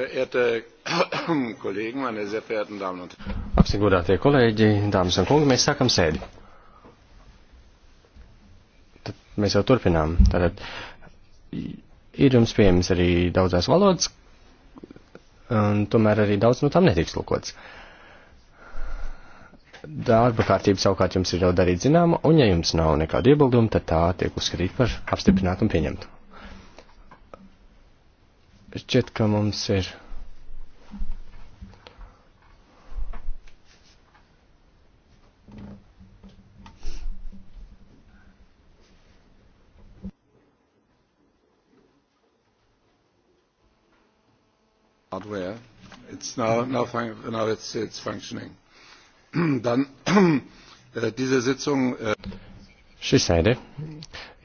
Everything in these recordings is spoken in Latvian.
verehrte Kollegen, meine sehr verehrten Damen und Herren. Apsigūdātie kolēģi, dāmas un kungi, mēs sākam sēdi. Tad mēs jau turpinām. Tātad ir jums pieejams arī daudzās valodas, un tomēr arī daudz no tām netiks lūkots. Darba kārtība savukārt jums ir jau darīt zināma, un ja jums nav nekādu iebildumu, tad tā tiek uzskatīta par apstiprinātu un pieņemtu. Šķiet, ka mums ir. hardware. It's now, now, fun now it's, it's functioning. Dann äh, diese Sitzung. Äh, Šī sēde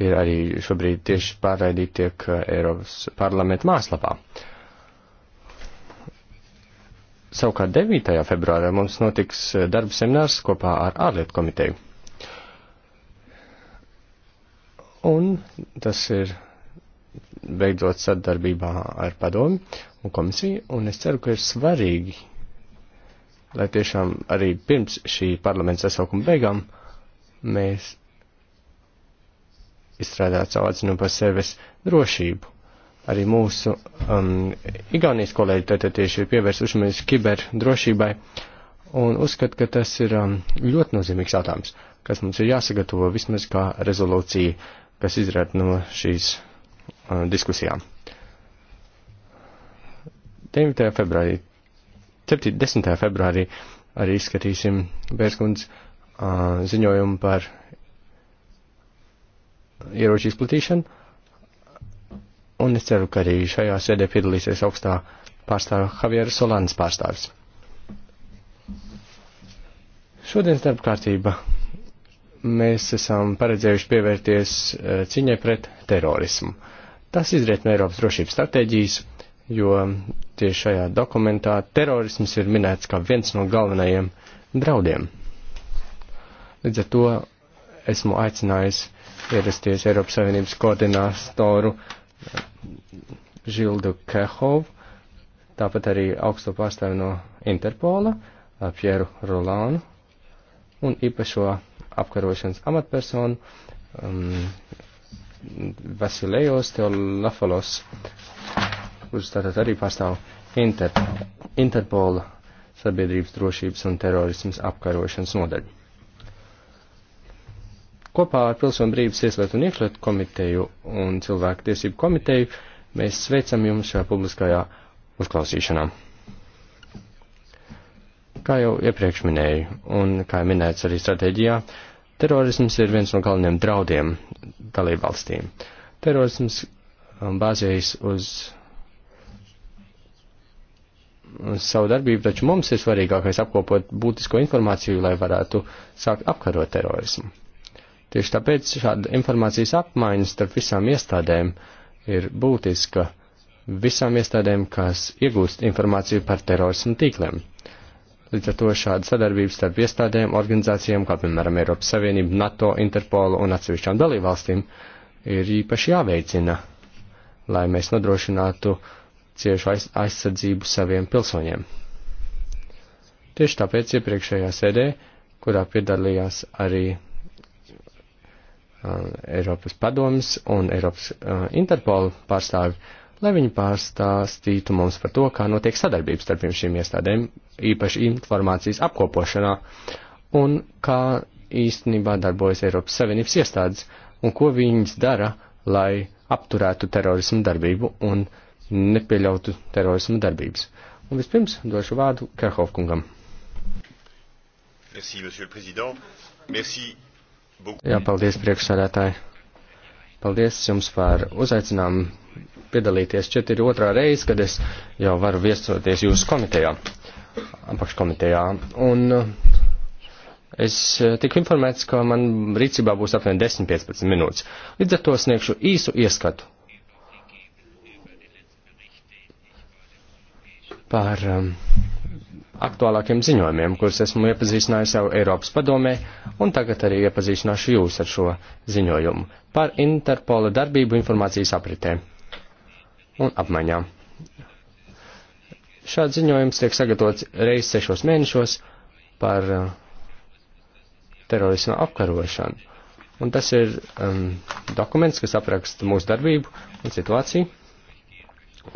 ir arī šobrīd tieši pārraidīti tiek eh, Eiropas parlamenta mājaslapā. Savukārt 9. februārā mums notiks eh, darba seminārs kopā ar ārlietu komiteju. Un tas ir beidzot sadarbībā ar padomu un komisiju, un es ceru, ka ir svarīgi, lai tiešām arī pirms šī parlamenta sasaukuma beigām mēs izstrādāt savu atzinu par sevis drošību. Arī mūsu um, Igaunijas kolēģi tātad tieši ir pievērsušamies kiberdrošībai un uzskat, ka tas ir um, ļoti nozīmīgs jautājums, kas mums ir jāsagatavo vismaz kā rezolūcija, kas izrēt no šīs uh, diskusijām. 9. februārī, 7. 10. februārī arī izskatīsim Bērskundas uh, ziņojumu par ieroču izplatīšanu. Un es ceru, ka arī šajā sēdē piedalīsies augstā pārstāvja Javiera Solans pārstāvis. Šodienas darba kārtība. Mēs esam paredzējuši pievērties eh, ciņai pret terorismu. Tas izriet no Eiropas drošības stratēģijas, jo tieši šajā dokumentā terorisms ir minēts kā viens no galvenajiem draudiem. Līdz ar to esmu aicinājis ierasties Eiropas Savienības koordinātoru eh, Žildu Kehovu, tāpat arī augsto pārstāvi no Interpola, eh, Pieru Rolānu un īpašo apkarošanas amatpersonu um, Vasilejos Teolafalos, kurš tātad arī pārstāv Inter, Interpola sabiedrības drošības un terorismas apkarošanas nodaļu. Kopā ar Pilsonu brīvības ieslietu un iekšlietu komiteju un cilvēku tiesību komiteju mēs sveicam jums šajā publiskajā uzklausīšanā. Kā jau iepriekš minēju, un kā minēts arī stratēģijā, terorisms ir viens no galveniem draudiem dalībvalstīm. Terorisms um, bāzējas uz savu darbību, taču mums ir svarīgākais apkopot būtisko informāciju, lai varētu sākt apkarot terorismu. Tieši tāpēc šāda informācijas apmaiņas starp visām iestādēm ir būtiska visām iestādēm, kas iegūst informāciju par terorismu tīkliem. Līdz ar to šāda sadarbība starp iestādēm, organizācijām, kā piemēram Eiropas Savienība, NATO, Interpolu un atsevišķām dalībvalstīm, ir īpaši jāveicina, lai mēs nodrošinātu ciešu aiz, aizsardzību saviem pilsoņiem. Tieši tāpēc iepriekšējā sēdē, kurā piedalījās arī Uh, Eiropas padomas un Eiropas uh, Interpolu pārstāvi, lai viņi pārstāstītu mums par to, kā notiek sadarbības starp šīm iestādēm, īpaši informācijas apkopošanā, un kā īstenībā darbojas Eiropas Savienības iestādes, un ko viņas dara, lai apturētu terorismu darbību un nepieļautu terorismu darbības. Un vispirms došu vārdu Kerhovkungam. Merci, monsieur le président. Merci Jā, paldies priekšsādātāji. Paldies jums par uzaicinājumu piedalīties. Šķiet ir otrā reize, kad es jau varu viesoties jūsu komitejā, apakškomitejā. Un uh, es uh, tiku informēts, ka man rīcībā būs apmēram 10-15 minūtes. Līdz ar to sniegšu īsu ieskatu par um, aktuālākiem ziņojumiem, kurus esmu iepazīstinājusi jau Eiropas padomē, un tagad arī iepazīstināšu jūs ar šo ziņojumu par Interpola darbību informācijas apritē un apmaiņām. Šāds ziņojums tiek sagatavots reiz sešos mēnešos par uh, terorismu apkarošanu. Un tas ir um, dokuments, kas apraksta mūsu darbību un situāciju.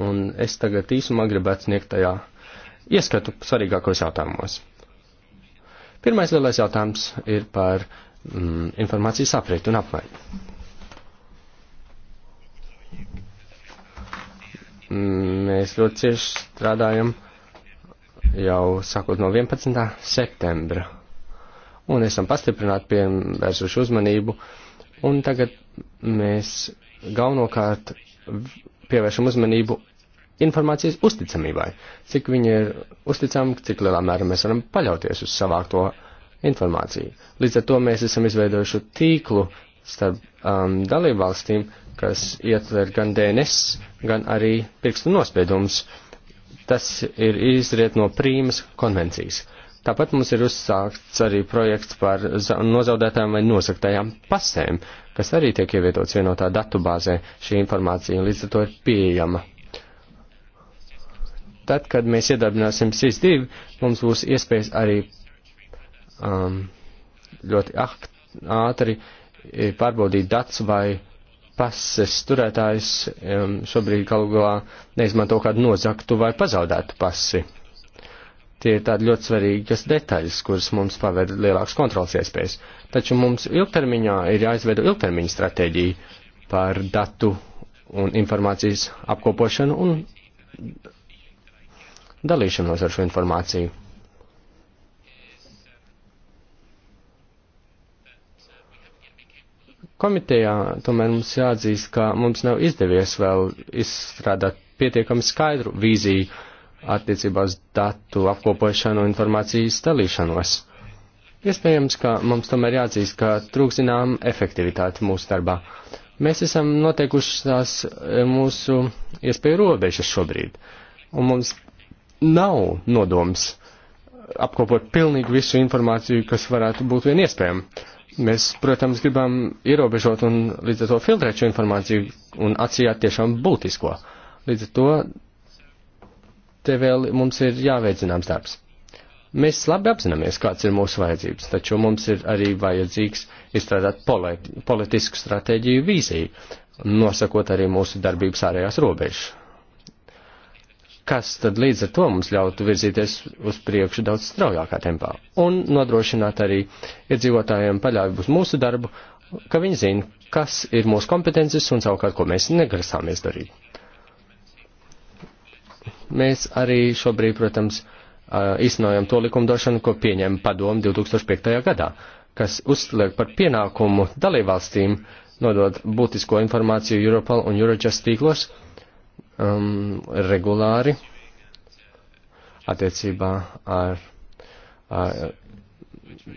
Un es tagad īsumā gribētu sniegt tajā ieskatu svarīgākos jautājumos. Pirmais lielais jautājums ir par mm, informācijas aprietu un apmaiņu. Mēs ļoti cieši strādājam jau sākot no 11. septembra. Un esam pastiprināti pievērsuši uzmanību. Un tagad mēs galvenokārt pievēršam uzmanību informācijas uzticamībai, cik viņa ir uzticama, cik lielā mērā mēs varam paļauties uz savākto informāciju. Līdz ar to mēs esam izveidojuši tīklu starp um, dalībvalstīm, kas ietver gan DNS, gan arī pirkstu nospiedumus. Tas ir izriet no prīmas konvencijas. Tāpat mums ir uzsākts arī projekts par nozaudētām vai nosaktajām pasēm, kas arī tiek ievietots vienotā datubāzē. Šī informācija līdz ar to ir pieejama tad, kad mēs iedarbināsim SIS-2, mums būs iespējas arī um, ļoti ātri e, pārbaudīt dats vai pases turētājs um, šobrīd galu galā neizmanto kādu nozaktu vai pazaudētu pasi. Tie ir tādi ļoti svarīgas detaļas, kuras mums paver lielākas kontrols iespējas. Taču mums ilgtermiņā ir jāizveido ilgtermiņa stratēģija par datu un informācijas apkopošanu un dalīšanos ar šo informāciju. Komitejā tomēr mums jāatzīst, ka mums nav izdevies vēl izstrādāt pietiekami skaidru vīziju attiecībā uz datu apkopošanu un informācijas dalīšanos. Iespējams, ka mums tomēr jāatzīst, ka trūks zinām efektivitāti mūsu darbā. Mēs esam noteikuši tās eh, mūsu iespēju robežas šobrīd, un mums nav nodoms apkopot pilnīgi visu informāciju, kas varētu būt vien iespējama. Mēs, protams, gribam ierobežot un līdz ar to filtrēt šo informāciju un atsījāt tiešām būtisko. Līdz ar to te vēl mums ir jāveicināms darbs. Mēs labi apzināmies, kāds ir mūsu vajadzības, taču mums ir arī vajadzīgs izstrādāt politi politisku stratēģiju vīziju, nosakot arī mūsu darbības ārējās robežas kas tad līdz ar to mums ļautu virzīties uz priekšu daudz straujākā tempā un nodrošināt arī iedzīvotājiem paļāvību uz mūsu darbu, ka viņi zina, kas ir mūsu kompetences un savukārt, ko mēs negrasāmies darīt. Mēs arī šobrīd, protams, īstenojam to likumdošanu, ko pieņēma padomu 2005. gadā, kas uzliek par pienākumu dalībvalstīm nodot būtisko informāciju Europol un Eurojust tīklos, um, regulāri attiecībā ar, ar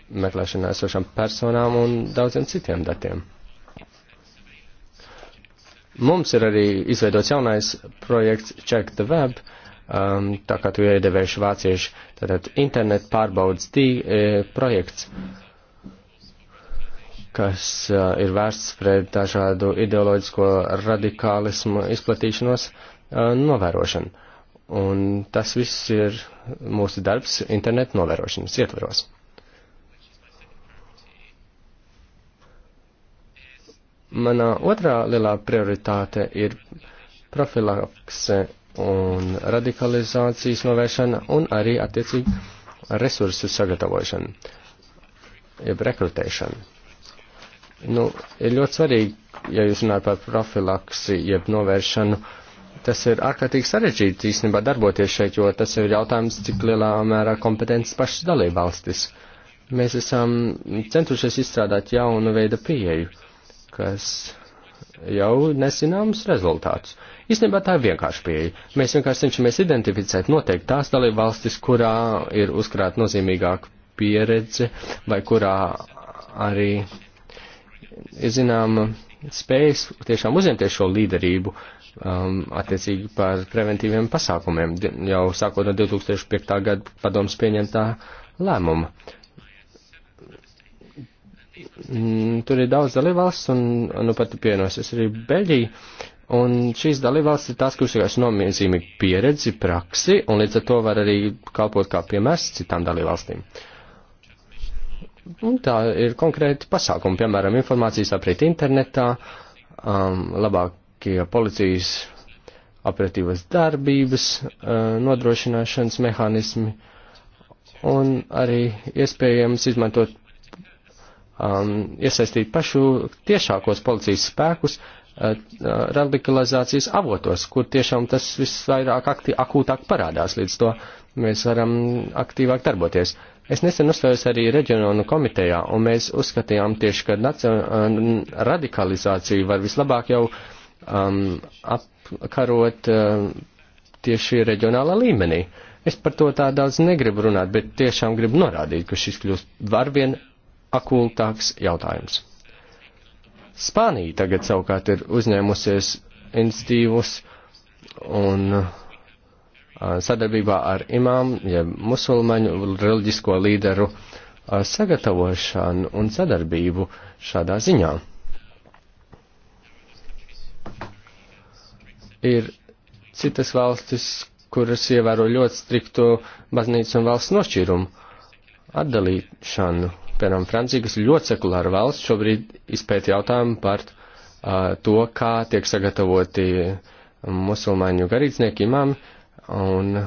meklēšanā esošām personām un daudziem citiem datiem. Mums ir arī izveidots jaunais projekts Check the Web, um, tā kā tu iedevējuši vācieši, tātad internet pārbaudas tī, e, projekts. Uh, kas ir vērsts pret dažādu ideoloģisko radikālismu izplatīšanos novērošanu. Un tas viss ir mūsu darbs internetu novērošanas ietvaros. Mana otrā lielā prioritāte ir profilakse un radikalizācijas novēršana un arī attiecīgi resursu sagatavošana, jeb rekrutēšana Nu, ir ļoti svarīgi, ja jūs runājat par profilaksi, jeb novēršanu, tas ir ārkārtīgi sarežģīti īstenībā darboties šeit, jo tas ir jautājums, cik lielā mērā kompetences pašas dalībvalstis. Mēs esam centušies izstrādāt jaunu veidu pieeju, kas jau nesināms rezultāts. Īstenībā tā ir vienkārši pieeja. Mēs vienkārši cenšamies identificēt noteikti tās dalībvalstis, kurā ir uzkrāt nozīmīgāka pieredze vai kurā arī ir zināma spējas tiešām uzņemties šo līderību um, attiecīgi par preventīviem pasākumiem, jau sākot no 2005. gada padoms pieņemtā lēmuma. Mm, tur ir daudz dalībvalsts, un nu pat pienosies arī Beļģija, un šīs dalībvalsts ir tās, kuras vienkārši nomiezīmīgi pieredzi, praksi, un līdz ar to var arī kalpot kā piemērs citām dalībvalstīm. Uh, Un tā ir konkrēti pasākumi, piemēram, informācijas aprit internetā, um, labākie policijas operatīvas darbības uh, nodrošināšanas mehānismi un arī iespējams izmantot, um, iesaistīt pašu tiešākos policijas spēkus uh, radikalizācijas avotos, kur tiešām tas visvairāk akti, akūtāk parādās līdz to mēs varam aktīvāk darboties. Es nesen uzstājos arī reģionu komitejā, un mēs uzskatījām tieši, ka nacion, eh, radikalizāciju var vislabāk jau um, apkarot um, tieši reģionālā līmenī. Es par to tā daudz negribu runāt, bet tiešām gribu norādīt, ka šis kļūst arvien akultāks jautājums. Spānija tagad savukārt ir uzņēmusies institīvus un uh, sadarbībā ar imām, ja musulmaņu reliģisko līderu sagatavošanu un sadarbību šādā ziņā. Ir citas valstis, kuras ievēro ļoti striktu baznīcu un valsts nošķīrumu atdalīšanu. Piemēram, Francija, kas ir ļoti sekulāra valsts, šobrīd izpēta jautājumu par uh, to, kā tiek sagatavoti musulmaņu garīdznieki imāmi, uh, un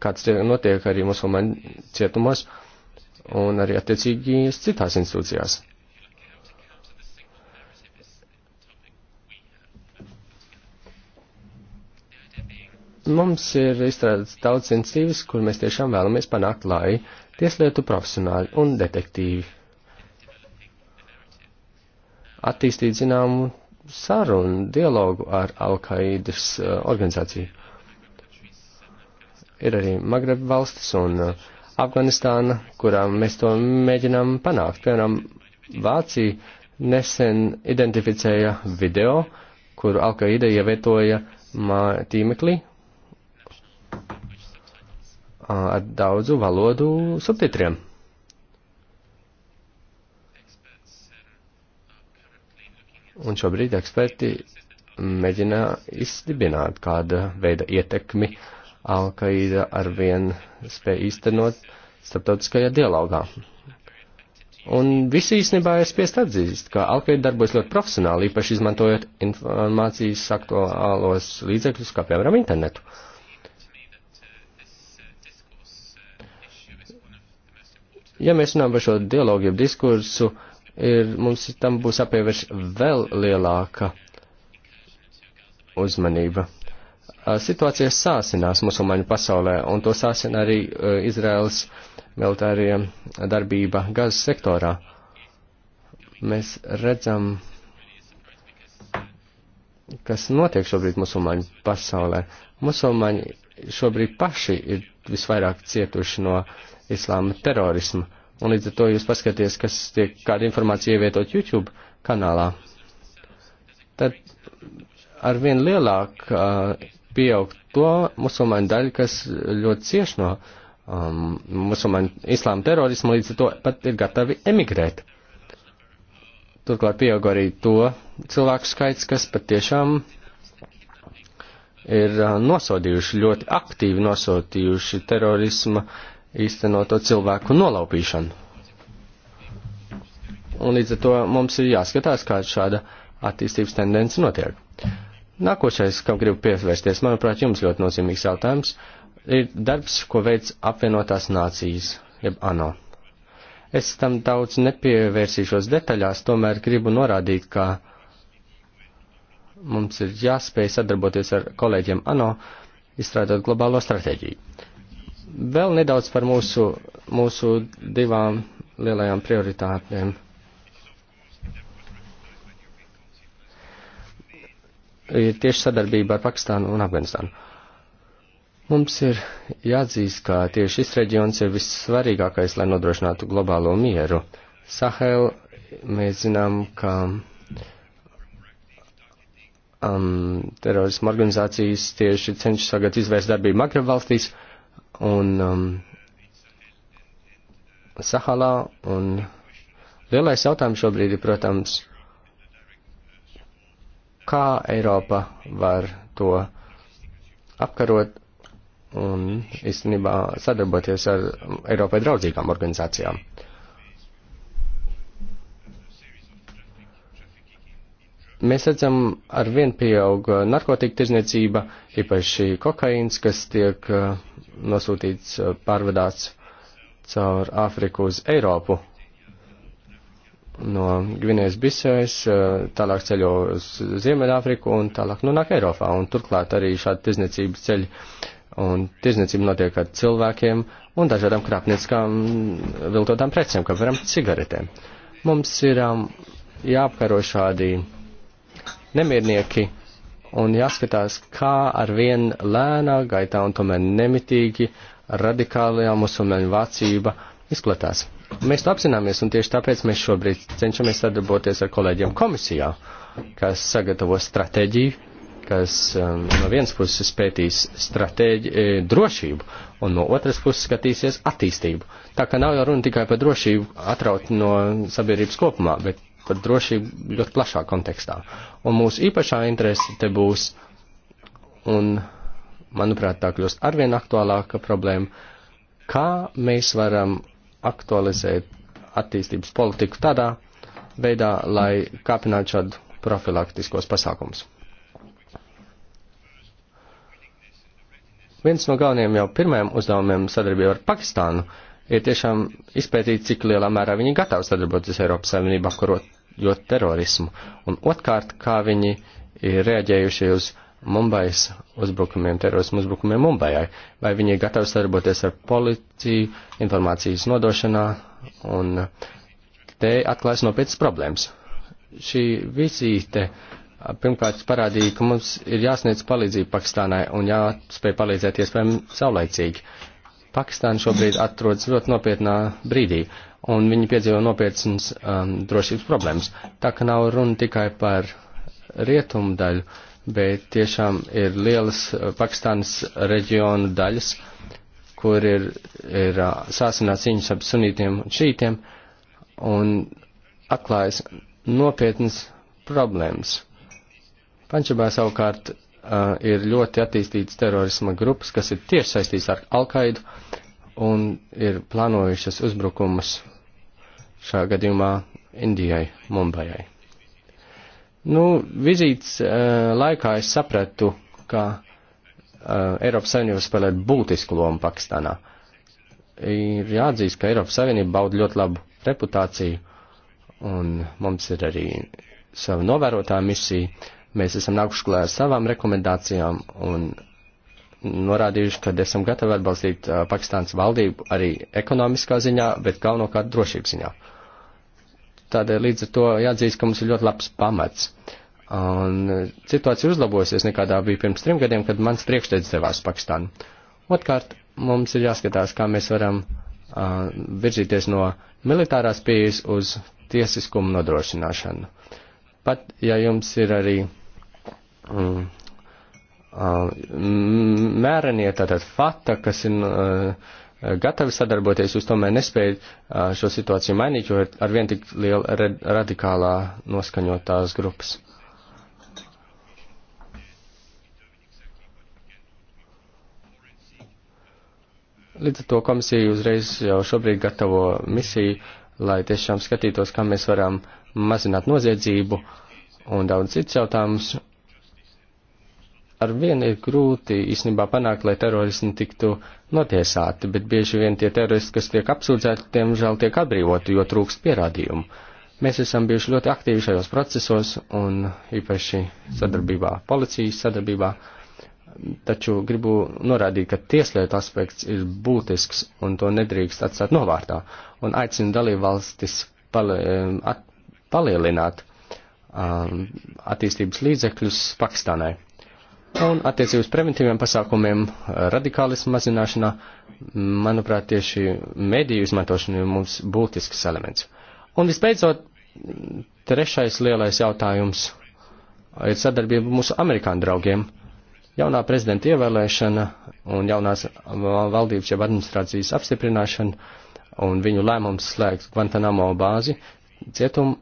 kāds notiek arī musulmaņu cietumos un arī attiecīgi citās institūcijās. Mums ir izstrādāts daudz institīvas, kur mēs tiešām vēlamies panākt, lai tieslietu profesionāļi un detektīvi attīstīt zināmu sarunu, dialogu ar Al-Qaidas eh, organizāciju ir arī Magreb valstis un uh, Afganistāna, kurām mēs to mēģinām panākt. Piemēram, Vācija nesen identificēja video, kur Alkaida ievietoja tīmeklī uh, ar daudzu valodu subtitriem. Un šobrīd eksperti mēģina izdibināt kāda veida ietekmi uh, Alkaīda arvien spēja īstenot starptautiskajā dialogā. Un visi īstenībā ir spiest atzīst, ka Alkaīda darbojas ļoti profesionāli, īpaši izmantojot informācijas aktuālos līdzekļus, kā piemēram internetu. Ja mēs runājam par šo dialogu, jeb diskursu, ir, mums tam būs apievērš vēl lielāka uzmanība situācija sāsinās musulmaņu pasaulē, un to sāsina arī Izraels militārie darbība gazas sektorā. Mēs redzam, kas notiek šobrīd musulmaņu pasaulē. Musulmaņi šobrīd paši ir visvairāk cietuši no islāma terorisma, un līdz ar to jūs paskaties, kas tiek kāda informācija ievietot YouTube kanālā. Tad ar vien lielāku uh, pieaug to musulmaņu daļu, kas ļoti cieši no um, musulmaņu islāma terorismu, līdz ar to pat ir gatavi emigrēt. Turklāt pieaug arī to cilvēku skaits, kas patiešām ir uh, nosodījuši, ļoti aktīvi nosodījuši terorisma īstenoto cilvēku nolaupīšanu. Un līdz ar to mums ir jāskatās, kāda šāda attīstības tendence notiek. Nākošais, kam gribu pievērsties, manuprāt, jums ļoti nozīmīgs jautājums, ir darbs, ko veids apvienotās nācijas, jeb ANO. Es tam daudz nepievērsīšos detaļās, tomēr gribu norādīt, ka mums ir jāspēj sadarboties ar kolēģiem ANO, izstrādāt globālo stratēģiju. Vēl nedaudz par mūsu, mūsu divām lielajām prioritātēm ir tieši sadarbība ar Pakistānu un Afganistānu. Mums ir jāatzīst, ka tieši šis reģions ir vissvarīgākais, lai nodrošinātu globālo mieru. Sahel, mēs zinām, ka um, terorismu organizācijas tieši cenšas tagad izvērst darbību Magreb valstīs un um, Sahalā. Un lielais jautājums šobrīd ir, protams, kā Eiropa var to apkarot un īstenībā sadarboties ar Eiropai draudzīgām organizācijām. Mēs redzam, ar vien pieaug narkotika tirzniecība, īpaši kokaīns, kas tiek uh, nosūtīts, uh, pārvadāts caur Āfriku uz Eiropu no Gvinējas Bisejas, eh, tālāk ceļo uz Ziemeļāfriku un tālāk nonāk nu Eiropā. Un turklāt arī šāda tirzniecības ceļa un tirzniecība notiek ar cilvēkiem un dažādām krāpnieciskām mm, viltotām precēm, kā varam cigaretēm. Mums ir um, jāapkaro šādi nemiernieki un jāskatās, kā ar vien lēnā gaitā un tomēr nemitīgi radikālajā musulmaņu vācība izplatās. Mēs to apzināmies, un tieši tāpēc mēs šobrīd cenšamies sadarboties ar kolēģiem komisijā, kas sagatavo stratēģiju, kas um, no vienas puses pētīs stratēģi, e, drošību, un no otras puses skatīsies attīstību. Tā kā nav jau runa tikai par drošību atraut no sabiedrības kopumā, bet par drošību ļoti plašā kontekstā. Un mūsu īpašā interese te būs, un manuprāt, tā kļūst arvien aktuālāka problēma, kā mēs varam aktualizēt attīstības politiku tādā veidā, lai kāpinātu šādu profilaktiskos pasākumus. Viens no galvenajiem jau pirmajiem uzdevumiem sadarbībā ar Pakistānu ir tiešām izpētīt, cik lielā mērā viņi ir gatavi sadarboties Eiropas Savienībā, kurot terorismu, un otrkārt, kā viņi ir reaģējuši uz Mumbais uzbrukumiem, terorismu uzbrukumiem Mumbajai, vai viņi ir gatavi sadarboties ar policiju, informācijas nodošanā, un te atklājas nopietnas problēmas. Šī vizīte pirmkārt parādīja, ka mums ir jāsniedz palīdzību Pakistānai un jāspēj palīdzēt iespējami saulaicīgi. Pakistāna šobrīd atrodas ļoti nopietnā brīdī, un viņi piedzīvo nopietnas um, drošības problēmas. Tā ka nav runa tikai par rietumu daļu, uh, bet tiešām ir lielas eh, Pakistānas reģionu daļas, kur ir, ir eh, sāsināts cīņas ap sunītiem un šītiem, un atklājas nopietnas problēmas. Pančabā savukārt uh, ir ļoti attīstīts terorisma grupas, kas ir tieši saistīts ar Alkaidu un ir plānojušas uzbrukumus šā gadījumā Indijai, Mumbajai. Nu, vizītes uh, laikā es sapratu, ka uh, Eiropas Savienība spēlē būtisku lomu Pakistānā. Ir jāatzīst, ka Eiropas Savienība bauda ļoti labu reputāciju, un mums ir arī sava novērotā misija. Mēs esam nākuši klāt ar savām rekomendācijām un norādījuši, ka esam gatavi atbalstīt uh, Pakistānas valdību arī ekonomiskā ziņā, bet galvenokārt drošības ziņā. Uh, Tādēļ līdz ar to jāatzīst, ka mums ir ļoti labs pamats. Un e, situācija uzlabosies nekādā bija pirms trim gadiem, kad mans priekšteicis devās Pakistānu. Otkārt, mums ir jāskatās, kā mēs varam uh, virzīties no militārās pieejas uz tiesiskumu nodrošināšanu. Pat, ja jums ir arī mm, uh, mērenie, tātad fata, kas ir uh, gatavi sadarboties, jūs tomēr nespējat šo situāciju mainīt, jo ir arvien tik liela radikālā noskaņotās grupas. Līdz ar to komisija uzreiz jau šobrīd gatavo misiju, lai tiešām skatītos, kā mēs varam mazināt noziedzību un daudz cits jautājums, ar vienu ir grūti īstenībā panākt, lai teroristi tiktu notiesāti, bet bieži vien tie teroristi, kas tiek apsūdzēti, diemžēl tiek atbrīvoti, jo trūkst pierādījumu. Mēs esam bijuši ļoti aktīvi šajos procesos un īpaši sadarbībā, policijas sadarbībā, taču gribu norādīt, ka tieslietu aspekts ir būtisks un to nedrīkst atstāt novārtā un aicinu dalību valstis pali at palielināt um, attīstības līdzekļus Pakistānai Un attiecībā uz preventīviem pasākumiem, radikālismu mazināšanā, manuprāt, tieši mediju izmantošana ir mums būtisks elements. Un visbeidzot, trešais lielais jautājums ir sadarbība mūsu amerikāņu draugiem. Jaunā prezidenta ievēlēšana un jaunās valdības jeb administrācijas apstiprināšana un viņu lēmums slēgt Guantanamo bāzi cietumu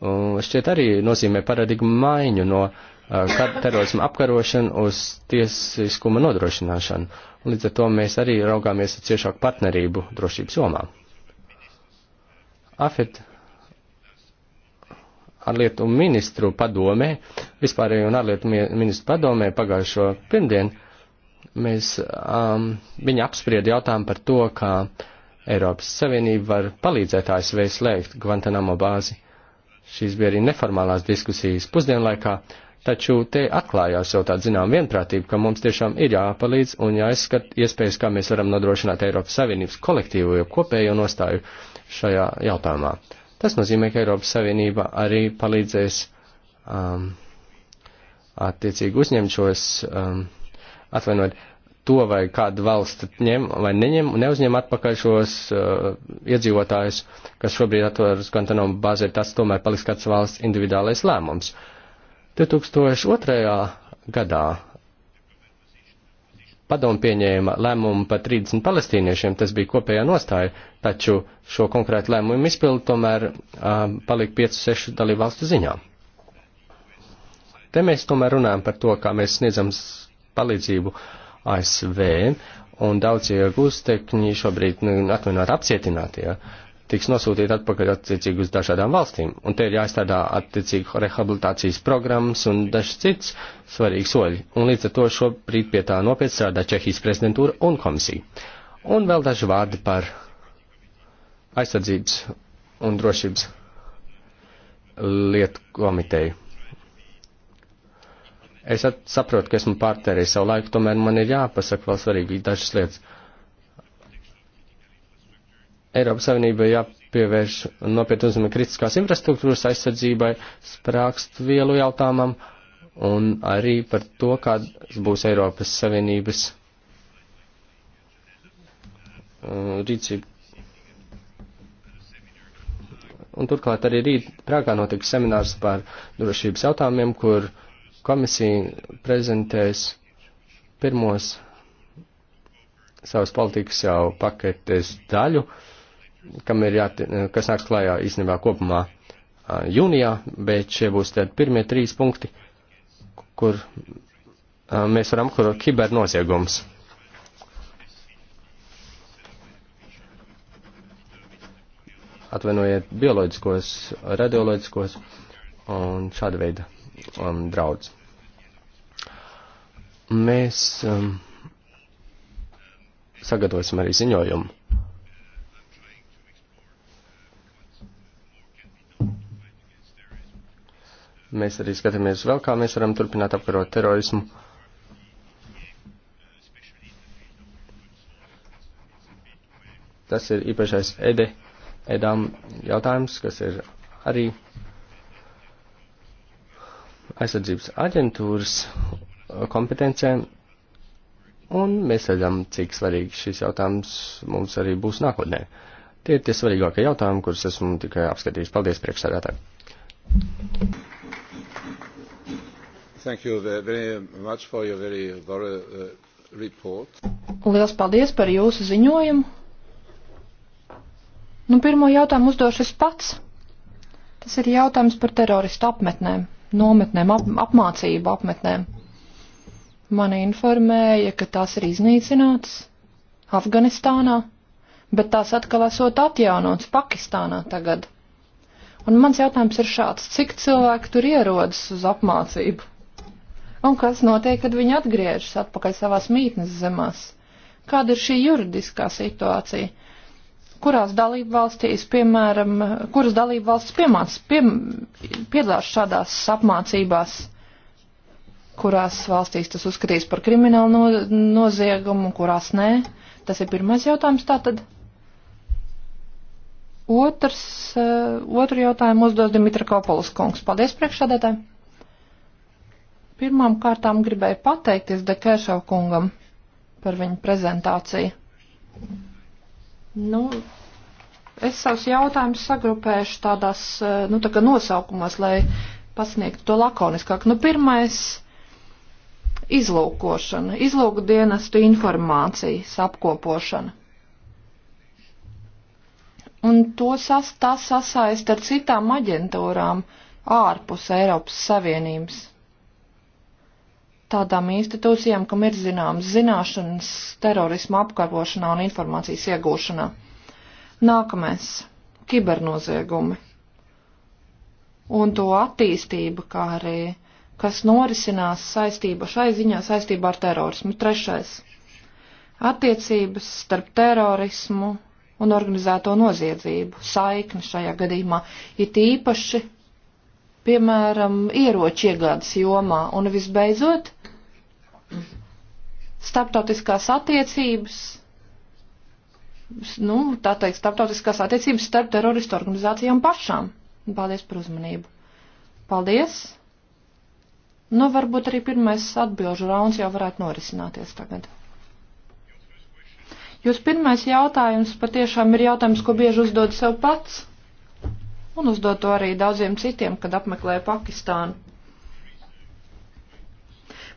uh, šķiet arī nozīmē paradigmu maiņu no Eh, terorismu apkarošanu uz tiesiskuma nodrošināšanu. Un līdz ar to mēs arī raugāmies uz ciešāku partnerību drošības jomā. Afet ārlietu ministru padomē, vispārējo un ārlietu ministru padomē pagājušo pirmdien, mēs um, viņa apsprieda jautājumu par to, kā Eiropas Savienība var palīdzēt ASV slēgt Guantanamo bāzi. Šīs bija arī neformālās diskusijas pusdienlaikā, uh, Taču te atklājās jau tāda zinām vienprātība, ka mums tiešām ir jāpalīdz un jāizskat iespējas, kā mēs varam nodrošināt Eiropas Savienības kolektīvo jau kopējo nostāju šajā jautājumā. Tas nozīmē, ka Eiropas Savienība arī palīdzēs um, attiecīgi uzņemt šos, um, atvainojot, to vai kādu valstu ņem vai neņem, neuzņem atpakaļ šos uh, iedzīvotājus, kas šobrīd atveras Guantanamo bāzē, tas tomēr paliks kāds valsts individuālais lēmums. Uh, 2002. gadā padomu pieņēma lēmumu par 30 palestīniešiem, tas bija kopējā nostāja, taču šo konkrētu lēmumu izpildu tomēr um, palika 5-6 dalību valstu ziņā. Te mēs tomēr runājam par to, kā mēs sniedzam palīdzību ASV, un daudzie gūstekņi šobrīd, nu, atvainojiet, apcietinātie, ja, tiks nosūtīti atpakaļ attiecīgi uz dažādām valstīm. Un te ir jāizstrādā attiecīgi rehabilitācijas programmas un dažs cits svarīgs soļi. Un līdz ar to šobrīd pie tā nopietni strādā Čehijas prezidentūra un komisija. Un vēl daži vārdi par aizsardzības un drošības lietu komiteju. Es saprotu, ka esmu pārtērējis savu laiku, tomēr man ir jāpasaka vēl svarīgi dažas lietas. Eiropas Savienībai jāpievērš nopietni uzmanību kritiskās infrastruktūras aizsardzībai, sprākstu vielu jautājumam un arī par to, kāds būs Eiropas Savienības uh, rīcība. Un turklāt arī rīt Prāgā notiks seminārs par drošības jautājumiem, kur komisija prezentēs pirmos savas politikas jau paketes daļu, uh, kam ir jāt, eh, kas nāks klājā īstenībā kopumā eh, jūnijā, bet šie būs tad pirmie trīs punkti, kur eh, mēs varam apkarot kibernoziegums. Atvainojiet bioloģiskos, radioloģiskos un šāda veida um, draudz. Mēs um, sagatavosim arī ziņojumu Mēs arī skatāmies vēl, kā mēs varam turpināt apkarot terorismu. Tas ir īpašais EDE, EDAM jautājums, kas ir arī aizsardzības aģentūras kompetencē. Un mēs redzam, cik svarīgs šis jautājums mums arī būs nākotnē. Tie ir tie svarīgākie jautājumi, kurus esmu tikai apskatījis. Paldies, priekšsēdētāji! Thank you very much for your very thorough uh, report. Liels paldies par jūsu ziņojumu. Nu, pirmo jautājumu uzdošu es pats. Tas ir jautājums par teroristu apmetnēm, nometnēm, ap, apmācību apmetnēm. Mani informēja, ka tās ir iznīcinātas Afganistānā, bet tās atkal esot atjaunotas Pakistānā tagad. Un mans jautājums ir šāds, cik cilvēki tur ierodas uz apmācību? un kas notiek, kad viņi atgriežas atpakaļ savās mītnes zemās. Kāda ir šī juridiskā situācija? Kurās dalību valstīs, piemēram, kuras dalību valstis piemāc, piem, piedalās šādās apmācībās, kurās valstīs tas uzskatīs par kriminālu no, noziegumu, kurās nē? Tas ir pirmais jautājums tātad. Otrs, eh, otru jautājumu uzdos Dimitra Kopolis kungs. Paldies priekšsādātājiem! Pirmām kārtām gribēju pateikties Dekēršau kungam par viņu prezentāciju. Nu, es savus jautājumus sagrupēšu tādās, eh, nu, tā kā nosaukumos, lai pasniegtu to lakoniskāk. Nu, pirmais - izlūkošana, izlūku dienestu informācijas apkopošana. Un to sas, tas sasaist ar citām aģentūrām ārpus Eiropas Savienības tādām institūcijām, kam ir zināmas zināšanas terorisma apkarošanā un informācijas iegūšanā. Nākamais - kibernoziegumi un to attīstība, kā arī kas norisinās saistība šai ziņā saistībā ar terorismu. Trešais - attiecības starp terorismu un organizēto noziedzību, saikni šajā gadījumā, it īpaši, piemēram, ieroči iegādes jomā, un visbeidzot, starptautiskās attiecības, nu, tā teikt, starptautiskās attiecības starp teroristu organizācijām pašām. Paldies par uzmanību. Paldies. Nu, varbūt arī pirmais atbilžu rauns jau varētu norisināties tagad. Jūs pirmais jautājums patiešām ir jautājums, ko bieži uzdod sev pats, un uzdod to arī daudziem citiem, kad apmeklē Pakistānu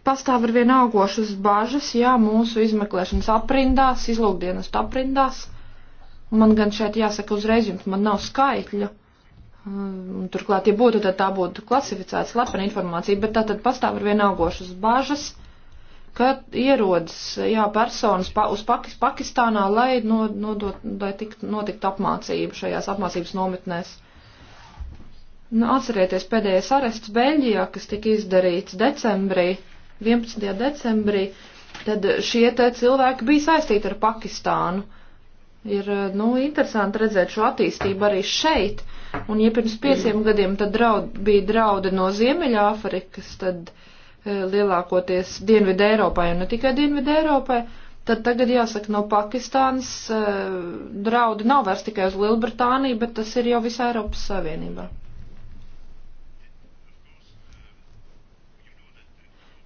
pastāv ar vien augošas bažas, jā, mūsu izmeklēšanas aprindās, izlūkdienas aprindās. Un man gan šeit jāsaka uzreiz, jums man nav skaitļu. Un, turklāt, ja būtu, tad tā būtu klasificēta slepena informācija, bet tā tad pastāv ar vien augošas bažas, ka ierodas, jā, personas pa, uz Pakis, Pakistānā, lai, no, nodot, lai tikt, notikt apmācība šajās apmācības nometnēs. Nu, atcerieties pēdējais arests Beļģijā, kas tika izdarīts decembrī 11. decembrī, tad šie te cilvēki bija saistīti ar Pakistānu. Ir, eh, nu, interesanti redzēt šo attīstību arī šeit. Un, ja pirms pieciem gadiem tad draud, bija draudi no Ziemeļāfrikas, tad e, lielākoties Dienvidu Eiropai un ne tikai Dienvidu Eiropai, tad tagad jāsaka, no Pakistānas e, draudi nav vairs tikai uz Lielbritāniju, bet tas ir jau visā Eiropas Savienībā.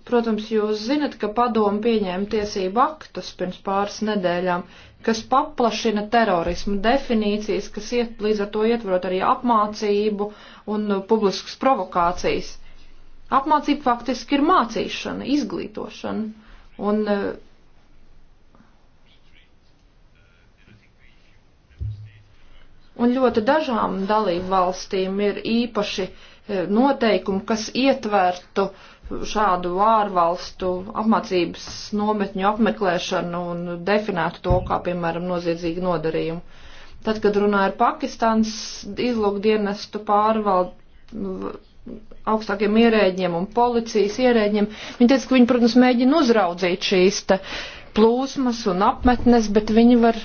Protams, jūs zinat, ka padomu pieņēma tiesību aktus pirms pāris nedēļām, kas paplašina terorismu definīcijas, kas iet, līdz ar to ietverot arī apmācību un uh, publiskas provokācijas. Apmācība faktiski ir mācīšana, izglītošana. Un, uh, un ļoti dažām dalību valstīm ir īpaši uh, noteikumi, kas ietvertu uh, šādu ārvalstu apmācības nometņu apmeklēšanu un definētu to kā, piemēram, noziedzīgu nodarījumu. Tad, kad runāju ar Pakistānas izlūkdienestu pārvaldu augstākiem ierēģiem un policijas ierēģiem, viņi teica, ka viņi, protams, mēģina uzraudzīt šīs te plūsmas un apmetnes, bet viņi var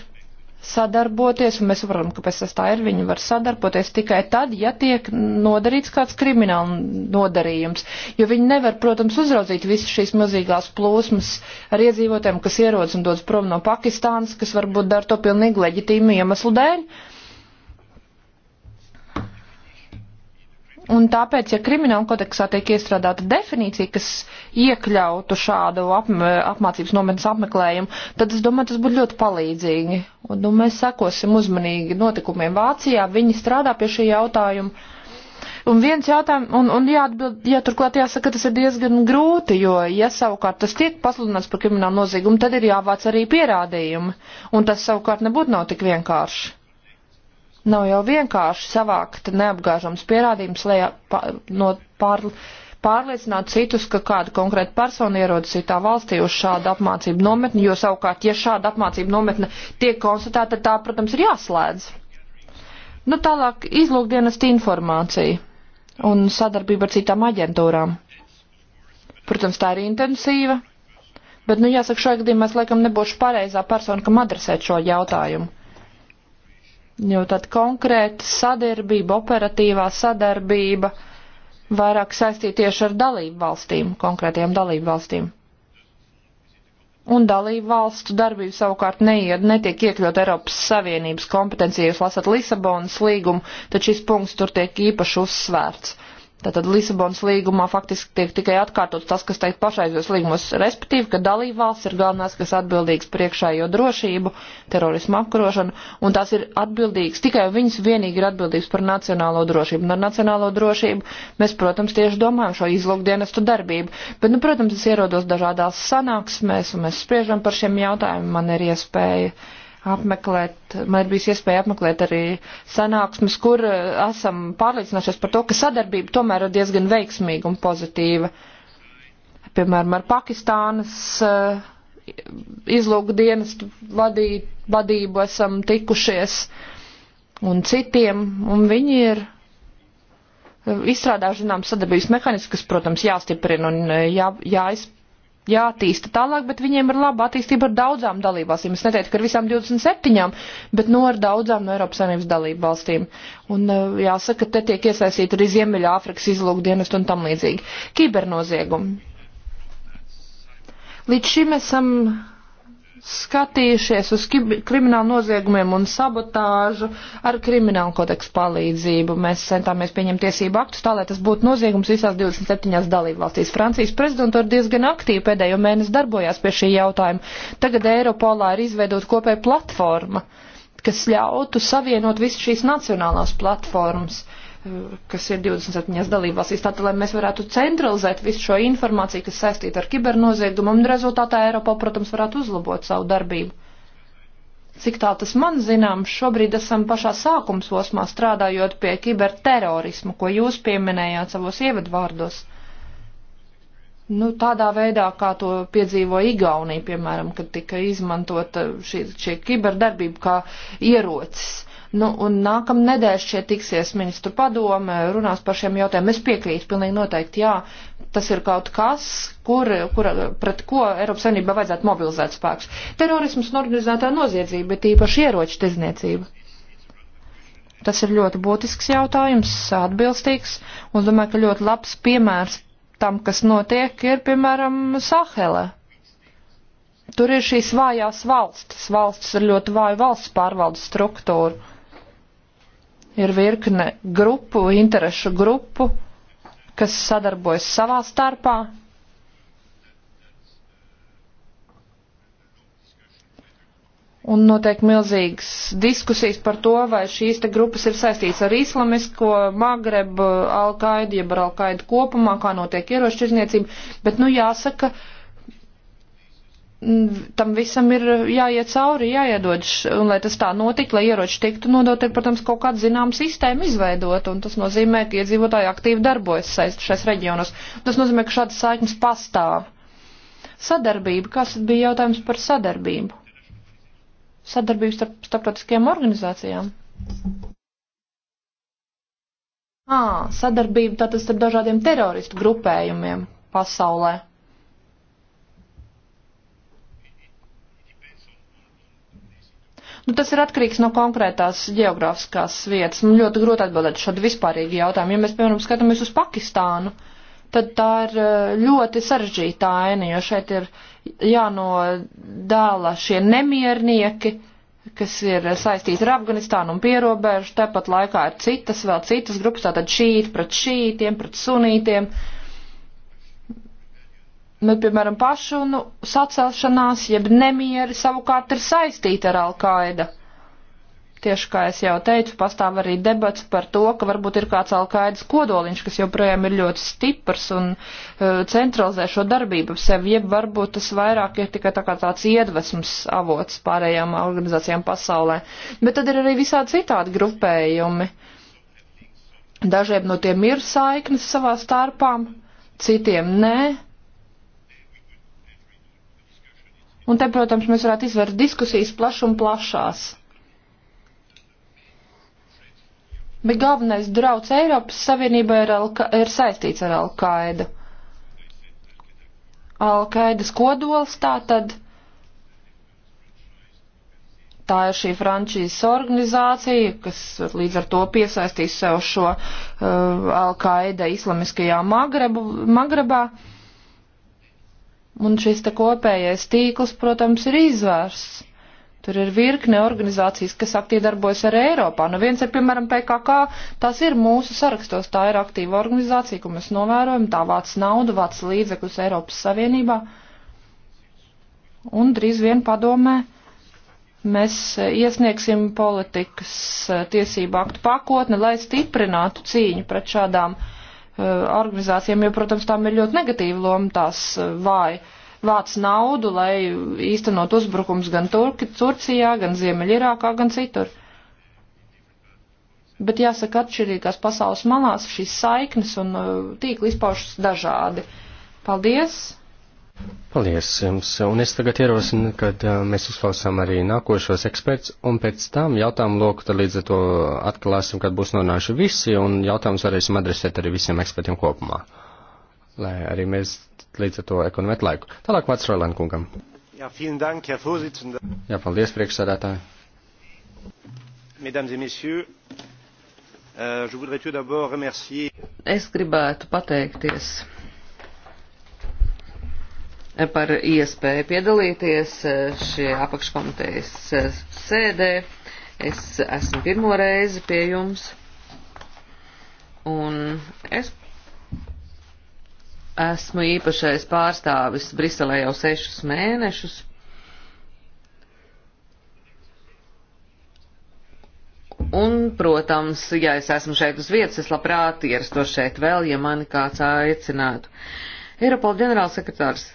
sadarboties, un mēs saprotam, ka pēc tas tā ir, viņi var sadarboties tikai tad, ja tiek nodarīts kāds krimināla nodarījums, jo viņi nevar, protams, uzraudzīt visas šīs mazīgās plūsmas ar iedzīvotēm, kas ierodas un dodas prom no Pakistānas, kas varbūt dara to pilnīgi leģitīmu iemeslu dēļ. Uh, Un tāpēc, ja krimināla kodeksā tiek iestrādāta definīcija, kas iekļautu šādu ap, apmācības nometnes apmeklējumu, tad es domāju, tas būtu ļoti palīdzīgi. Un, un nu, mēs sekosim uzmanīgi notikumiem Vācijā. Viņi strādā pie šī jautājuma. Un viens jautājums, un, un jāatbild, ja turklāt jāsaka, tas ir diezgan grūti, jo, ja savukārt tas tiek pasludināts par kriminālu noziegumu, tad ir jāvāc arī pierādījumi. Un tas savukārt nebūtu nav tik vienkārši. Nav jau vienkārši savākt neapgāžams pierādījums, lai pa, no pār, pārliecināt citus, ka kāda konkrēta persona ierodas citā valstī uz šādu apmācību nometni, jo savukārt, ja šāda apmācība nometne tiek konstatēta, tā, protams, ir jāslēdz. Nu, tālāk izlūkdienesta informācija un sadarbība ar citām aģentūrām. Protams, tā ir intensīva, bet, nu, jāsaka, šajā gadījumā es laikam nebūšu pareizā persona, kam adresēt šo jautājumu jo tad konkrēta sadarbība, operatīvā sadarbība vairāk saistīta tieši ar dalību valstīm, konkrētajām dalību valstīm. Un dalību valstu darbība savukārt neied, netiek iekļaut Eiropas Savienības kompetencijās, lasat Lisabonas līgumu, tad šis punkts tur tiek īpaši uzsvērts. Tātad Lisabonas līgumā faktiski tiek tikai atkārtots tas, kas teikt pašaizos līgumos, respektīvi, ka dalībvalsts ir galvenās, kas atbildīgs priekšējo drošību, terorismu apkarošanu, un tās ir atbildīgs, tikai viņas vienīgi ir atbildīgs par nacionālo drošību. Un ar nacionālo drošību mēs, protams, tieši domājam šo izlūkdienestu darbību. Bet, nu, protams, es ierodos dažādās sanāksmēs, un mēs spriežam par šiem jautājumiem, man ir iespēja apmeklēt, man ir bijis iespēja apmeklēt arī sanāksmes, kur eh, esam pārliecinājušies par to, ka sadarbība tomēr ir diezgan veiksmīga un pozitīva. Piemēram, ar Pakistānas eh, izlūgu dienestu vadī, vadību esam tikušies un citiem, un viņi ir eh, izstrādājuši, zinām, sadarbības mehānismus, kas, protams, jāstiprina un jā, jāiz, jātīsta tālāk, bet viņiem ir laba attīstība ar daudzām dalībvalstīm. Es neteicu, ka ar visām 27, bet no nu, ar daudzām no Eiropas Savienības dalībvalstīm. Un uh, jāsaka, te tiek iesaistīta arī Ziemeļa Āfrikas izlūkdienest un tam līdzīgi. Kibernoziegumi. Līdz šim esam skatījušies uz kriminālu noziegumiem un sabotāžu ar kriminālu kodeksu palīdzību. Mēs centāmies pieņemt tiesību aktus tā, lai tas būtu noziegums visās 27 dalībvalstīs. Francijas prezidentūra diezgan aktīvi pēdējo mēnesi darbojās pie šī jautājuma. Tagad Eiropolā ir izveidot kopēja platforma, kas ļautu savienot visu šīs nacionālās platformas. Uh, kas ir 27 dalībvalstīs, tātad, lai mēs varētu centralizēt visu šo informāciju, kas saistīta ar kibernoziegumu, un rezultātā Eiropā, protams, varētu uzlabot savu darbību. Cik tā tas man zināms, šobrīd esam pašā sākums osmā strādājot pie kiberterorismu, ko jūs pieminējāt savos ievadvārdos. Nu, tādā veidā, kā to piedzīvoja Igaunija, piemēram, kad tika izmantota šī, šī kiberdarbība kā ierocis Nu, un nākamā nedēļa šeit tiksies ministru padome, runās par šiem jautājumiem. Es piekrītu, pilnīgi noteikti, jā, tas ir kaut kas, kur, kur, pret ko Eiropas Savienībā vajadzētu mobilizēt spēkus. Terorisms un organizētā noziedzība, bet īpaši ieroču tirzniecība. Tas ir ļoti būtisks jautājums, atbilstīgs, un domāju, ka ļoti labs piemērs tam, kas notiek, ir, piemēram, Sahela. Tur ir šīs vājās valstis, valstis ar ļoti vāju valsts pārvaldes struktūru ir virkne grupu, interešu grupu, kas sadarbojas savā starpā. Un notiek milzīgas diskusijas par to, vai šīs te grupas ir saistīts ar islamisko Magrebu, Alkaidu, jeb ar Alkaidu kopumā, kā notiek ierošķirzniecība. Bet, nu, jāsaka, uh, tam visam ir jāiet cauri, jāiedod, un lai tas tā notiktu, lai ieroči tiktu nodot, ir, protams, kaut kāda zināma sistēma izveidot, un tas nozīmē, ka iedzīvotāji aktīvi darbojas šais reģionos. Tas nozīmē, ka šādas saiknes pastāv. Sadarbība, kas bija jautājums par sadarbību? Sadarbību starp starptautiskajām organizācijām? Ā, sadarbība tātad starp dažādiem teroristu grupējumiem pasaulē. Nu, tas ir atkarīgs no konkrētās geogrāfiskās vietas. Man ļoti grūti atbildēt šādu vispārīgu jautājumu. Ja mēs, piemēram, skatāmies uz Pakistānu, tad tā ir eh, ļoti sarežģīta aina, jo šeit ir jānodala šie nemiernieki, kas ir saistīti ar Afganistānu un pierobežu, tepat laikā ir citas, vēl citas grupas, tātad šīt pret šītiem, pret sunītiem. Uh, nu, piemēram, pašu nu, sacelšanās, jeb nemieri savukārt ir saistīti ar Alkaida. Tieši kā es jau teicu, pastāv arī debats par to, ka varbūt ir kāds Alkaidas kodoliņš, kas joprojām ir ļoti stiprs un uh, centralizē šo darbību sev, jeb varbūt tas vairāk ir tikai tā kā tāds iedvesmas avots pārējām organizācijām pasaulē. Bet tad ir arī visādi citādi grupējumi. Dažiem no tiem ir saiknes savā starpām, citiem nē Un te, protams, mēs varētu izvērst diskusijas plaš un plašās. Bet galvenais drauds Eiropas Savienībā ir, Alka, ir saistīts ar Alkaidu. Alkaidas kodols tā tad. Tā ir šī frančīzes organizācija, kas līdz ar to piesaistīs sev šo uh, Alkaida islamiskajā Magrebu, Magrebā. Uh, Un šis te kopējais tīkls, protams, ir izvērsts. Tur ir virkne organizācijas, kas aktīvi darbojas ar Eiropā. Nu viens ir, piemēram, PKK, tas ir mūsu sarakstos, tā ir aktīva organizācija, ko mēs novērojam, tā vāc naudu, vāc līdzekļus Eiropas Savienībā. Un drīz vien padomē mēs iesniegsim politikas tiesību aktu pakotni, lai stiprinātu cīņu pret šādām uh, Uh, organizācijām, jo, protams, tām ir ļoti negatīva loma, tās uh, vāja vāc naudu, lai īstenot uzbrukums gan Turki, Turcijā, gan Ziemeļirākā, gan citur. Bet jāsaka, atšķirīgās pasaules malās šīs saiknes un uh, tīkli izpaušas dažādi. Paldies! Paldies jums, un es tagad ierosinu, kad uh, mēs uzklausām arī nākošos eksperts, un pēc tam jautājumu loku tad līdz ar to atklāsim, kad būs nonājuši visi, un jautājumus varēsim adresēt arī visiem ekspertiem kopumā, lai arī mēs līdz ar to ekonomētu laiku. Tālāk vārds Roland kungam. Jā, dank, Jā paldies, priekšsādātāji. Mesdames et messieurs, uh, je voudrais tout d'abord remercier. Es gribētu pateikties par iespēju piedalīties e, šie apakškomitejas e, sēdē. Es esmu pirmo reizi pie jums, un es esmu īpašais pārstāvis Briselē jau sešus mēnešus. Un, protams, ja es esmu šeit uz vietas, es labprāt ierastos šeit vēl, ja mani kāds aicinātu. Eiropola ģenerālsekretārs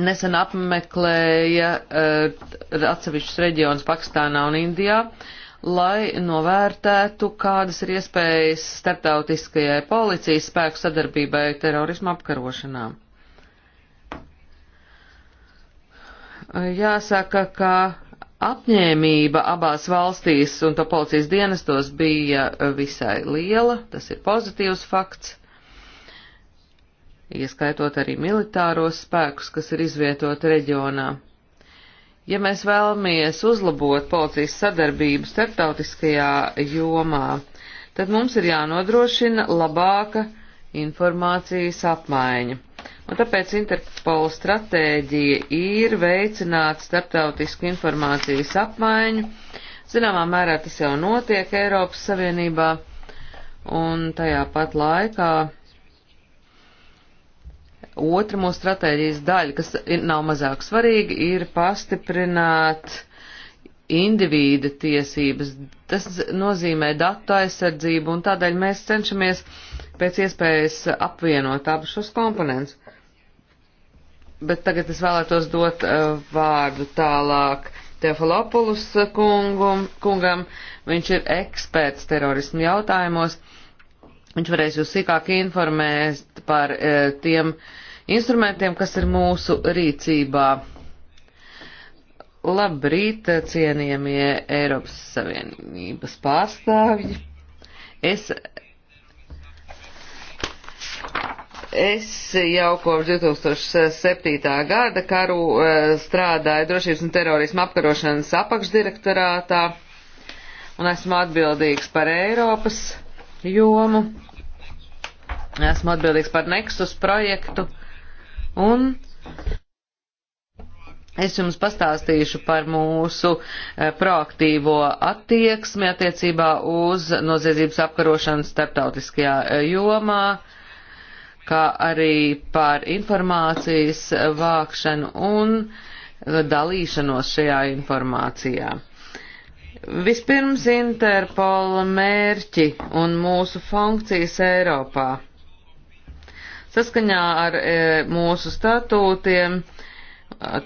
nesen apmeklēja uh, atsevišķus reģionus Pakistānā un Indijā, lai novērtētu, kādas ir iespējas starptautiskajai policijas spēku sadarbībai terorismu apkarošanā. Jāsaka, ka apņēmība abās valstīs un to policijas dienestos bija eh, visai liela, tas ir pozitīvs fakts ieskaitot arī militāros spēkus, kas ir izvietoti reģionā. Ja mēs vēlamies uzlabot policijas sadarbību starptautiskajā jomā, tad mums ir jānodrošina labāka informācijas apmaiņa. Un tāpēc Interpola stratēģija ir veicināt starptautisku informācijas apmaiņu. Zināmā mērā tas jau notiek Eiropas Savienībā, un tajā pat laikā Otra mūsu stratēģijas daļa, kas nav mazāk svarīga, ir pastiprināt indivīda tiesības. Tas nozīmē datu aizsardzību, un tādēļ mēs cenšamies pēc iespējas apvienot abus šos komponentus. Bet tagad es vēlētos dot uh, vārdu tālāk Teofilopulus kungum, kungam. Viņš ir eksperts terorismu jautājumos. Viņš varēs jūs sīkāk informēt par uh, tiem uh, instrumentiem, kas ir mūsu rīcībā. Labrīt, cienījamie Eiropas Savienības pārstāvji. Es, es jau kopš 2007. gada karu eh, strādāju drošības un terorismu apkarošanas apakšdirektorātā un esmu atbildīgs par Eiropas jomu. Esmu atbildīgs par Nexus projektu Un es jums pastāstīšu par mūsu eh, proaktīvo attieksmi attiecībā uz noziedzības apkarošanu starptautiskajā eh, jomā, kā arī par informācijas eh, vākšanu un dalīšanos šajā informācijā. Vispirms Interpola mērķi un mūsu funkcijas Eiropā. Saskaņā ar e, mūsu statūtiem,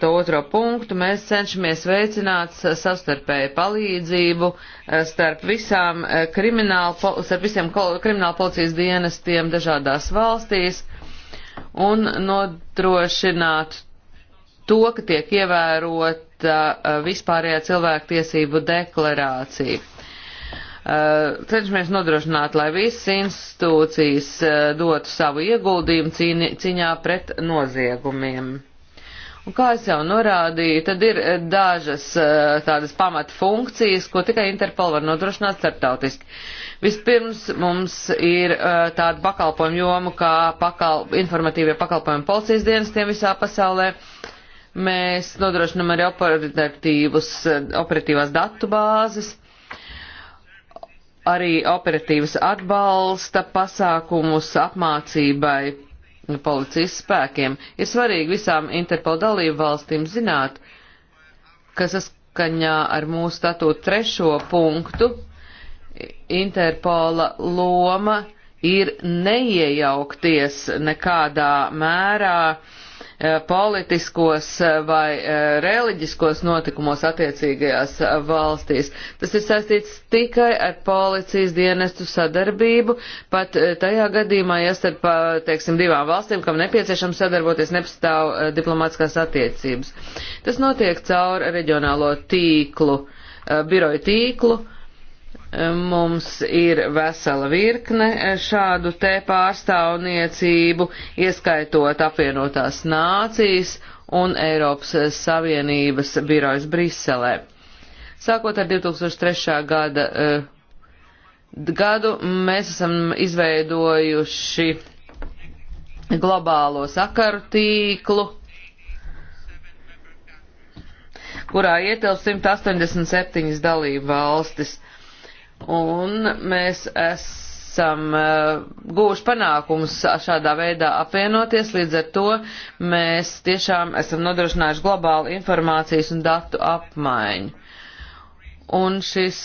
to otro punktu, mēs cenšamies veicināt savstarpēju palīdzību e, starp, visām e, krimināla, starp visiem krimināla policijas dienestiem dažādās valstīs un nodrošināt to, ka tiek ievērota vispārējā cilvēktiesību deklarācija. Eh, cenšamies nodrošināt, lai visas institūcijas eh, dotu savu ieguldījumu cīni, cīņā pret noziegumiem. Un kā es jau norādīju, tad ir eh, dažas tādas pamatfunkcijas, ko tikai Interpol var nodrošināt starptautiski. Vispirms mums ir tāda pakalpojuma joma, kā pakal, informatīvie pakalpojumi policijas dienestiem visā pasaulē. Mēs nodrošinam arī operatīvas datu bāzes arī operatīvas atbalsta pasākumus apmācībai policijas spēkiem. Ir svarīgi visām Interpol dalību valstīm zināt, ka saskaņā ar mūsu statūtu trešo punktu Interpola loma ir neiejaukties nekādā mērā uh, Eh, politiskos eh, vai eh, reliģiskos notikumos attiecīgajās valstīs. Tas ir saistīts tikai ar policijas dienestu sadarbību, pat tajā gadījumā, ja starp, teiksim, divām valstīm, kam nepieciešams sadarboties, nepastāv diplomātiskās attiecības. Tas notiek caur reģionālo tīklu, biroju tīklu Mums ir vesela virkne šādu te pārstāvniecību, ieskaitot apvienotās nācijas un Eiropas Savienības birojas Briselē. Sākot ar 2003. gada eh, gadu, mēs esam izveidojuši globālo sakaru tīklu, kurā ietilp 187 dalību valstis. Un mēs esam eh, gūši panākumus šādā veidā apvienoties, līdz ar to mēs tiešām esam nodrošinājuši globālu informācijas un datu apmaiņu. Un šis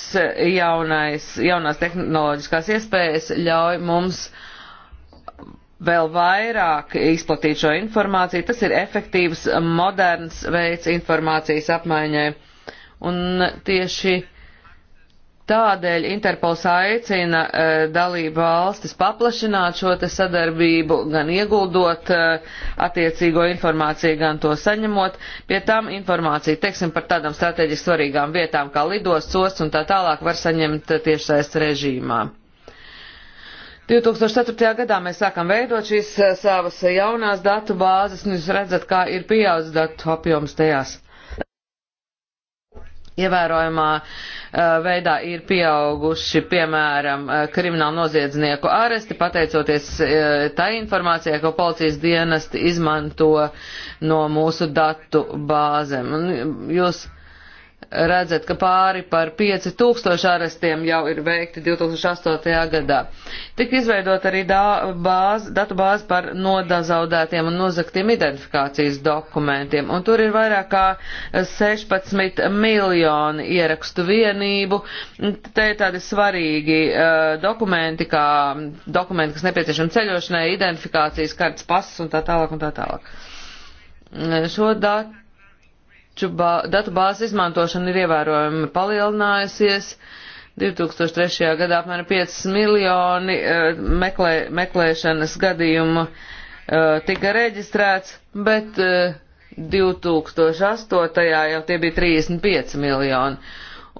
jaunais, jaunās tehnoloģiskās iespējas ļauj mums uh, vēl vairāk izplatīt šo informāciju. Tas ir efektīvs, moderns veids informācijas apmaiņai. Un tieši uh, Tādēļ Interpols aicina e, dalību valstis paplašināt šo te sadarbību, gan ieguldot e, attiecīgo informāciju, gan to saņemot. Pie tam informāciju, teiksim, par tādām strateģiski svarīgām vietām kā lidosts, osts un tā tālāk var saņemt e, tiešsaist režīmā. 2004. gadā mēs sākam veidot šīs savas jaunās datu bāzes, un jūs redzat, kā ir pieaudzis datu apjoms tajās. Ievērojamā eh, veidā ir pieauguši, piemēram, eh, kriminālu noziedznieku āresti, pateicoties eh, tā informācijai, ko policijas dienesti izmanto no mūsu datu bāzēm. Jūs redzat, ka pāri par 5000 arestiem jau ir veikti 2008. gadā. Tik izveidot arī dā, bāz, datu bāzi par nodazaudētiem un nozaktiem identifikācijas dokumentiem, un tur ir vairāk kā 16 miljoni ierakstu vienību. Te ir tādi svarīgi uh, dokumenti, kā dokumenti, kas nepieciešami ceļošanai, identifikācijas kartes pasas un tā tālāk un tā tālāk. Šo datu datu bāzes izmantošana ir ievērojami palielinājusies. 2003. gadā apmēram 5 miljoni eh, meklē, meklēšanas gadījumu eh, tika reģistrēts, bet 2008. Eh, jau tie bija 35 miljoni.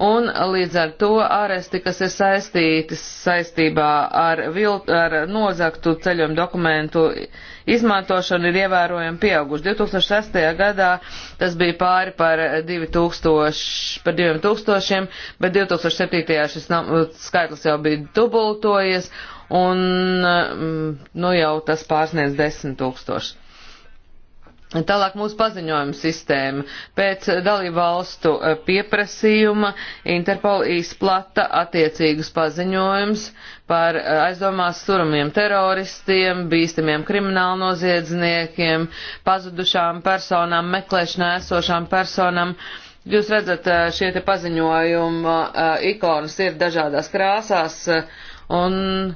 Un līdz ar to aresti, kas ir saistīti saistībā ar, vil, ar nozaktu ceļojumu dokumentu uh, izmantošana ir ievērojami pieauguši. 2006. gadā tas bija pāri par 2000, par 2000, bet 2007. šis skaitlis jau bija dubultojies un mm, nu jau tas pārsniedz 10 tūkstoši. Tālāk mūsu paziņojuma sistēma. Pēc dalību valstu eh, pieprasījuma Interpol izplata attiecīgus paziņojumus par eh, aizdomās surumiem teroristiem, bīstamiem kriminālu noziedzniekiem, pazudušām personām, meklēšanā esošām personām. Jūs redzat, eh, šie te paziņojuma eh, ikonas ir dažādās krāsās un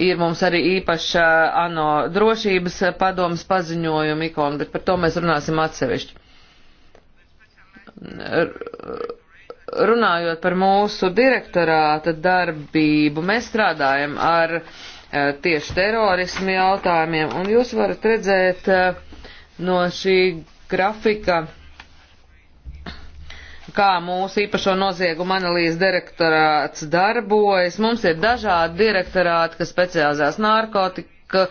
ir mums arī īpaša ANO drošības padomas paziņojuma ikona, bet par to mēs runāsim atsevišķi runājot par mūsu direktorāta darbību, mēs strādājam ar eh, tieši terorismu jautājumiem, un jūs varat redzēt eh, no šī grafika, kā mūsu īpašo noziegumu analīzes direktorāts darbojas. Mums ir dažādi direktorāti, kas specializējas narkotika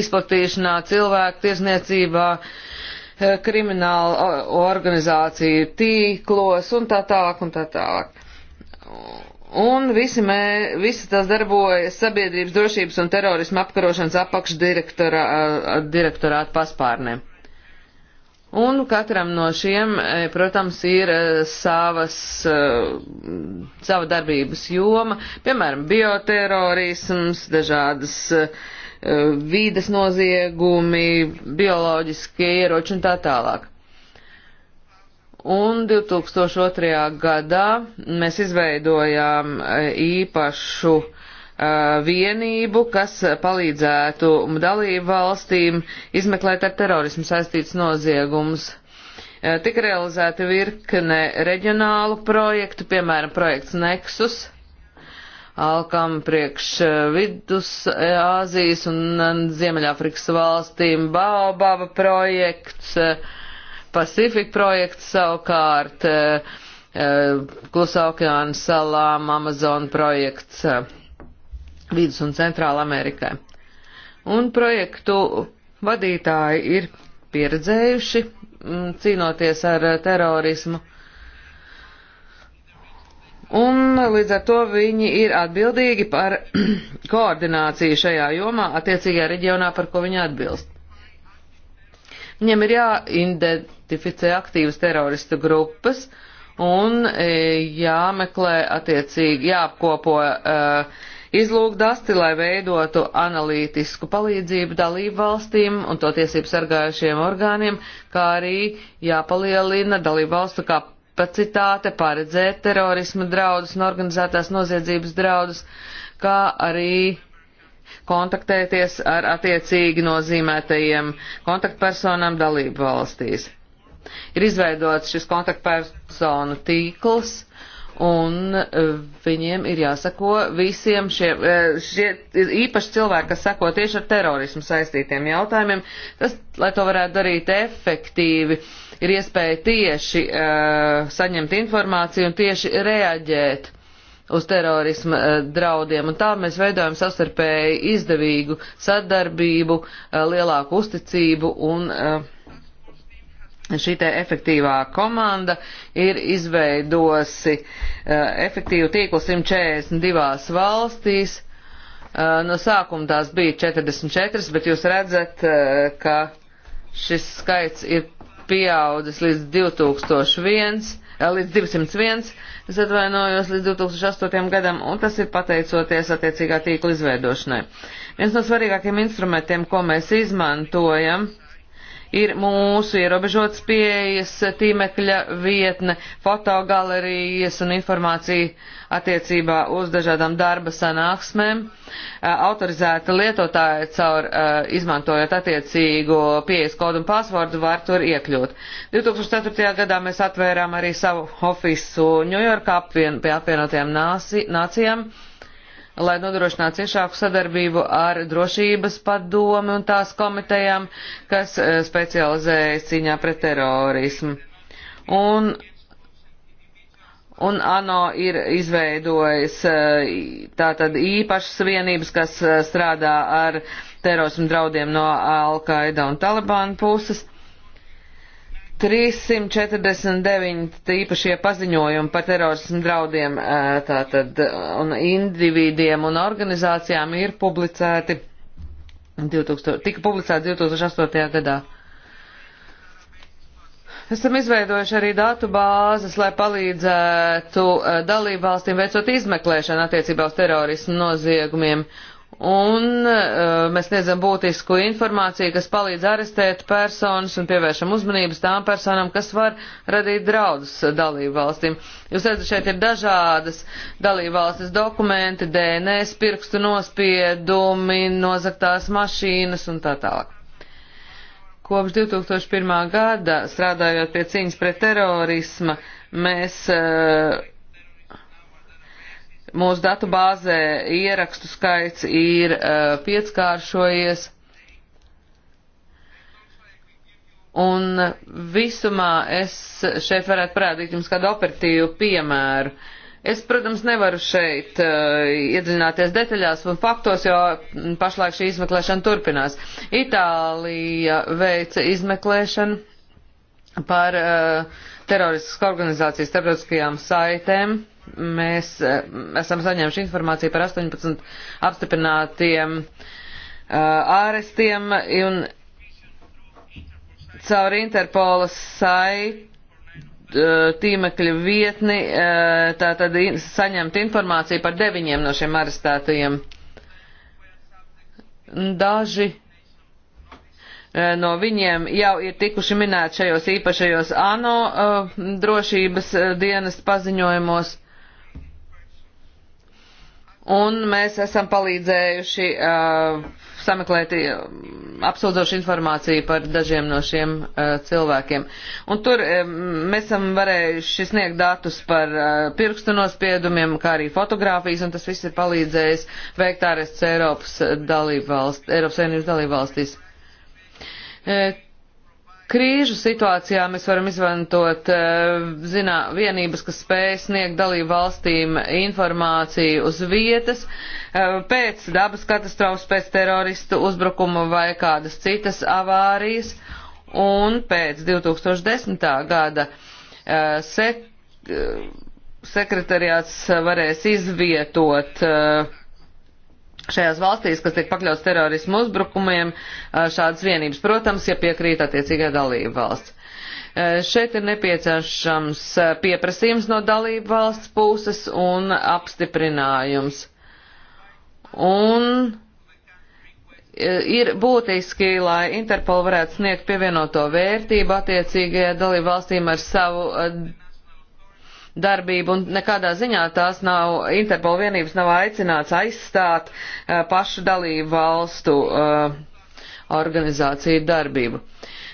izplatīšanā, cilvēku tiesniecībā, uh, Eh, krimināla organizāciju tīklos un tā tālāk un tā tālāk. Un visi, mē, visi tas darbojas sabiedrības drošības un terorisma apkarošanas apakšdirektorāta eh, paspārnē. Un katram no šiem, eh, protams, ir savas, sava darbības joma, piemēram, bioterorisms, dažādas uh, E, vīdes noziegumi, bioloģiskie ieroči un tā tālāk. Un 2002. gadā mēs izveidojām e, īpašu e, vienību, kas palīdzētu dalību valstīm izmeklēt ar terorismu saistīts noziegumus tika realizēta virkne reģionālu projektu, piemēram, projekts Nexus, alkam priekš eh, vidus eh, Āzijas un eh, Ziemeļāfrikas valstīm Baobaba projekts, Pacific projekts savukārt, Klusā okeāna salām Amazon projekts Vidus un Centrāla Amerikai. Un projektu vadītāji ir pieredzējuši mm, cīnoties ar terorismu Un līdz ar to viņi ir atbildīgi par koordināciju šajā jomā attiecīgajā reģionā, par ko viņi atbilst. Viņiem ir jāidentificē aktīvas teroristu grupas un e, jāmeklē attiecīgi, jāapkopo uh, izlūkdasti, lai veidotu analītisku palīdzību dalību valstīm un to tiesību sargājušiem orgāniem, kā arī jāpalielina dalību valstu kapacitāti kapacitāte paredzēt terorisma draudus un organizētās noziedzības draudus, kā arī kontaktēties ar attiecīgi nozīmētajiem kontaktpersonām dalību valstīs. Ir izveidots šis kontaktpersonu tīkls, un e, viņiem ir jāsako visiem šiem, e, šie ir īpaši cilvēki, kas sako tieši ar terorismu saistītiem jautājumiem, tas, lai to varētu darīt efektīvi, ir iespēja tieši uh, saņemt informāciju un tieši reaģēt uz terorisma uh, draudiem, un tā mēs veidojam savstarpēji izdevīgu sadarbību, uh, lielāku uzticību un uh, šī te efektīvā komanda ir izveidosi uh, efektīvu tīklu 142 valstīs. Uh, no sākuma tās bija 44, bet jūs redzat, uh, ka šis skaits ir pieaudzis līdz 2001, līdz 201, es atvainojos līdz 2008 gadam, un tas ir pateicoties attiecīgā tīkla izveidošanai. Viens no svarīgākiem instrumentiem, ko mēs izmantojam, uh, ir mūsu ierobežotas pieejas tīmekļa vietne, fotogalerijas un informācija attiecībā uz dažādām darba sanāksmēm. Eh, autorizēta lietotāja caur eh, izmantojot attiecīgo pieejas kodu un pasvordu var tur iekļūt. 2004. gadā mēs atvērām arī savu ofisu Ņujorkā apvien, pie apvienotajām nācijām. Nāci, lai nodrošinātu ciešāku sadarbību ar drošības padomi un tās komitejām, kas eh, specializējas cīņā pret terorismu. Un, un ANO ir izveidojis eh, tātad īpašas vienības, kas eh, strādā ar terorismu draudiem no Al-Qaida un Talibānu puses. 349 īpašie paziņojumi par terorismu draudiem tātad un individiem un organizācijām ir publicēti 2000, tika publicēti 2008. gadā. Esam izveidojuši arī datu bāzes, lai palīdzētu dalībvalstīm veicot izmeklēšanu attiecībā uz terorismu noziegumiem. Uh, un uh, mēs sniedzam būtisku informāciju, kas palīdz arestēt personas un pievēršam uzmanības tām personām, kas var radīt draudus dalību valstīm. Jūs redzat, šeit ir dažādas dalību valstis dokumenti, DNS, pirkstu nospiedumi, nozaktās mašīnas un tā tālāk. Kopš 2001. gada strādājot pie cīņas pret terorisma, mēs uh, Mūsu datu bāzē ierakstu skaits ir uh, pieckāršojies. Un visumā es šeit varētu parādīt jums kādu operatīvu piemēru. Es, protams, nevaru šeit uh, iedziļināties detaļās un faktos, jo pašlaik šī izmeklēšana turpinās. Itālija veica izmeklēšanu par uh, eh, teroristiskas organizācijas starptautiskajām saitēm. Uh, mēs eh, esam saņēmuši informāciju par 18 apstiprinātiem eh, ārestiem un caur Interpola saiti eh, tīmekļa vietni, tātad saņemt informāciju par deviņiem no šiem arestētajiem. Daži no viņiem jau ir tikuši minēti šajos īpašajos ANO drošības dienas paziņojumos un mēs esam palīdzējuši uh, sameklēt uh, apsūdzošu informāciju par dažiem no šiem uh, cilvēkiem. Un tur um, mēs esam varējuši sniegt datus par uh, pirkstu nospiedumiem, kā arī fotogrāfijas, un tas viss ir palīdzējis veikt ārests Eiropas, dalībvalst, Eiropas Savienības dalībvalstīs. Uh, Krīžu situācijā mēs varam izmantot eh, zinā, vienības, kas spēj sniegt dalību valstīm informāciju uz vietas eh, pēc dabas katastrofas, pēc teroristu uzbrukuma vai kādas citas avārijas. Un pēc 2010. gada eh, sek sekretariāts varēs izvietot uh, šajās valstīs, kas tiek pakļauts terorismu uzbrukumiem, šādas vienības, protams, ja piekrīt attiecīgā dalība valsts. Šeit ir nepieciešams pieprasījums no dalību valsts puses un apstiprinājums. Un ir būtiski, lai Interpol varētu sniegt pievienoto vērtību attiecīgajā dalību valstīm ar savu darbību, un nekādā ziņā tās nav, Interpol vienības nav aicināts aizstāt uh, pašu dalību valstu uh, organizāciju darbību.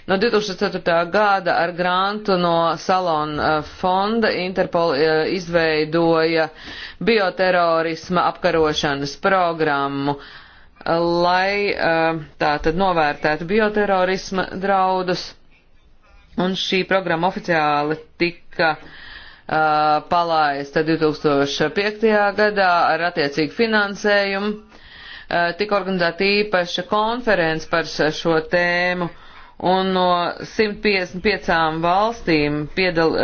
No 2004. gada ar grantu no Salona eh, fonda Interpol izveidoja bioterorisma apkarošanas programmu, lai tā tad novērtētu bioterorisma draudus. Un šī programma oficiāli tika uh, palaista 2005. gadā ar attiecīgu finansējumu. Tika organizēta īpaša konference par šo tēmu, un no 155 valstīm piedal,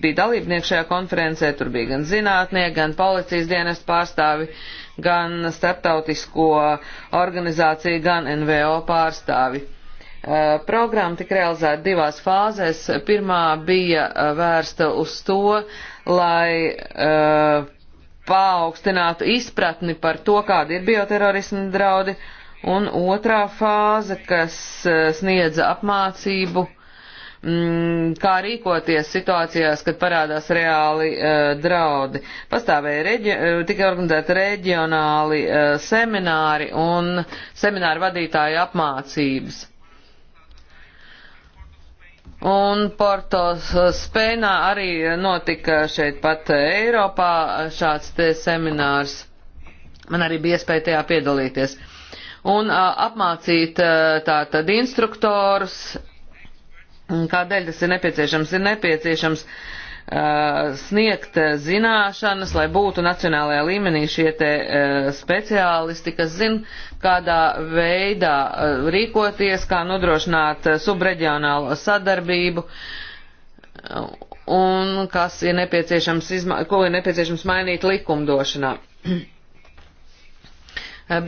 bija dalībnieki šajā konferencē. Tur bija gan zinātnieki, gan policijas dienestu pārstāvi, gan starptautisko organizāciju, gan NVO pārstāvi. Eh, programma tika realizēta divās fāzēs. Pirmā bija eh, vērsta uz to, lai uh, paaugstinātu izpratni par to, kāda ir bioterorisma draudi, un otrā fāze, kas sniedza apmācību, mm, kā rīkoties situācijās, kad parādās reāli uh, draudi. Pastāvēja reģi tika organizēti reģionāli uh, semināri un semināru vadītāju apmācības. Un Porto Spēnā arī notika šeit pat Eiropā šāds te seminārs. Man arī bija iespēja tajā piedalīties. Un a, apmācīt tātad instruktorus, kādēļ tas ir nepieciešams. Ir nepieciešams uh, Uh, sniegt zināšanas, lai būtu nacionālajā līmenī šie te uh, speciālisti, kas zina, kādā veidā uh, rīkoties, kā nodrošināt subreģionālo sadarbību un kas ir nepieciešams, ko ir nepieciešams mainīt likumdošanā.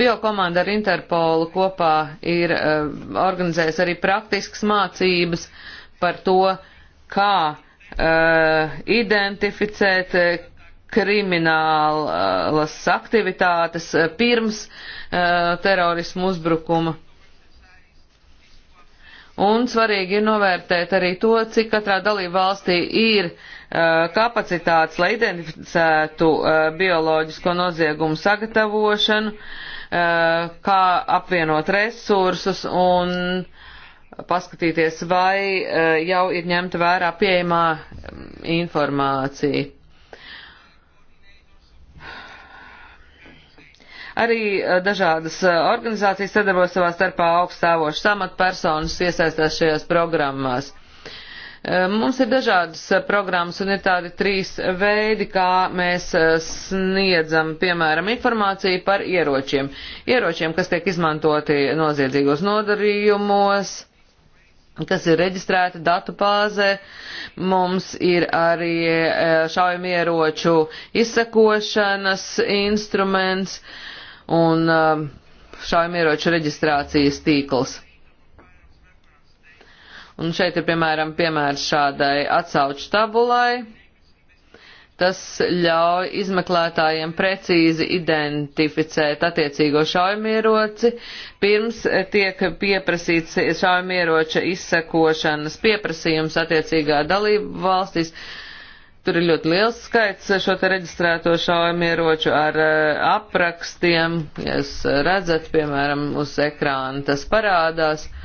Biokomanda ar Interpolu kopā ir organizējusi arī praktiskas mācības par to, kā uh, uh, identificēt uh, kriminālas aktivitātes uh, pirms uh, terorismu uzbrukuma. Un svarīgi ir novērtēt arī to, cik katrā dalība valstī ir uh, kapacitātes, lai identificētu uh, bioloģisko noziegumu sagatavošanu, uh, kā apvienot resursus un uh, paskatīties, vai eh, jau ir ņemta vērā pieejamā mm, informācija. Arī eh, dažādas eh, organizācijas sadarbojas savā starpā augstāvošas amatpersonas iesaistās šajās programmās. Mums ir dažādas programmas un ir tādi trīs veidi, kā mēs sniedzam, piemēram, informāciju par ieročiem. Ieročiem, kas tiek izmantoti noziedzīgos nodarījumos, kas ir reģistrēti datu bāzē. Mums ir arī e, šaujamieroču izsakošanas instruments un e, šaujamieroču reģistrācijas tīkls. Un šeit ir piemēram piemērs šādai atsauču tabulai Tas ļauj izmeklētājiem precīzi identificēt attiecīgo šaujamieroci, pirms tiek pieprasīts šaujamieroča izsekošanas pieprasījums attiecīgā dalību valstīs. Tur ir ļoti liels skaits šo te reģistrēto šaujamieroču ar eh, aprakstiem. Ja jūs redzat, piemēram, uz ekrāna tas parādās. Uh,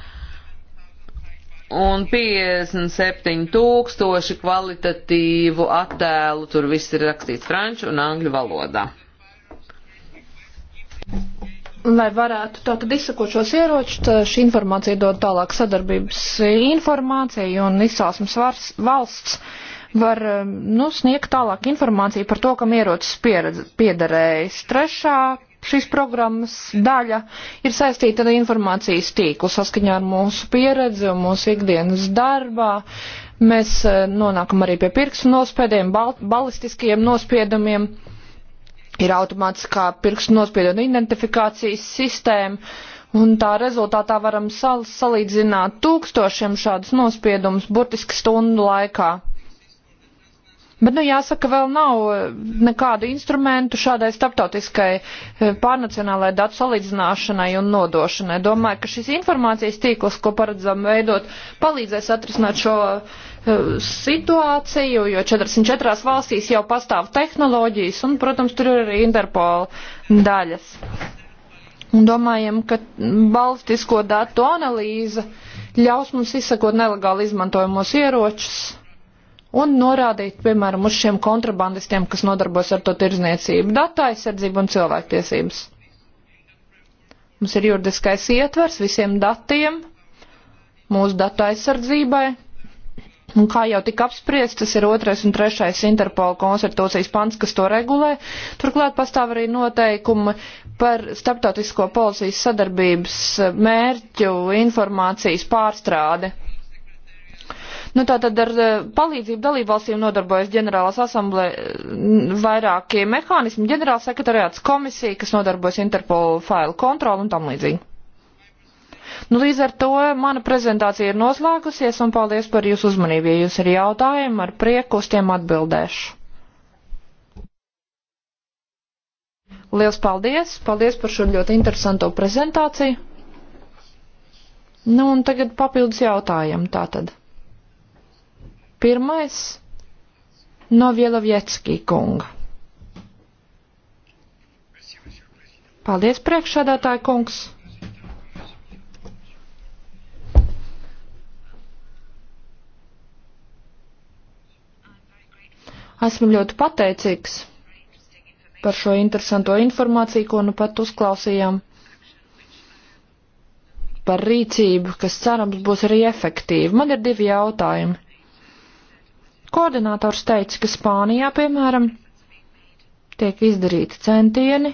un 57 tūkstoši kvalitatīvu attēlu, tur viss ir rakstīts franču un angļu valodā. Lai varētu tātad izsakot šos ieročus, šī informācija dod tālāk sadarbības informāciju un izsāsmes valsts var um, nu, sniegt tālāk informāciju par to, kam ierocis piederējis. Trešā šīs programmas daļa ir saistīta ar informācijas tīklu saskaņā ar mūsu pieredzi un mūsu ikdienas darbā. Mēs eh, nonākam arī pie pirkstu nospēdiem, bal balistiskajiem nospiedumiem, ir automātiskā pirkstu nospiedumu identifikācijas sistēma, un tā rezultātā varam sal salīdzināt tūkstošiem šādus nospiedumus burtiski stundu laikā. Bet, nu, jāsaka, vēl nav eh, nekādu instrumentu šādai starptautiskai eh, pārnacionālai datu salīdzināšanai un nodošanai. Domāju, ka šis informācijas tīkls, ko paredzam veidot, palīdzēs atrisināt šo eh, situāciju, jo 44 valstīs jau pastāv tehnoloģijas un, protams, tur ir arī Interpola daļas. Un domājam, ka balstisko datu analīze ļaus mums izsakot nelegāli izmantojamos ieročus un norādīt, piemēram, uz šiem kontrabandistiem, kas nodarbos ar to tirzniecību, datu aizsardzību un cilvēktiesības. Mums ir juridiskais ietvers visiem datiem, mūsu datu aizsardzībai. Un kā jau tika apspriests, tas ir otrais un trešais Interpola konstitūcijas pants, kas to regulē. Turklāt pastāv arī noteikumi par starptautisko policijas sadarbības mērķu informācijas pārstrādi Nu, tātad ar eh, palīdzību dalībvalstīm nodarbojas ģenerālās asamblē vairākie mehānismi, ģenerāls sekretariāts komisija, kas nodarbojas Interpolu failu kontroli un tam līdzīgi. Nu, līdz ar to mana prezentācija ir noslēgusies un paldies par jūsu uzmanību. Ja jūs ir jautājumi, ar prieku uz tiem atbildēšu. Liels paldies! Paldies par šo ļoti interesanto prezentāciju. Nu, un tagad papildus jautājumu tātad. Pirmais no Vielovietskī kunga. Paldies, priekšsādātāja kungs! Esmu ļoti pateicīgs par šo interesanto informāciju, ko nu pat uzklausījām, par rīcību, kas cerams būs arī efektīva. Man ir divi jautājumi. Koordinators teica, ka Spānijā, piemēram, tiek izdarīti centieni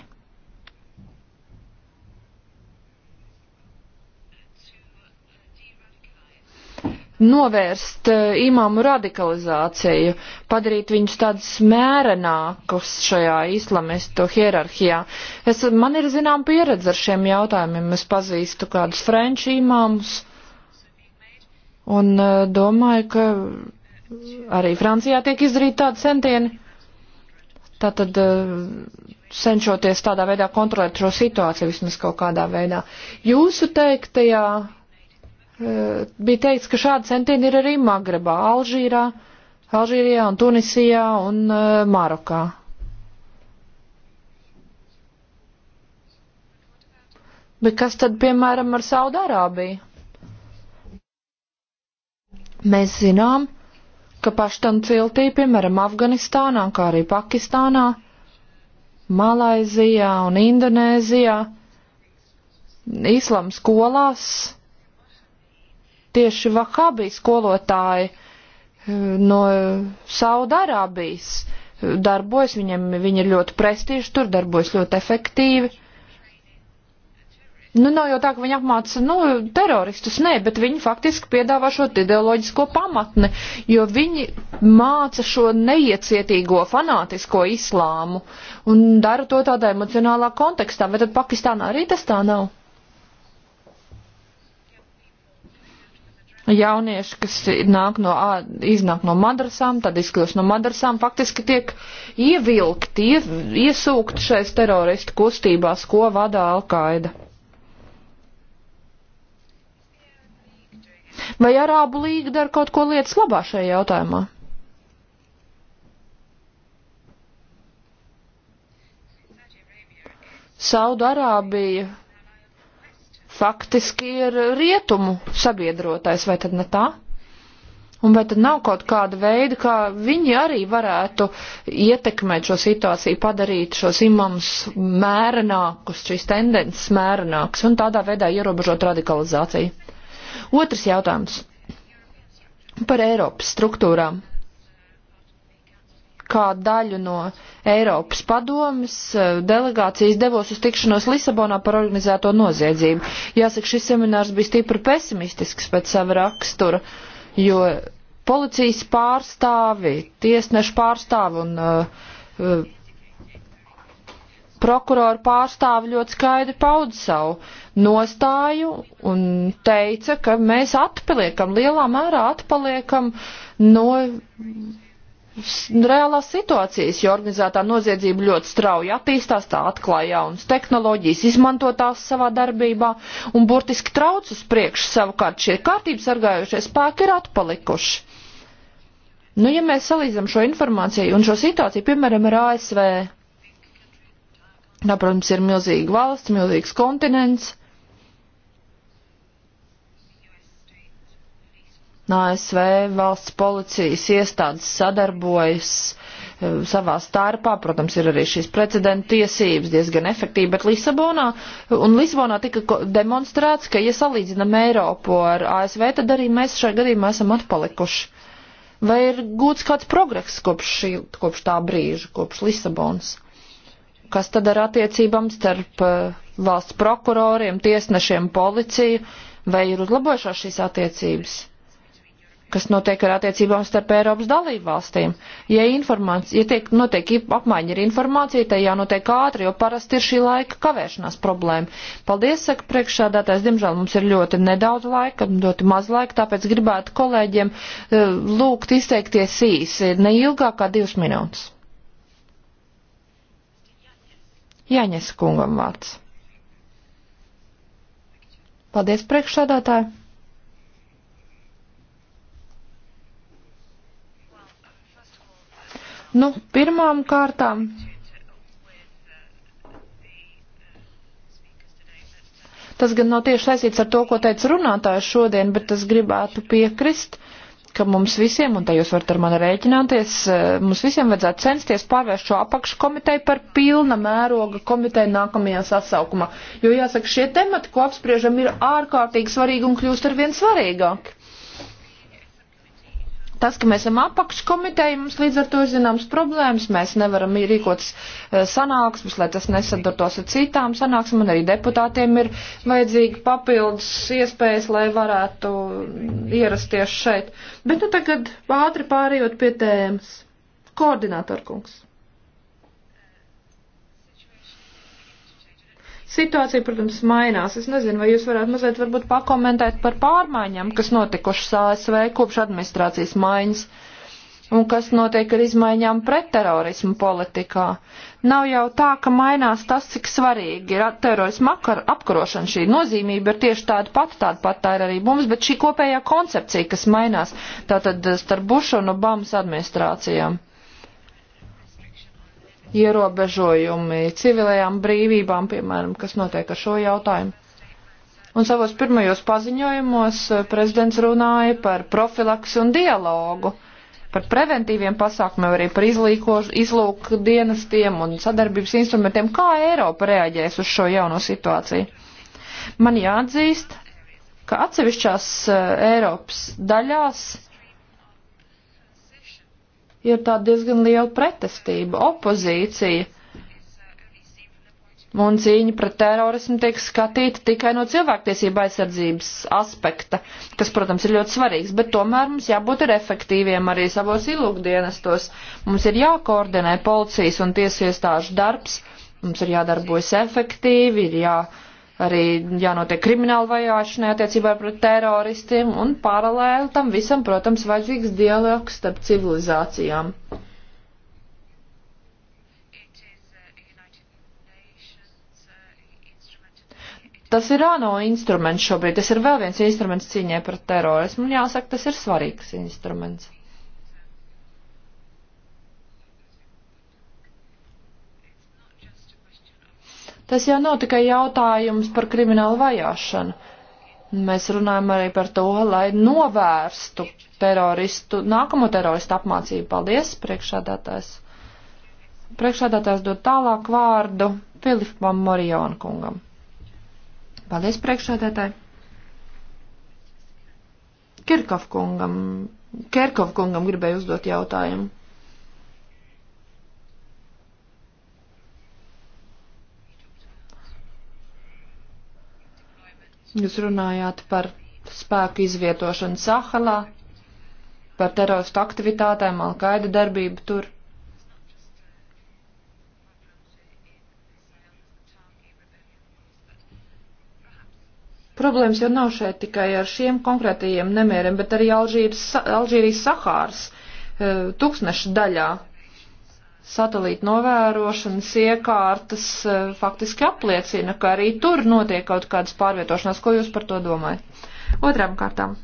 novērst eh, imāmu radikalizāciju, padarīt viņus tādus mērenākus šajā islamistu hierarhijā. Es, man ir zinām pieredze ar šiem jautājumiem, es pazīstu kādus frenču imāmus un eh, domāju, ka arī Francijā tiek izdarīti tādi centieni. Tātad eh, cenšoties tādā veidā kontrolēt šo situāciju vismaz kaut kādā veidā. Jūsu teiktajā eh, bija teikts, ka šādi centieni ir arī Magrebā, Alžīrā, Alžīrijā un Tunisijā un eh, Marokā. Bet kas tad, piemēram, ar Saudārābiju? Mēs zinām, uh, ka paštam ciltī, piemēram, Afganistānā, kā arī Pakistānā, Malaizijā un Indonēzijā, islams skolās tieši vahābī skolotāji eh, no Saudarābijas darbojas, viņiem, viņi ir ļoti prestiži, tur darbojas ļoti efektīvi. Nu, nav jau tā, ka viņi apmāca, nu, teroristus, nē, bet viņi faktiski piedāvā šo ideoloģisko pamatni, jo viņi māca šo neiecietīgo fanātisko islāmu un dara to tādā emocionālā kontekstā. Vai tad Pakistānā arī tas tā nav? Jaunieši, kas nāk no, iznāk no madrasām, tad izkļūst no madrasām, faktiski tiek ievilkti, ie, iesūkti šais teroristu kustībās, ko vada Alkaida. Vai Arābu līga dara kaut ko lietas labā šajā jautājumā? Saudarābija faktiski ir rietumu sabiedrotais, vai tad ne tā? Un vai tad nav kaut kāda veida, kā viņi arī varētu ietekmēt šo situāciju, padarīt šos imams mērenākus, šīs tendences mērenākas un tādā veidā ierobežot radikalizāciju? Otrs jautājums par Eiropas struktūrām. Kā daļu no Eiropas padomas eh, delegācijas devos uz tikšanos Lisabonā par organizēto noziedzību. Jāsaka, šis seminārs bija stipri pesimistisks pēc sava rakstura, jo policijas pārstāvi, tiesnešu pārstāvi un uh, prokuroru pārstāvi ļoti skaidri pauda savu nostāju un teica, ka mēs atpaliekam, lielā mērā atpaliekam no reālās situācijas, jo organizētā noziedzība ļoti strauji attīstās, tā atklāja jaunas tehnoloģijas, izmanto tās savā darbībā un burtiski trauc uz priekšu savukārt šie kārtības sargājušie spēki ir atpalikuši. Nu, ja mēs salīdzam šo informāciju un šo situāciju, piemēram, ar ASV, Tā, protams, ir milzīga valsts, milzīgs kontinents. ASV valsts policijas iestādes sadarbojas e, savā starpā, protams, ir arī šīs precedenta tiesības diezgan efektīvi, bet Lisabonā, un Lisabonā tika demonstrēts, ka, ja salīdzinam Eiropu ar ASV, tad arī mēs šajā gadījumā esam atpalikuši. Vai ir gūts kāds progress kopš, šī, kopš tā brīža, kopš Lisabonas? Kas tad ar attiecībām starp uh, valsts prokuroriem, tiesnešiem, policiju? Vai ir uzlabojušās šīs attiecības? Kas notiek ar attiecībām starp Eiropas dalību valstīm? Ja, ja tiek, notiek apmaiņa ar informāciju, tai jānotiek ātri, jo parasti ir šī laika kavēšanās problēma. Paldies, saka priekšsādātājs, diemžēl mums ir ļoti nedaudz laika, ļoti maz laika, tāpēc gribētu kolēģiem uh, lūgt izteikties īsi, neilgāk kā divas minūtes. Jaņes kungam vārds. Paldies, priekšsādātāji! Nu, pirmām kārtām tas gan nav tieši saistīts ar to, ko teica runātājs šodien, bet es gribētu piekrist uh, ka mums visiem, un te jūs varat ar mani rēķināties, eh, mums visiem vajadzētu censties pārvērst šo apakškomiteju par pilna mēroga komiteju nākamajā sasaukumā. Jo jāsaka, šie temati, ko apspriežam, ir ārkārtīgi svarīgi un kļūst ar vien svarīgāki. Tas, ka mēs esam apakškomiteja, mums līdz ar to ir zināms problēmas, mēs nevaram rīkot eh, sanāksmes, lai tas nesadurtos ar citām sanāksmēm, un arī deputātiem ir vajadzīgi papildus iespējas, lai varētu ierasties šeit. Bet nu tagad ātri pārējot pie tēmas. Koordinātorkungs. Situācija, protams, mainās. Es nezinu, vai jūs varētu mazliet varbūt pakomentēt par pārmaiņām, kas notikušas ASV kopš administrācijas maiņas un kas notiek ar izmaiņām pret terorismu politikā. Nav jau tā, ka mainās tas, cik svarīgi ir terorisma apkarošana. Šī nozīmība ir tieši tāda pati, tāda pat tā ir arī mums, bet šī kopējā koncepcija, kas mainās, tātad starp Bušu un Obamas administrācijām ierobežojumi civilajām brīvībām, piemēram, kas notiek ar šo jautājumu. Un savos pirmajos paziņojumos eh, prezidents runāja par profilaksu un dialogu, par preventīviem pasākumiem, arī par izlūk dienestiem un sadarbības instrumentiem, kā Eiropa reaģēs uz šo jauno situāciju. Man jāatzīst, ka atsevišķās eh, Eiropas daļās uh, ir tāda diezgan liela pretestība, opozīcija. Un cīņa pret terorismu tiek skatīta tikai no cilvēktiesība aizsardzības aspekta, kas, protams, ir ļoti svarīgs, bet tomēr mums jābūt ir efektīviem arī savos ilūkdienestos. Mums ir jākoordinē policijas un tiesu iestāžu darbs, mums ir jādarbojas efektīvi, ir jā. Uh, arī jānotiek krimināla vajāšanai attiecībā pret teroristiem, un paralēli tam visam, protams, vajadzīgs dialogs starp civilizācijām. Tas ir ANO instruments šobrīd, tas ir vēl viens instruments cīņai pret terorismu, un jāsaka, tas ir svarīgs instruments. Tas jau nav tikai jautājums par kriminālu vajāšanu. Mēs runājam arī par to, lai novērstu teroristu, nākamo teroristu apmācību. Paldies, priekšādātājs. Priekšādātājs dod tālāk vārdu Filipam Morijonu kungam. Paldies, priekšādātāji. Kirkov kungam, Kirkov kungam gribēju uzdot jautājumu. Jūs runājāt par spēku izvietošanu Sahelā, par teroristu aktivitātēm, Alkaida darbību tur. Problēmas jau nav šeit tikai ar šiem konkrētajiem nemieriem, bet arī Alžīrijas Sahāras eh, tūkstneša daļā, satelīta novērošanas iekārtas eh, faktiski apliecina, ka arī tur notiek kaut kādas pārvietošanās. Ko jūs par to domājat? Otrām kārtām,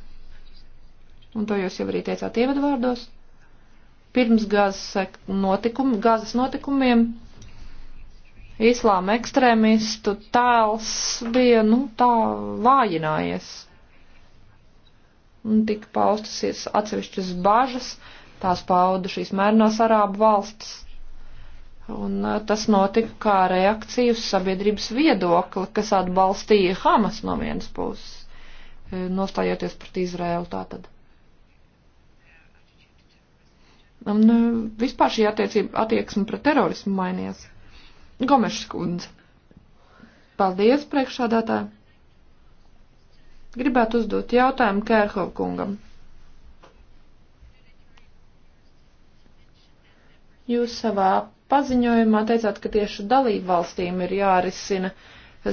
un to jūs jau arī teicāt ievadvārdos, pirms gazas, notikum, gazas notikumiem islāma ekstrēmistu tēls bija, nu, tā vājinājies. Un tika paustas atsevišķas bažas, tās pauda šīs mērnās arābu valstis. Un uh, tas notika kā reakcija uz sabiedrības viedokli, kas atbalstīja Hamas no vienas puses, uh, nostājoties pret Izraēlu tātad. Un uh, vispār šī attiecība attieksme pret terorismu mainījās. Gomešs kundze. Paldies, priekšādātā. Gribētu uzdot jautājumu Kērhov kungam. Jūs savā paziņojumā teicāt, ka tieši dalību valstīm ir jārisina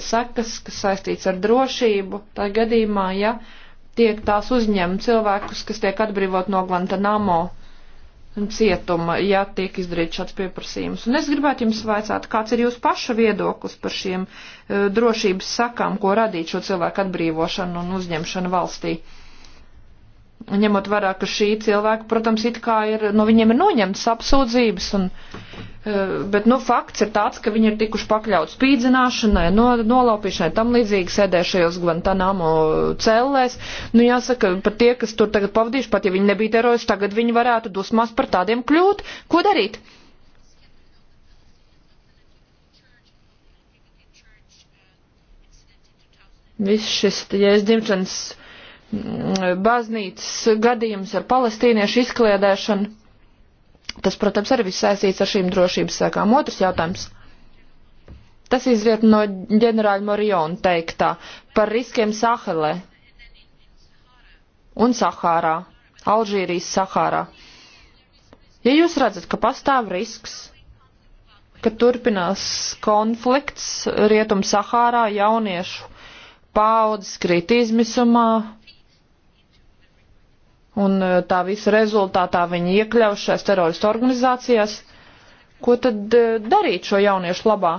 sekas, kas saistīts ar drošību. Tā gadījumā, ja tiek tās uzņem cilvēkus, kas tiek atbrīvot no Guantanamo cietuma, ja tiek izdarīts šāds pieprasījums. Un es gribētu jums vaicāt, kāds ir jūsu paša viedoklis par šiem uh, drošības sakām, ko radīt šo cilvēku atbrīvošanu un uzņemšanu valstī? Uh, ņemot vērā, ka šī cilvēka, protams, it kā ir, no viņiem ir noņemtas apsūdzības, un, eh, bet, nu, fakts ir tāds, ka viņi ir tikuši pakļauts spīdzināšanai, no, nolaupīšanai, tam līdzīgi sēdējušajos Guantanamo cellēs. Nu, jāsaka, pat tie, kas tur tagad pavadījuši, pat ja viņi nebija teroris, tagad viņi varētu dusmās par tādiem kļūt. Ko darīt? Viss šis, ja es dzimšanas baznīcas gadījums ar palestīniešu izkliedēšanu. Tas, protams, arī viss saistīts ar šīm drošības sēkām. Otrs jautājums. Tas izriet no ģenerāļa Moriona teiktā par riskiem Sahelē un Sahārā, Alžīrijas Sahārā. Ja jūs redzat, ka pastāv risks, ka turpinās konflikts Rietum Sahārā jauniešu paudzes krīt izmisumā, un e, tā visa rezultātā viņi iekļaus šajās teroristu organizācijās. Ko tad e, darīt šo jauniešu labā?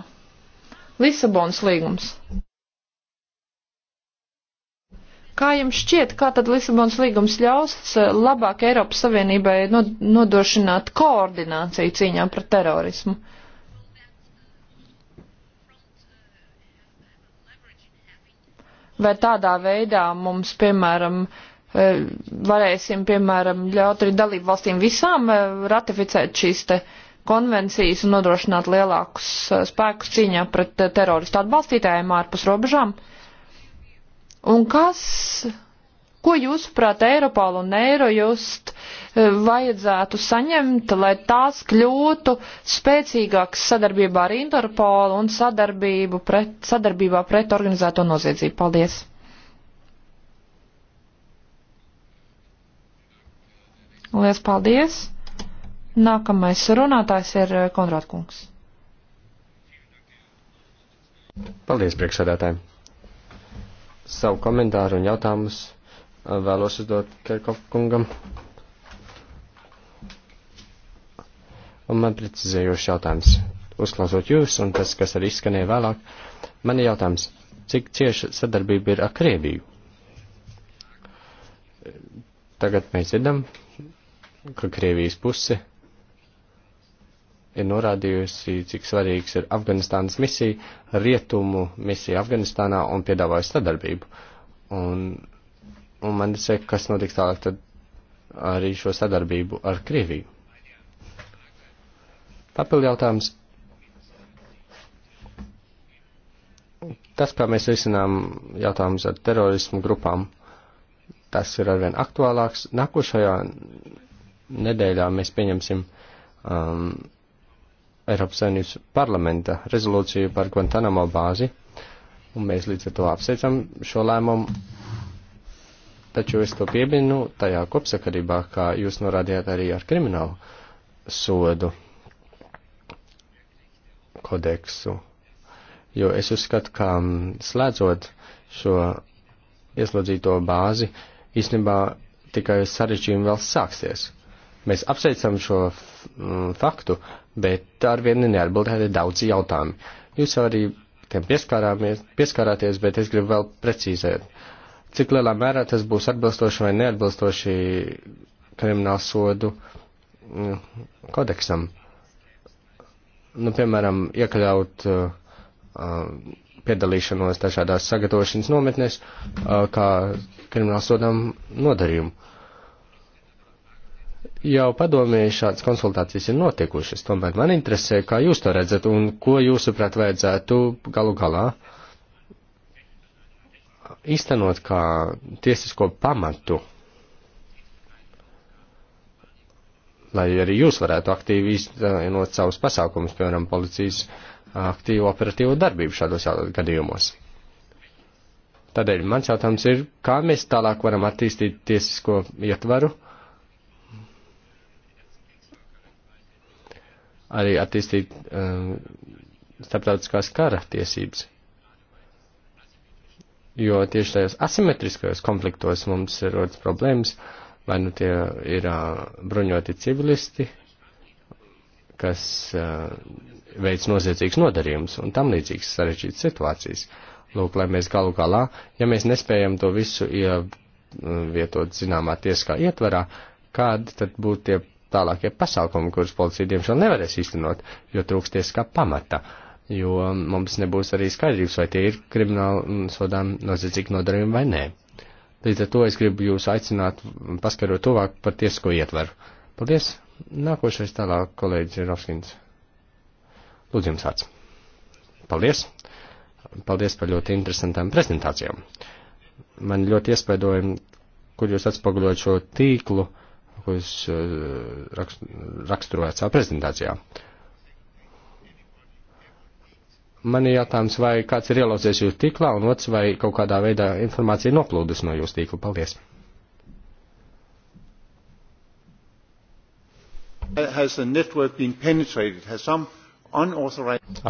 Lisabonas līgums. Kā jums šķiet, kā tad Lisabonas līgums ļaus e, labāk Eiropas Savienībai nodrošināt koordināciju cīņā pret terorismu? Vai tādā veidā mums, piemēram, uh, Eh, varēsim, piemēram, ļaut arī dalību valstīm visām eh, ratificēt šīs te konvencijas un nodrošināt lielākus eh, spēkus cīņā pret teroristu atbalstītājiem ārpus robežām. Un kas, ko jūsuprāt, Eiropālu un Eirojust vajadzētu saņemt, lai tās kļūtu spēcīgākas sadarbībā ar Interpolu un sadarbību pret, sadarbībā pret organizēto noziedzību? Paldies! Lielas paldies! Nākamais runātājs ir eh, Konrādkungs. Paldies, priekšsēdētāji! Savu komentāru un jautājumus eh, vēlos uzdot Kerkov kungam. Un man precizējošs jautājums. Uzklausot jūs un tas, kas arī izskanēja vēlāk, man ir jautājums, cik cieša sadarbība ir ar Krieviju? Tagad mēs dzirdam, ka Krievijas puse ir norādījusi, cik svarīgs ir Afganistānas misija, rietumu misija Afganistānā un piedāvājusi sadarbību. Un, un man saka, kas notiks tālāk tad arī šo sadarbību ar Krieviju. Papildu jautājums. Tas, kā mēs risinām jautājumus ar terorismu grupām, tas ir arvien aktuālāks. Nākošajā nedēļā mēs pieņemsim um, Eiropas Savienības parlamenta rezolūciju par Guantanamo bāzi, un mēs līdz ar to apsveicam šo lēmumu. Taču es to pieminu tajā kopsakarībā, kā jūs norādījāt arī ar kriminālu sodu kodeksu. Jo es uzskatu, ka mm, slēdzot šo ieslodzīto bāzi, īstenībā tikai sarežģījumi vēl sāksies. Mēs apsveicam šo mm, faktu, bet ar vienu neatbildēti daudzi jautājumi. Jūs jau arī tiem pieskārāties, bet es gribu vēl precīzēt, cik lielā mērā tas būs atbilstoši vai neatbilstoši kriminālu sodu mm, kodeksam. Nu, piemēram, iekļaut uh, uh piedalīšanos dažādās sagatavošanas nometnēs, uh, kā kriminālsodām nodarījumu jau padomēju šādas konsultācijas ir notikušas, tomēr man interesē, kā jūs to redzat un ko jūsuprāt vajadzētu galu galā īstenot kā tiesisko pamatu, lai arī jūs varētu aktīvi īstenot savus pasākumus, piemēram, policijas aktīvu operatīvo darbību šādos gadījumos. Tādēļ mans jautājums ir, kā mēs tālāk varam attīstīt tiesisko ietvaru, arī attīstīt um, starptautiskās kara tiesības. Jo tieši tajos asimetriskajos konfliktos mums ir rodas problēmas, vai nu tie ir uh, bruņoti civilisti, kas uh, veic noziedzīgs nodarījums un tam līdzīgas sarežģītas situācijas. Lūk, lai mēs galu galā, ja mēs nespējam to visu ievietot zināmā tieskā ietvarā, kādi tad būtu tie tālākie pasākumi, kurus policija diemžēl nevarēs īstenot, jo trūksties kā pamata, jo mums nebūs arī skaidrības, vai tie ir krimināli sodām noziedzīgi nodarījumi vai nē. Līdz ar to es gribu jūs aicināt paskarot tuvāk par tiesisko ietvaru. Paldies! Nākošais tālāk kolēģis Rovskins. Lūdzu jums vārds. Paldies! Paldies par ļoti interesantām prezentācijām. Man ļoti iespaidoja, kur jūs atspoguļojat šo tīklu ko jūs eh, raksturojāt savā prezentācijā. Man ir jautājums, vai kāds ir ielauzies jūsu tīklā, un otrs, vai kaut kādā veidā informācija noplūdus no jūsu tīkla. Paldies!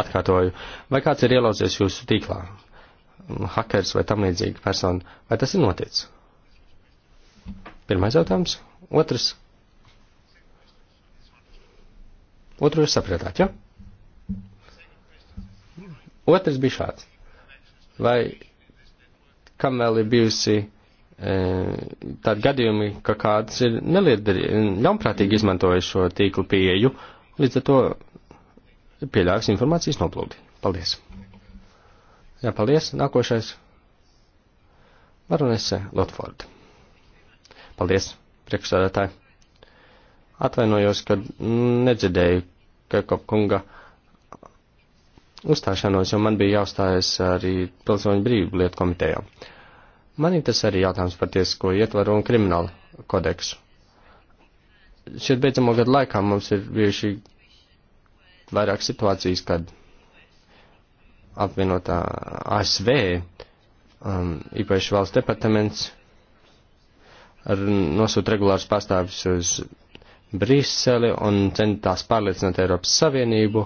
Atkārtoju, vai kāds ir ielauzies jūsu tīklā? Hakers vai tam līdzīga persona, vai tas ir noticis? Pirmais jautājums. Otrs. Otru jūs sapratāt, jā? Ja? Otrs bija šāds. Vai kam vēl ir bijusi e, tādi gadījumi, ka kāds ir neliederīgi, ļaunprātīgi izmantojis šo tīklu pieeju, līdz ar to pieļāvis informācijas noplūdi. Paldies. Jā, paldies. Nākošais. Baronese Lotford. Paldies priekšsādātāji. Atvainojos, ka nedzirdēju Kekop kunga uzstāšanos, jo man bija jāuzstājas arī pilsoņu brīvu lietu komitejā. Man interesē arī jautājums par tiesisko ietvaru un kriminālu kodeksu. Šeit beidzamo gadu laikā mums ir bijuši vairāk situācijas, kad apvienotā ASV, um, īpaši valsts departaments, nosūta regulārs pārstāvis uz Briseli un centās pārliecināt Eiropas Savienību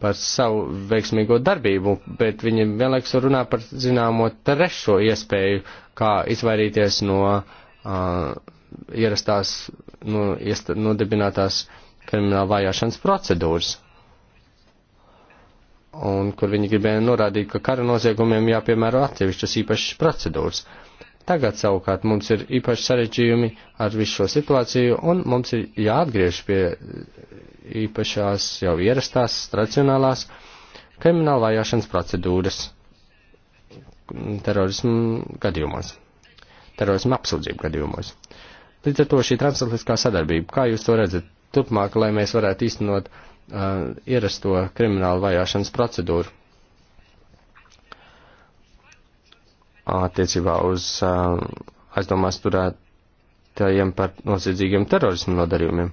par savu veiksmīgo darbību, bet viņi vienlaikus runā par zināmo trešo iespēju, kā izvairīties no uh, ierastās, no, iesta, nodibinātās krimināla vajāšanas procedūras. Un kur viņi gribēja norādīt, ka kara noziegumiem jāpiemēro atsevišķas īpašas procedūras. Uh, Tagad savukārt mums ir īpaši sarežģījumi ar visu šo situāciju, un mums ir jāatgriež pie eh, īpašās, jau ierastās, tradicionālās krimināla vajāšanas procedūras terorismu gadījumos, terorismu apsūdzību gadījumos. Līdz ar to šī transatlantiskā sadarbība, kā jūs to redzat, turpmāk, lai mēs varētu īstenot uh, ierasto kriminālu vajāšanas procedūru attiecībā uz uh, aizdomās turētajiem par noziedzīgiem terorismu nodarījumiem.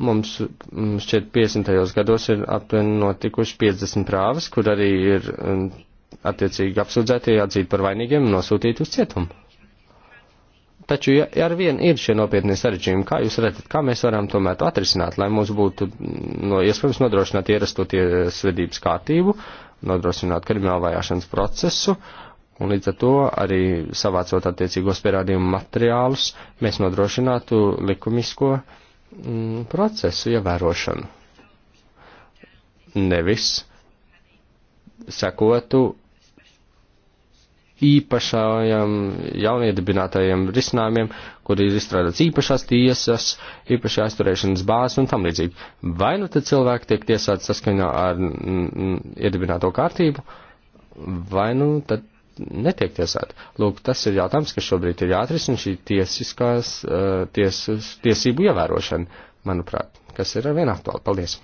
Mums mm, šķiet 50. gados ir aptuveni notikuši 50 prāvas, kur arī ir mm, attiecīgi apsūdzētie atzīt par vainīgiem un nosūtīti uz cietumu. Taču, ja, ja ar vienu ir šie nopietni sarežģījumi, kā jūs redzat, kā mēs varam tomēr to atrisināt, lai mums būtu mm, no, iespējams nodrošināt ierastoties svedības kārtību, nodrošināt kriminālu vajāšanas procesu, un līdz ar to arī savācot attiecīgos pierādījumu materiālus, mēs nodrošinātu likumisko mm, procesu ievērošanu. Nevis sekotu īpašajiem jauniedibinātajiem risinājumiem, kur ir izstrādāts īpašās tiesas, īpašā aizturēšanas bāzes un tam līdzīgi. Vai nu tad cilvēki tiek tiesāti saskaņā ar iedibināto kārtību, vai nu tad netiek tiesāti. Lūk, tas ir jautājums, kas šobrīd ir jāatrisina šī tiesiskās, eh, ties, tiesību ievērošana, manuprāt, kas ir ar vien aktuāli. Paldies!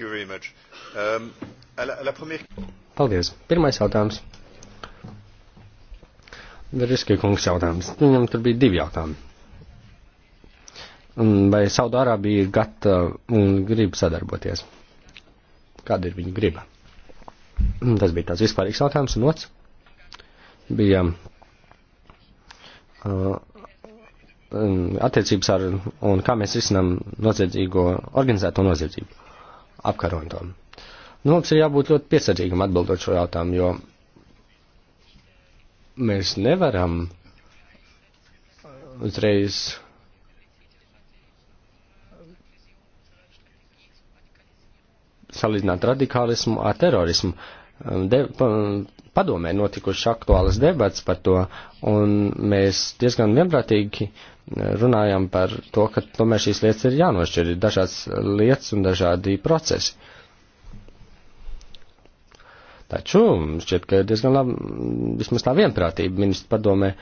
Um, à la, à la première... Paldies. Pirmais jautājums. Veriskie kungs jautājums. Viņam tur bija divi jautājumi. Un vai Saudārābija ir gatava un grib sadarboties? Kāda ir viņa griba? Tas bija tāds vispārīgs jautājums, un otrs bija uh, attiecības ar un kā mēs risinām noziedzīgo, organizēto noziedzību apkarojam to. Nu, mums ir jābūt ļoti piesardzīgam atbildot šo jautājumu, jo mēs nevaram uzreiz salīdzināt radikālismu ar terorismu. Uh, Um, de, pa, padomē notikušas aktuālas debats par to, un mēs diezgan vienprātīgi uh, runājam par to, ka tomēr šīs lietas ir jānošķir, ir dažādas lietas un dažādi procesi. Taču mm, šķiet, ka ir diezgan labi, mm, vismaz tā vienprātība ministra padomē,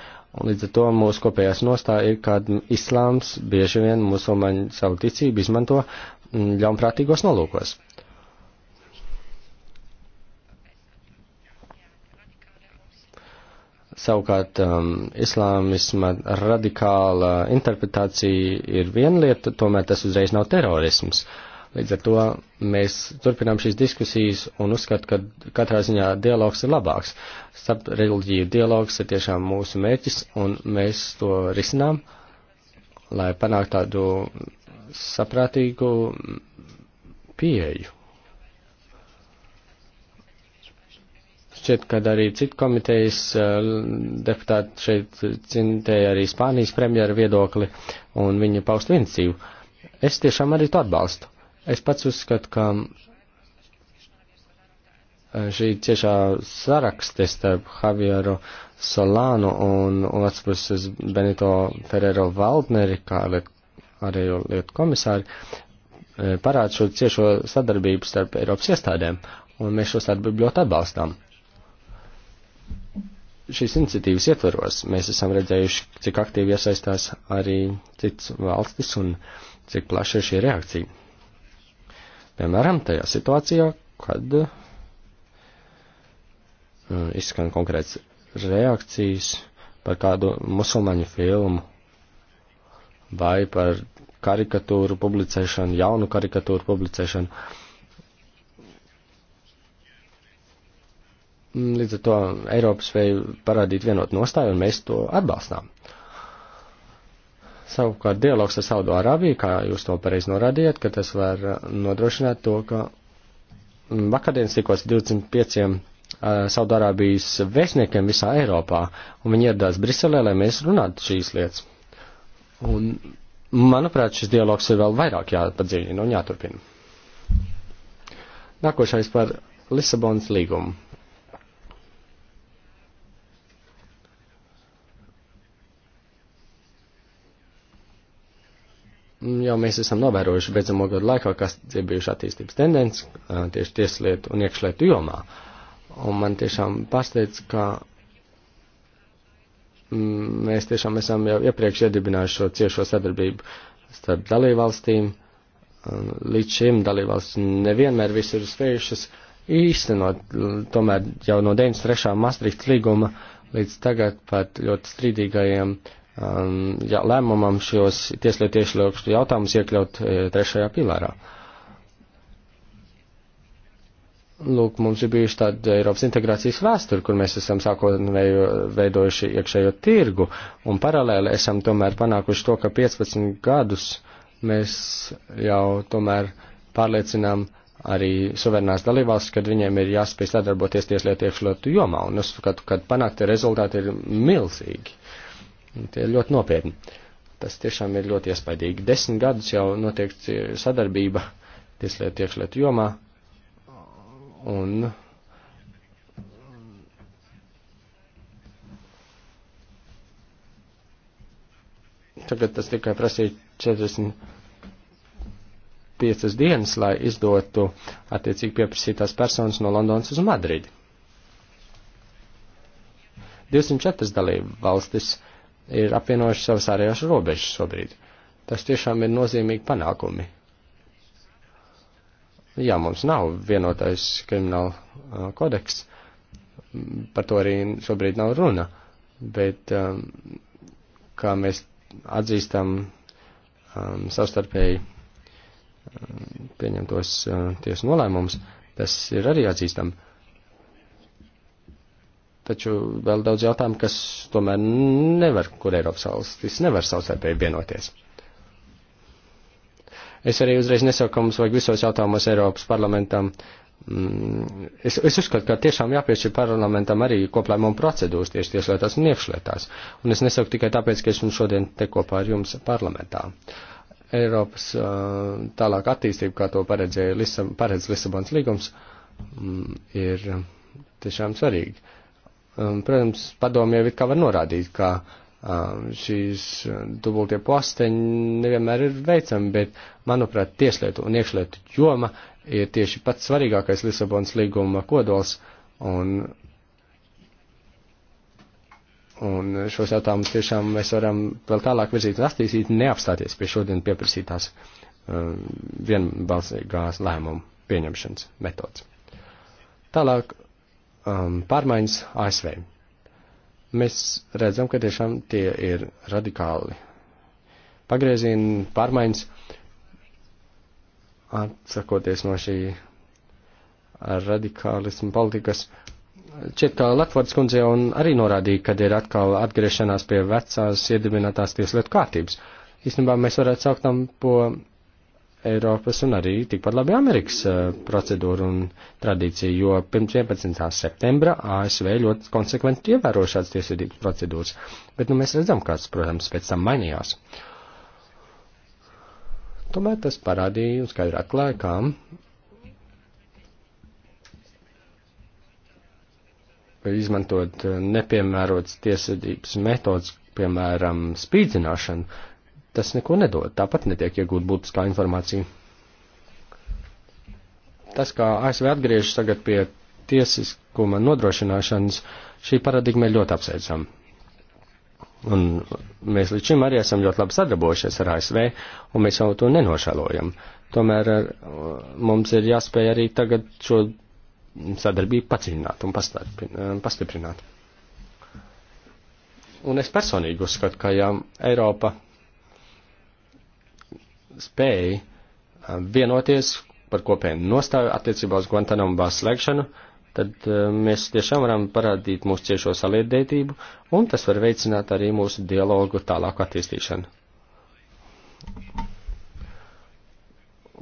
un līdz ar to mūsu kopējās nostāja ir, ka islāms bieži vien musulmaņu savu ticību izmanto mm, ļaunprātīgos nolūkos. Savukārt, um, islāmisma radikāla interpretācija ir viena lieta, tomēr tas uzreiz nav terorisms. Līdz ar to mēs turpinām šīs diskusijas un uzskatu, ka katrā ziņā dialogs ir labāks. Starp reliģiju dialogs ir tiešām mūsu mērķis un mēs to risinām, lai panāktu tādu saprātīgu pieeju. Šķiet, ka arī citu komitejas eh, deputāti šeit cintēja arī Spānijas premjera viedokli un viņa paust viensību. Es tiešām arī to atbalstu. Es pats uzskatu, ka eh, šī ciešā sarakste starp Javieru Solānu un otrs puses Benito Ferrero Valdneri, kā liet, arī lietu komisāri, eh, parāda šo ciešo sadarbību starp Eiropas iestādēm, un mēs šo sadarbību ļoti atbalstām šīs iniciatīvas ietvaros mēs esam redzējuši, cik aktīvi iesaistās arī cits valstis un cik plaša ir šī reakcija. Piemēram, tajā situācijā, kad uh, izskan konkrēts reakcijas par kādu musulmaņu filmu vai par karikatūru publicēšanu, jaunu karikatūru publicēšanu. Līdz ar to Eiropa spēja parādīt vienotu nostāju, un mēs to atbalstām. Savukārt dialogs ar Saudo Arābiju, kā jūs to pareizi norādījāt, ka tas var nodrošināt to, ka mm, vakardienas tikos 25 uh, Saudo Arābijas vēstniekiem visā Eiropā, un viņi ieradās Briselē, lai mēs runātu šīs lietas. Un, manuprāt, šis dialogs ir vēl vairāk jāpadziļina un jāturpina. Nākošais par Lisabonas līgumu. Mm, jau mēs esam novērojuši beidzamo gadu laikā, kas ir bijuši attīstības tendence tieši tieslietu un iekšlietu jomā. Un man tiešām pārsteidz, ka mm, mēs tiešām esam jau iepriekš iedibinājuši šo ciešo sadarbību starp dalībvalstīm. Līdz šim dalībvalstis nevienmēr visu ir spējušas īstenot, tomēr jau no 93. Maastrichts līguma līdz tagad pat ļoti strīdīgajiem uh, um, jā, lēmumam šos tieslietu iešļaukstu jautājumus iekļaut e, trešajā pilārā. Lūk, mums ir bijuši tāda Eiropas integrācijas vēsture, kur mēs esam sākotnēju veidojuši iekšējo tirgu, un paralēli esam tomēr panākuši to, ka 15 gadus mēs jau tomēr pārliecinām arī suverenās dalībvalstis, kad viņiem ir jāspēj sadarboties tieslietu iekšļotu jomā, un uzskatu, ka panāktie rezultāti ir milzīgi. Tie ir ļoti nopietni. Tas tiešām ir ļoti iespaidīgi. Desmit gadus jau notiek sadarbība tieslietu iekšlietu jomā. Un tagad tas tikai prasīja 45 dienas, lai izdotu attiecīgi pieprasītās personas no Londonas uz Madridi. 204 dalību valstis ir apvienojuši savas ārējās robežas šobrīd. Tas tiešām ir nozīmīgi panākumi. Jā, mums nav vienotais krimināla uh, kodeks, par to arī šobrīd nav runa, bet um, kā mēs atzīstam um, savstarpēji um, pieņemtos uh, tiesu nolēmumus, tas ir arī atzīstam. Uh, taču vēl daudz jautājumu, kas tomēr nevar, kur Eiropas valstis nevar savstarpēji vienoties. Es arī uzreiz nesaku, ka mums vajag visos jautājumos Eiropas parlamentam. Mm, es, es uzskatu, ka tiešām jāpiešķir parlamentam arī koplēmumu procedūras tieši tieslietās un iekšlietās. Un es nesaku tikai tāpēc, ka esmu šodien te kopā ar jums parlamentā. Eiropas tālāk attīstība, kā to paredzēja Lisab paredz Lisabons līgums, mm, ir tiešām svarīga um, protams, padomu jau it kā var norādīt, ka um, šīs uh, dubultie posteņi nevienmēr ir veicami, bet, manuprāt, tieslietu un iekšlietu joma ir tieši pats svarīgākais Lisabonas līguma kodols, un, un šos jautājumus tiešām mēs varam vēl tālāk virzīt un attīstīt, neapstāties pie šodien pieprasītās um, vienbalsīgās lēmumu pieņemšanas metodas. Tālāk um, pārmaiņas ASV. Mēs redzam, ka tiešām tie ir radikāli pagriezieni, pārmaiņas, atsakoties no šī radikālismu politikas. Šķiet, ka Latvārds kundze jau arī norādīja, kad ir atkal atgriešanās pie vecās iedibinātās tieslietu kārtības. Īstenībā mēs varētu saukt tam po Eiropas un arī tikpat labi Amerikas eh, procedūru un tradīciju, jo pirms 11. septembra ASV ļoti konsekventi ievēro šādas tiesvedības procedūras, bet nu mēs redzam, kāds, protams, pēc tam mainījās. Tomēr tas parādīja un skaidri atklāja, kā izmantot nepiemērotas tiesvedības metodas, piemēram, spīdzināšanu, tas neko nedod. Tāpat netiek iegūt būtiskā informācija. Tas, kā ASV atgriežas tagad pie tiesiskuma nodrošināšanas, šī paradigma ir ļoti apsveicama. Un mēs līdz šim arī esam ļoti labi sadarbojušies ar ASV, un mēs jau to nenošalojam. Tomēr ar, uh, mums ir jāspēj arī tagad šo sadarbību padziļināt un uh, pastiprināt. Un es personīgi uzskatu, ka ja Eiropa spēja uh, vienoties par kopēju nostāju attiecībā uz Guantanamo bāzslēgšanu, tad uh, mēs tiešām varam parādīt mūsu ciešo saliedētību, un tas var veicināt arī mūsu dialogu tālāku attīstīšanu.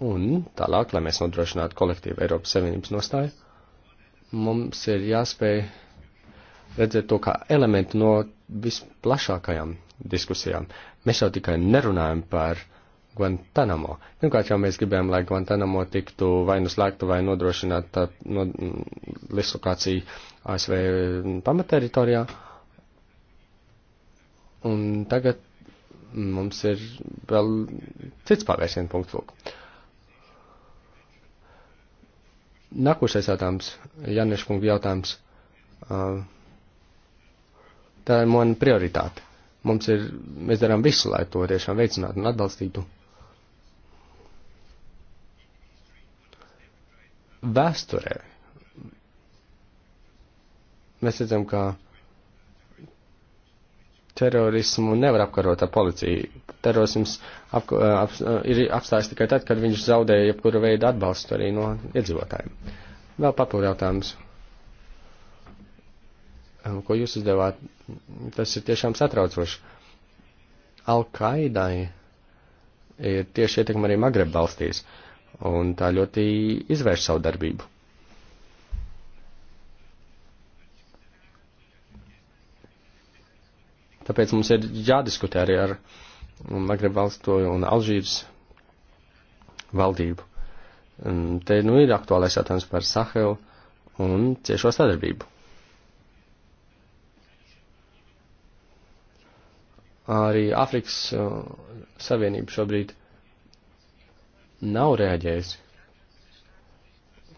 Un tālāk, lai mēs nodrošinātu kolektīvu Eiropas Savienības nostāju, mums ir jāspēj redzēt to kā elementu no visplašākajām diskusijām. Mēs jau tikai nerunājam par uh, Guantanamo. Pirmkārt nu, jau mēs gribējām, lai Guantanamo tiktu vai nu slēgta, vai nodrošināta no, nu, dislokācija ASV pamatteritorijā. Un tagad mums ir vēl cits pavērsienu punkts. Lūk. Nākošais jautājums, Janieša kunga jautājums. Tā ir mana prioritāte. Mums ir, mēs darām visu, lai to tiešām veicinātu un atbalstītu. vēsturē mēs redzam, ka terorismu nevar apkarot ar policiju. Terorisms ap, ap, ir apstājis tikai tad, kad viņš zaudēja jebkuru veidu atbalstu arī no iedzīvotājiem. Vēl papildu jautājums, ko jūs uzdevāt. Tas ir tiešām satraucoši. Al-Qaidai ir tieši ietekma arī Magreb valstīs. Uh, un tā ļoti izvērš savu darbību. Tāpēc mums ir jādiskutē arī ar Magreb valstu un Alžīras valdību. Un te nu ir aktuālais jautājums par Sahelu un ciešo sadarbību. Arī Āfrikas uh, Savienība šobrīd nav reaģējis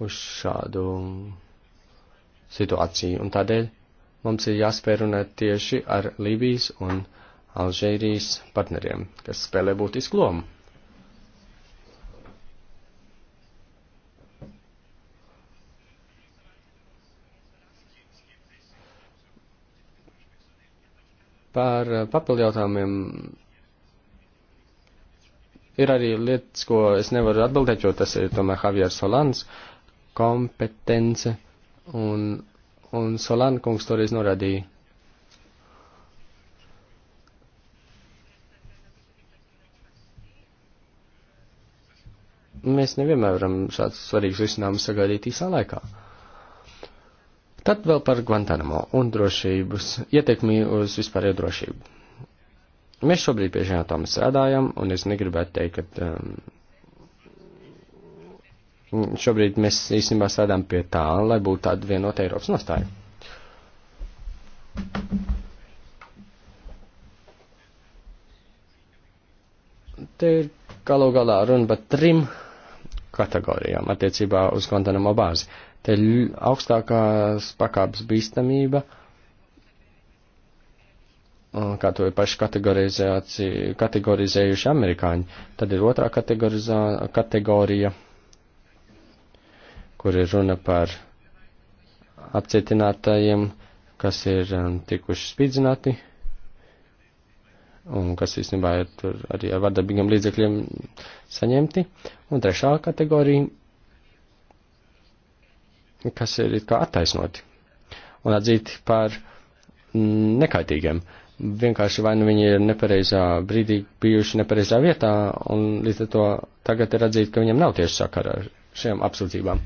uz šādu situāciju, un tādēļ mums ir jāspēj runāt tieši ar Lībijas un Alžērijas partneriem, kas spēlē būtisku lomu. Par papildu jautājumiem Ir arī lietas, ko es nevaru atbildēt, jo tas ir tomēr Javier Solans kompetence, un, un Solana kungs toreiz norādīja. Mēs nevienmēr varam šādus svarīgus risinājumus sagaidīt īsā laikā. Tad vēl par Guantanamo un drošības ietekmi uz vispārējo drošību. Mēs šobrīd pie šī jautājuma strādājam, un es negribētu teikt, ka um, šobrīd mēs īstenībā strādājam pie tā, lai būtu tāda vienota Eiropas nostāja. Te ir galu galā runa par trim kategorijām attiecībā uz Guantanamo bāzi. Te ir augstākās pakāpes bīstamība, uh, kā to ir paši kategorizējuši amerikāņi. Tad ir otrā kategorija, kur ir runa par apcietinātajiem, kas ir um, tikuši spīdzināti un kas īstenībā ir tur arī ar vardarbīgiem līdzekļiem saņemti. Un trešā kategorija, kas ir it kā attaisnoti un atzīti par nekaitīgiem. Uh, vienkārši vai nu viņi ir nepareizā brīdī bijuši nepareizā vietā, un līdz ar to tagad ir atzīt, ka viņam nav tieši sakara ar šiem apsūdzībām.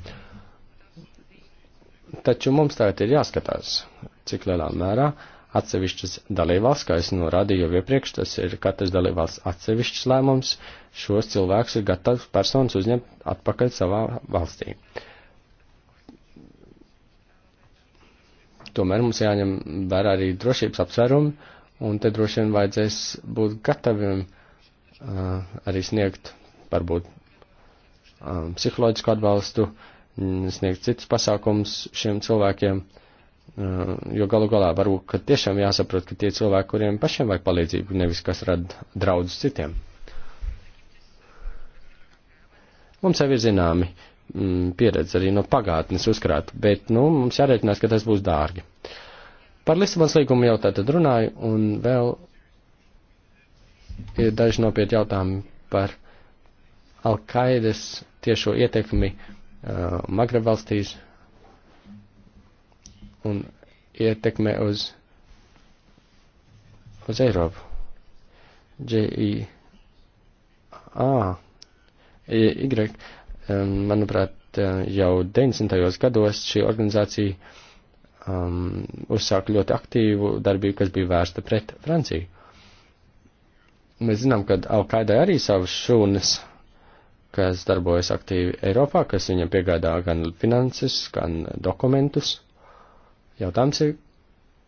Taču mums tagad ir jāskatās, cik lielā mērā atsevišķas dalībvalsts, kā es norādīju jau iepriekš, tas ir katrs dalībvalsts atsevišķs lēmums, šos cilvēkus ir gatavs personas uzņemt atpakaļ savā valstī. Tomēr mums jāņem vērā arī drošības apsvērumi, un te droši vien vajadzēs būt gataviem uh, arī sniegt varbūt um, psiholoģisku atbalstu, mm, sniegt citus pasākumus šiem cilvēkiem, uh, jo galu galā varbūt, ka tiešām jāsaprot, ka tie cilvēki, kuriem pašiem vajag palīdzību, nevis kas rada draudus citiem. Mums jau ir zināmi mm, pieredze arī no pagātnes uzkrāt, bet, nu, mums jārēķinās, ka tas būs dārgi. Uh, Par Lisabonas līgumu jau tātad runāju, un vēl ir daži nopietni jautājumi par Alkaidas tiešo ietekmi uh, Magreb valstīs un ietekme uz, uz Eiropu. J.I. A. Y. Um, manuprāt, uh, jau 90. gados šī organizācija um, uzsāka ļoti aktīvu darbību, kas bija vērsta pret Franciju. Mēs zinām, ka Alkaidai arī savas šūnas, kas darbojas aktīvi Eiropā, kas viņam piegādā gan finanses, gan dokumentus. Jautājums ir,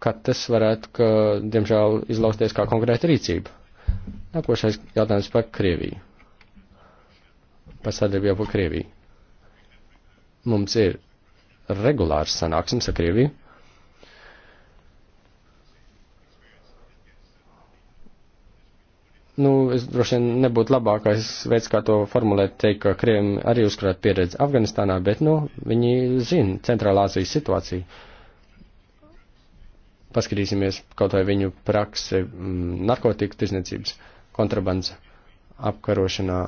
kad tas varētu, ka, diemžēl, izlausties kā konkrēta rīcība. Nākošais jautājums par Krieviju. Par sadarbību ar Krieviju. Mums ir regulārs sanāksmes ar Krieviju. Nu, es droši vien nebūtu labākais veids, kā to formulēt, teikt, ka Krievim arī uzkrāt pieredzi Afganistānā, bet, nu, viņi zina Centrālā Azijas situāciju. Paskatīsimies kaut vai viņu praksi mm, narkotiku tirzniecības kontrabandas apkarošanā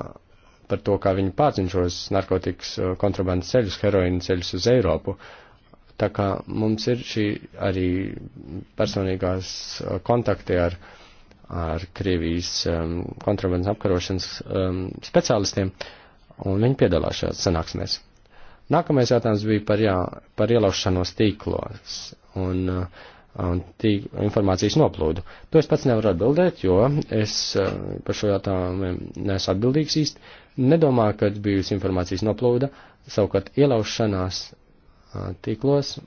par to, kā viņi pārciņšos narkotikas uh, kontrabandas ceļus, heroīna ceļus uz Eiropu. Tā kā mums ir šī arī personīgās uh, kontakti ar. Uh, ar Krievijas um, kontrabandas apkarošanas um, speciālistiem, un viņi piedalās šajās sanāksmēs. Nākamais jautājums bija par, jā, par ielaušanos tīklos un, uh, un tīk, informācijas noplūdu. To es pats nevaru atbildēt, jo es uh, par šo jautājumu neesmu atbildīgs īsti. Nedomāju, ka bijusi informācijas noplūda, savukārt ielaušanās uh, tīklos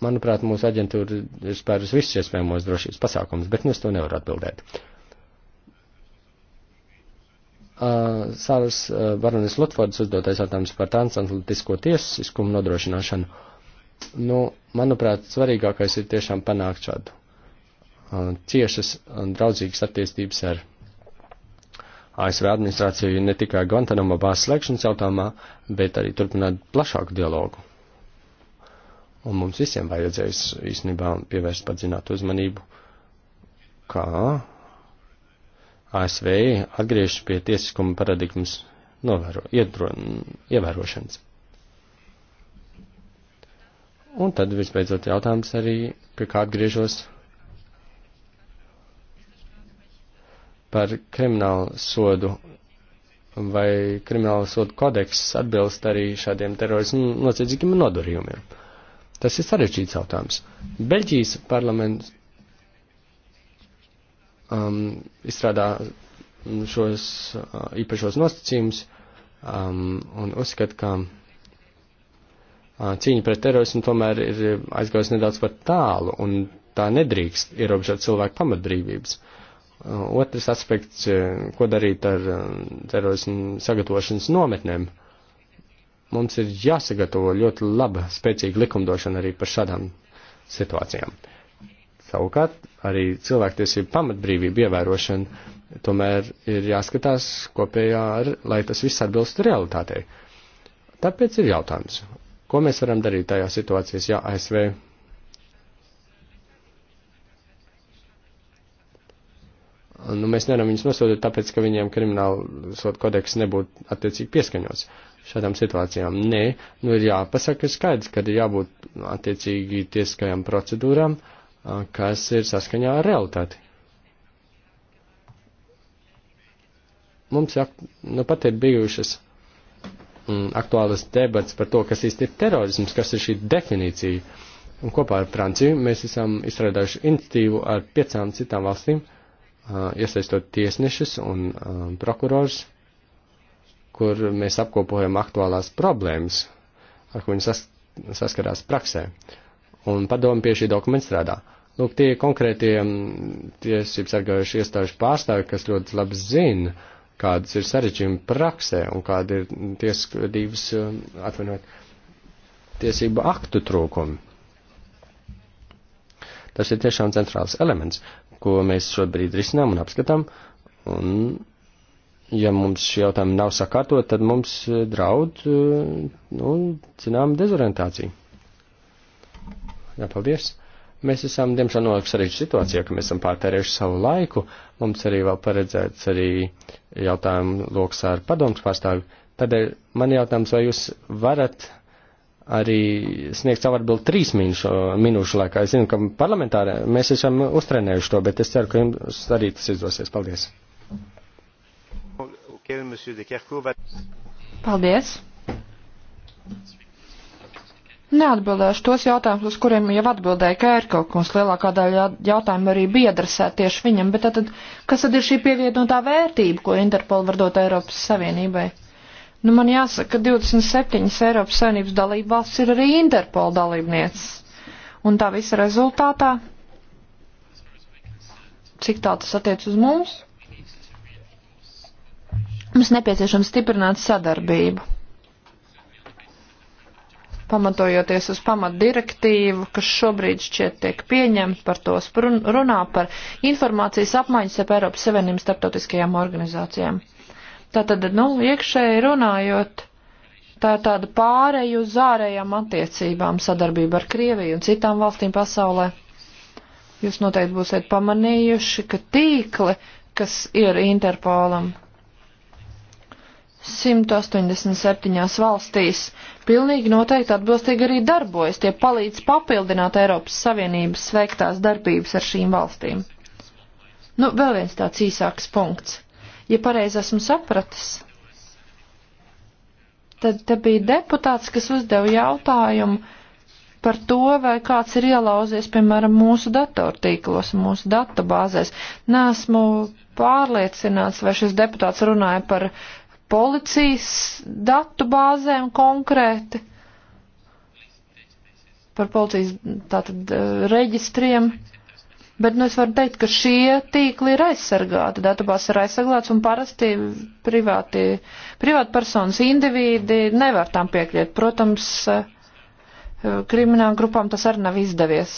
Manuprāt, mūsu aģentūra ir spērus visus iespējamos drošības pasākumus, bet nu es to nevaru atbildēt. Uh, Sāras uh, Baronis Lutfords uzdotais jautājums par transatlantisko tiesiskumu nodrošināšanu. Nu, manuprāt, svarīgākais ir tiešām panākt šādu uh, ciešas un draudzīgas attiestības ar ASV administrāciju ne tikai Guantanamo bāzes slēgšanas jautājumā, bet arī turpināt plašāku dialogu. Un mums visiem vajadzēs īstenībā pievērst padzināt uzmanību, kā ASV atgriežas pie tiesiskuma paradigmas novēro, iedro, ievērošanas. Un tad visbeidzot jautājums arī, pie kā atgriežos par kriminālu sodu. Vai kriminālu sodu kodeks atbilst arī šādiem terorismu noziedzīgiem nodarījumiem? Tas ir sarežģīts jautājums. Beļģijas parlaments um, izstrādā šos uh, īpašos nosacījumus um, un uzskata, ka uh, cīņa pret terorismu tomēr ir aizgājusi nedaudz par tālu un tā nedrīkst ierobežot cilvēku pamatbrīvības. Uh, otrs aspekts, uh, ko darīt ar uh, terorismu sagatavošanas nometnēm. Mums ir jāsagatavo ļoti laba, spēcīga likumdošana arī par šādām situācijām. Savukārt, arī cilvēktiesību pamatbrīvību ievērošana tomēr ir jāskatās kopējā, ar, lai tas viss atbilst realitātei. Tāpēc ir jautājums, ko mēs varam darīt tajā situācijā, ja ASV nu, mēs nevaram viņus nosodīt, tāpēc, ka viņiem krimināla soda kodeks nebūtu attiecīgi pieskaņots šādām situācijām. Nē, nu ir jāpasaka skaidrs, ka ir jābūt attiecīgi tieskajām procedūrām, kas ir saskaņā ar realitāti. Mums jā, nu pat ir bijušas mm, aktuālas debats par to, kas īsti ir terorisms, kas ir šī definīcija. Un kopā ar Franciju mēs esam izstrādājuši institīvu ar piecām citām valstīm. Uh, iesaistot tiesnešus un prokurors, kur mēs apkopojam aktuālās problēmas, ar ko viņi sas saskarās praksē. Un padomu pie šī dokumenta strādā. Lūk, tie konkrētie tiesības sargājuši iestāžu pārstāvi, kas ļoti labi zina, kādas ir sarežģījumi praksē un kāda ir tiesvedības, atvainojot, tiesību aktu trūkumi. Tas ir tiešām centrāls elements ko mēs šobrīd risinām un apskatām. Un, ja mums šie jautājumi nav sakārtot, tad mums eh, draud, eh, nu, zinām, dezorientācija. Jā, paldies. Mēs esam, diemžēl, nonākuši arī situācijā, ka mēs esam pārtērējuši savu laiku. Mums arī vēl paredzēts arī jautājumu loks ar padomus pārstāvi. Tādēļ man jautājums, vai jūs varat arī sniegt savu atbildi trīs minūšu, minūšu laikā. Es zinu, ka parlamentārā mēs esam uztrenējuši to, bet es ceru, ka jums arī tas izdosies. Paldies! Paldies! Neatbildēšu tos jautājumus, uz kuriem jau atbildēja Kērkaukungs. Lielākā daļa jautājumu arī bija adresēta tieši viņam, bet tad, kas tad ir šī pievienotā vērtība, ko Interpol var dot Eiropas Savienībai? Nu, man jāsaka, ka 27 Eiropas Savienības dalībvalsts ir arī Interpol dalībnieces. Un tā visa rezultātā, cik tā tas attiec uz mums, mums nepieciešams stiprināt sadarbību. Pamatojoties uz pamatdirektīvu, kas šobrīd šķiet tiek pieņemta par tos runā par informācijas apmaiņas ap Eiropas Savienības starptautiskajām organizācijām. Tātad, nu, iekšēji runājot, tā ir tāda pāreja uz ārējām attiecībām sadarbība ar Krieviju un citām valstīm pasaulē. Jūs noteikti būsiet pamanījuši, ka tīkli, kas ir Interpolam, 187 valstīs pilnīgi noteikti atbilstīgi arī darbojas. Tie palīdz papildināt Eiropas Savienības veiktās darbības ar šīm valstīm. Nu, vēl viens tāds īsāks punkts ja pareizi esmu sapratis, tad te bija deputāts, kas uzdeva jautājumu par to, vai kāds ir ielauzies, piemēram, mūsu datortīklos, mūsu databāzēs. Nesmu pārliecināts, vai šis deputāts runāja par policijas datubāzēm konkrēti, par policijas tātad eh, reģistriem. Bet, nu, es varu teikt, ka šie tīkli ir aizsargāti, datubās ir aizsargāts, un parasti privāti, privāti personas individi nevar tam piekļiet. Protams, eh, krimināla grupām tas arī nav izdevies.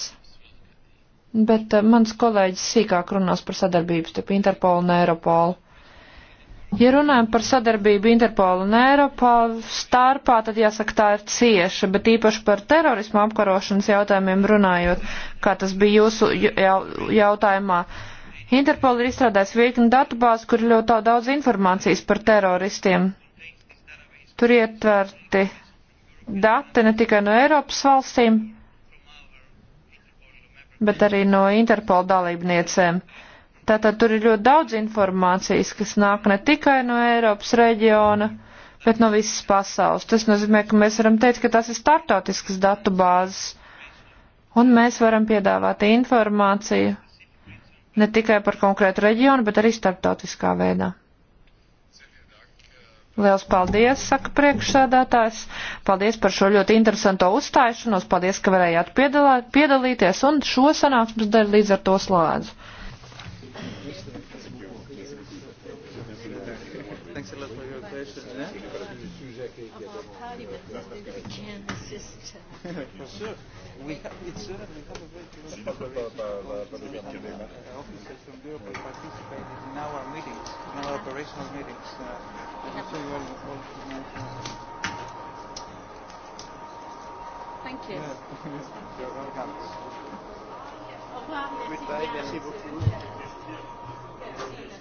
Bet eh, mans kolēģis sīkāk runās par sadarbības starp Interpolu un Eiropolu. Ja runājam par sadarbību Interpolu un Eiropolu starpā, tad jāsaka, tā ir cieša, bet īpaši par terorismu apkarošanas jautājumiem runājot, kā tas bija jūsu jautājumā. Interpol ir izstrādājis virkni datubāzi, kur ir ļoti daudz informācijas par teroristiem. Tur ietverti dati ne tikai no Eiropas valstīm, bet arī no Interpol dalībniecēm. Tātad tur ir ļoti daudz informācijas, kas nāk ne tikai no Eiropas reģiona, bet no visas pasaules. Tas nozīmē, ka mēs varam teikt, ka tas ir startautiskas datu bāzes, un mēs varam piedāvāt informāciju ne tikai par konkrētu reģionu, bet arī starptautiskā veidā. Liels paldies, saka priekšsēdētājs. Paldies par šo ļoti interesanto uzstāšanos. Paldies, ka varējāt piedalā, piedalīties un šo sanāksmes daļu līdz ar to slēdzu. sir. We have, it's, uh, we have a very close cooperation uh, officers from Europol participated in our meetings, in our operational meetings. Uh, I'm sure you all, all know. Thank you. Yeah. You're welcome. Au revoir, merci Goodbye, bien. merci beaucoup. Merci.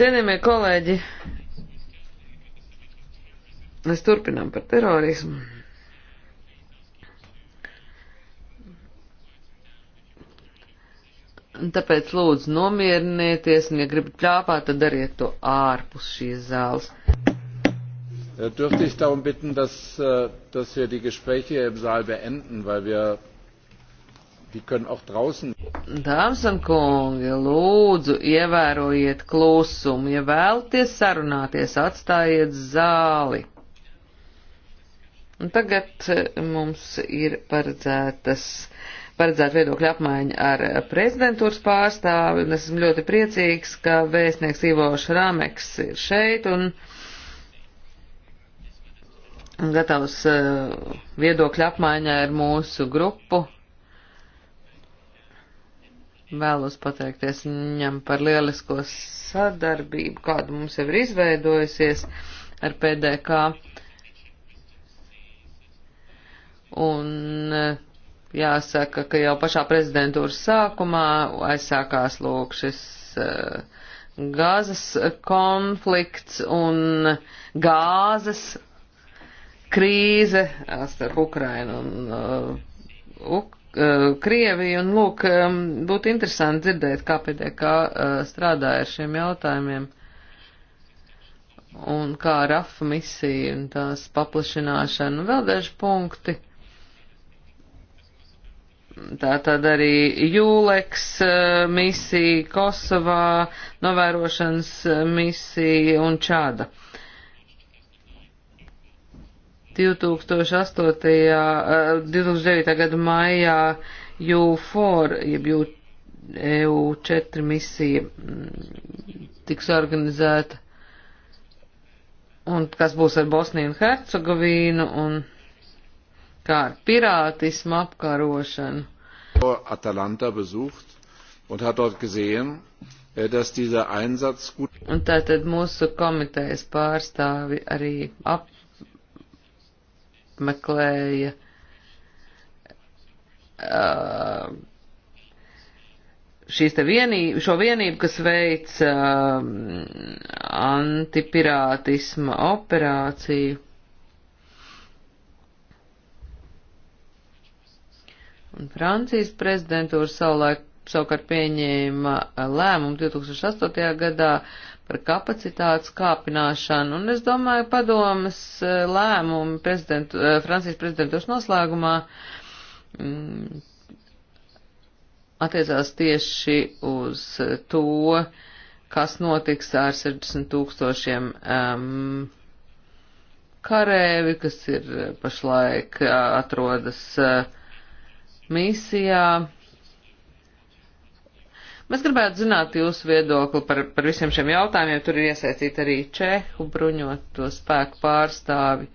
Cienījamie kolēģi, mēs turpinām par terorismu. Tāpēc lūdzu nomierinieties, un ja gribat pļāpāt, tad dariet to ārpus šīs zāles. Äh, dürfte ich darum bitten, dass, äh, dass wir die Gespräche hier im Saal beenden, weil wir Dāmas un kungi, lūdzu, ievērojiet klusumu. Ja vēlaties sarunāties, atstājiet zāli. Un tagad e, mums ir paredzētas, paredzēta viedokļa apmaiņa ar prezidentūras pārstāvi, un esmu ļoti priecīgs, ka vēstnieks Ivo Šrameks ir šeit un gatavs e, viedokļa apmaiņā ar mūsu grupu Vēlos pateikties viņam par lielisko sadarbību, kādu mums jau ir izveidojusies ar PDK. Un eh, jāsaka, ka jau pašā prezidentūras sākumā aizsākās lūk šis uh, gāzes konflikts un gāzes krīze starp Ukrainu un uh, Uk Eh, Krieviju, un lūk, būtu interesanti dzirdēt, kā PDK eh, strādāja ar šiem jautājumiem, un kā rafa misija un tās paplašināšana, un vēl daži punkti. Tā tad arī Jūleks eh, misija Kosovā, novērošanas misija un čāda. Uh, 2008. 2009. Eh, gada maijā U4, jeb EU4 misija mm, tiks organizēta. Un kas būs ar Bosniju un Hercegovīnu un kā ar pirātismu apkarošanu. Atalanta besucht un hat dort gesehen, eh, dass dieser Einsatz gut. Un tātad mūsu komitejas pārstāvi arī ap apmeklēja uh, šīs te vienību, šo vienību, kas veic uh, antipirātisma operāciju. Un Francijas prezidentūra savulaik savukārt pieņēma lēmumu 2008. gadā par kapacitātes kāpināšanu, un es domāju, padomas eh, lēmumi prezidentu, eh, Francijas prezidentūras noslēgumā mm, attiecās tieši uz to, kas notiks ar 60 tūkstošiem um, karēvi, kas ir eh, pašlaik atrodas uh, misijā. Mēs gribētu zināt jūsu viedokli par, par visiem šiem jautājumiem. Tur ir iesaistīti arī Čehu bruņoto spēku pārstāvi.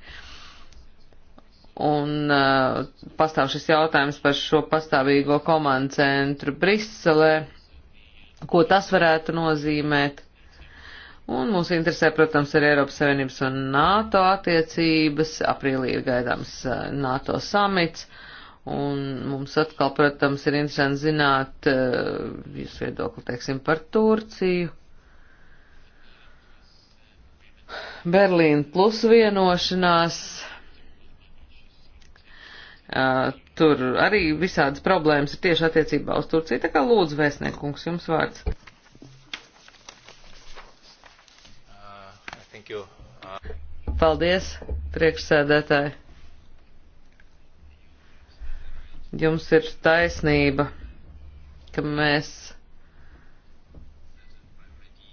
Un uh, pastāv šis jautājums par šo pastāvīgo komandu centru Briselē, ko tas varētu nozīmēt. Un mūs interesē, protams, arī Eiropas Savienības un NATO attiecības. Aprīlī ir gaidāms uh, NATO samits. Un mums atkal, protams, ir interesanti zināt eh, jūsu viedokli, teiksim, par Turciju. Berlīna plus vienošanās. Eh, tur arī visādas problēmas ir tieši attiecībā uz Turciju. Tā kā lūdzu, vēstniekungs, jums vārds. Uh, uh, Paldies, priekšsēdētāji. Jums ir taisnība, ka mēs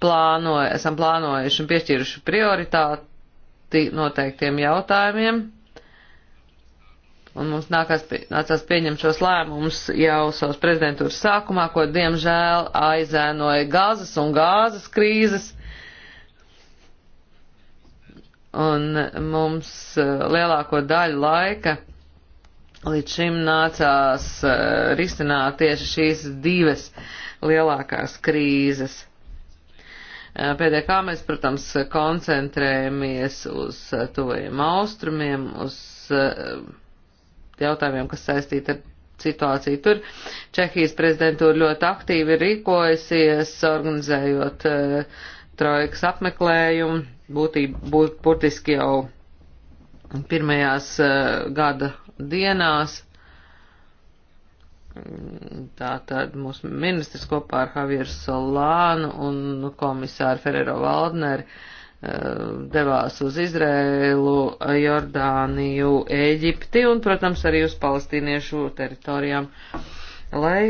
plānoja, esam plānojuši un piešķīruši prioritāti noteiktiem jautājumiem, un mums nākās, nācās pieņemt šos lēmumus jau savas prezidentūras sākumā, ko diemžēl aizēnoja gazas un gāzes krīzes. Un mums eh, lielāko daļu laika Līdz šim nācās uh, risināt tieši šīs divas lielākās krīzes. Uh, eh, PDK mēs, protams, koncentrējamies uz uh, tuvajiem austrumiem, uz jautājumiem, kas saistīti ar situāciju tur. Čehijas prezidentūra ļoti aktīvi rīkojasies, organizējot trojkas apmeklējumu, būtībā, būt, burtiski jau pirmajās gada dienās. Tātad mūsu ministrs kopā ar Javieru Solānu un nu, komisāru Ferrero Valdneri eh, devās uz Izrēlu, Jordāniju, Ēģipti un, protams, arī uz palestīniešu teritorijām, lai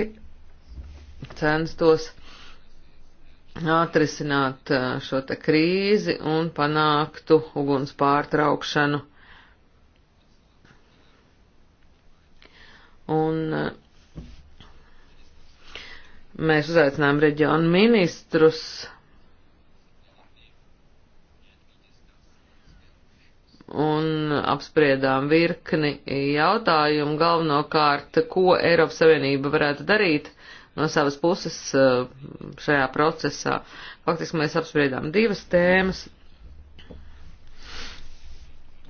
censtos atrisināt eh, šo te krīzi un panāktu uguns pārtraukšanu Un eh, mēs uzaicinājām reģionu ministrus. Un apspriedām virkni jautājumu galvenokārt, ko Eiropas Savienība varētu darīt no savas puses eh, šajā procesā. Faktiski mēs apspriedām divas tēmas.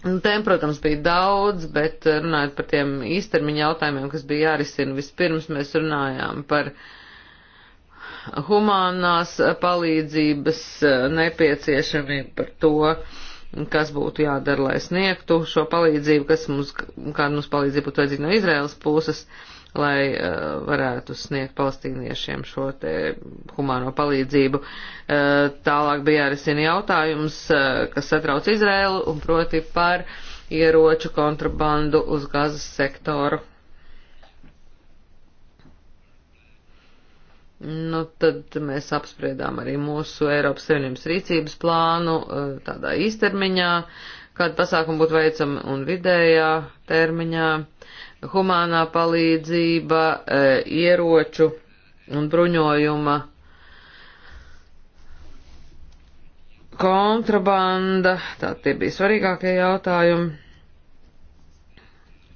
Tēm, protams, bija daudz, bet eh, runājot par tiem īstermiņa jautājumiem, kas bija jārisina, vispirms mēs runājām par humānās palīdzības eh, nepieciešamību, par to, kas būtu jādara, lai sniegtu šo palīdzību, kas mums, kāda mums palīdzība būtu vajadzīga no Izraels puses. Uh, lai uh, varētu sniegt palestīniešiem šo te humāno palīdzību. Uh, tālāk bija arī sin jautājums, uh, kas satrauc Izrēlu un proti par ieroču kontrabandu uz gazas sektoru. Nu, tad mēs apspriedām arī mūsu Eiropas Savienības rīcības plānu uh, tādā īstermiņā, kāda pasākuma būtu veicama un vidējā termiņā. Uh, humānā palīdzība, e, ieroču un bruņojuma kontrabanda, tā tie bija svarīgākie jautājumi.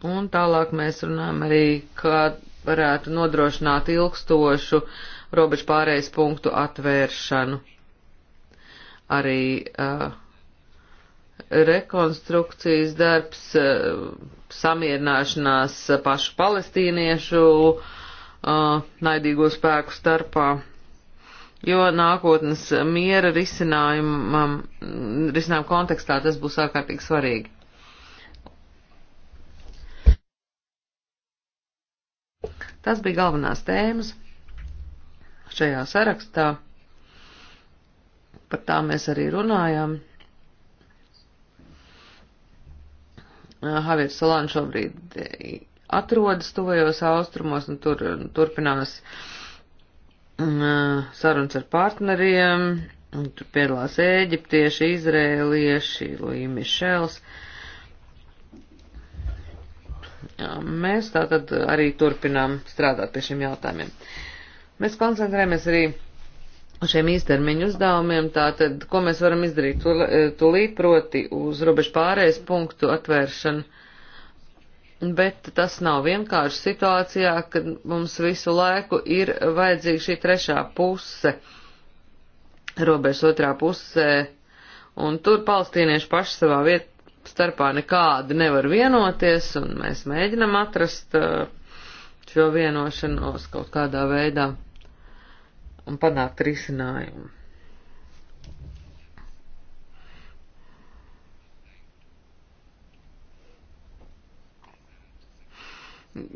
Un tālāk mēs runājam arī, kā varētu nodrošināt ilgstošu robežu pārējais punktu atvēršanu. Arī uh, rekonstrukcijas darbs, uh, samierināšanās pašu palestīniešu uh, naidīgo spēku starpā, jo nākotnes miera risinājumam, risinājuma kontekstā tas būs ārkārtīgi svarīgi. Tas bija galvenās tēmas šajā sarakstā. Par tām mēs arī runājām. Haviers Solāns šobrīd e, atrodas tuvajos austrumos un tur turpinās sarunas ar partneriem. Tur piedalās ēģiptieši, izrēlieši, Līja Mišels. Jā, mēs tātad arī turpinām strādāt pie šiem jautājumiem. Mēs koncentrējamies arī šiem īstermiņu uzdevumiem, tātad, ko mēs varam izdarīt tūlīt, e, proti uz robežu pārējais punktu atvēršanu. Bet tas nav vienkārši situācijā, kad mums visu laiku ir vajadzīga šī trešā puse, robežas otrā pusē, un tur palestīnieši paši savā vietā starpā nekādi nevar vienoties, un mēs mēģinam atrast e, šo vienošanos kaut kādā veidā un panākt risinājumu.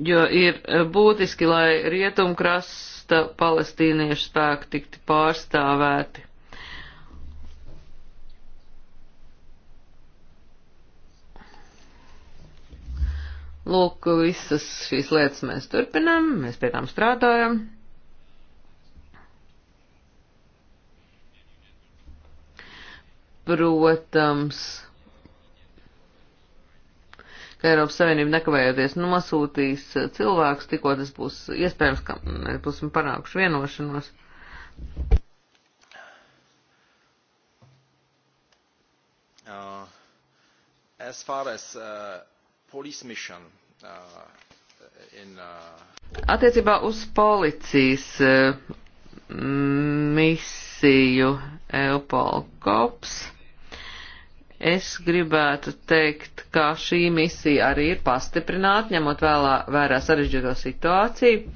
Jo ir eh, būtiski, lai rietumkrasta palestīniešu spēki tiktu pārstāvēti. Lūk, visas šīs lietas mēs turpinām, mēs pie tām strādājam. Protams, ka Eiropas Savienība nekavējoties nosūtīs cilvēkus, tikko tas būs iespējams, ka mēs būsim panākuši vienošanos. Uh, as far as uh, police mission uh, in uh... Attiecībā uz policijas uh, misiju misiju Eupol Kops. Es gribētu teikt, ka šī misija arī ir pastiprināta, ņemot vēlā, vērā sarežģīto situāciju,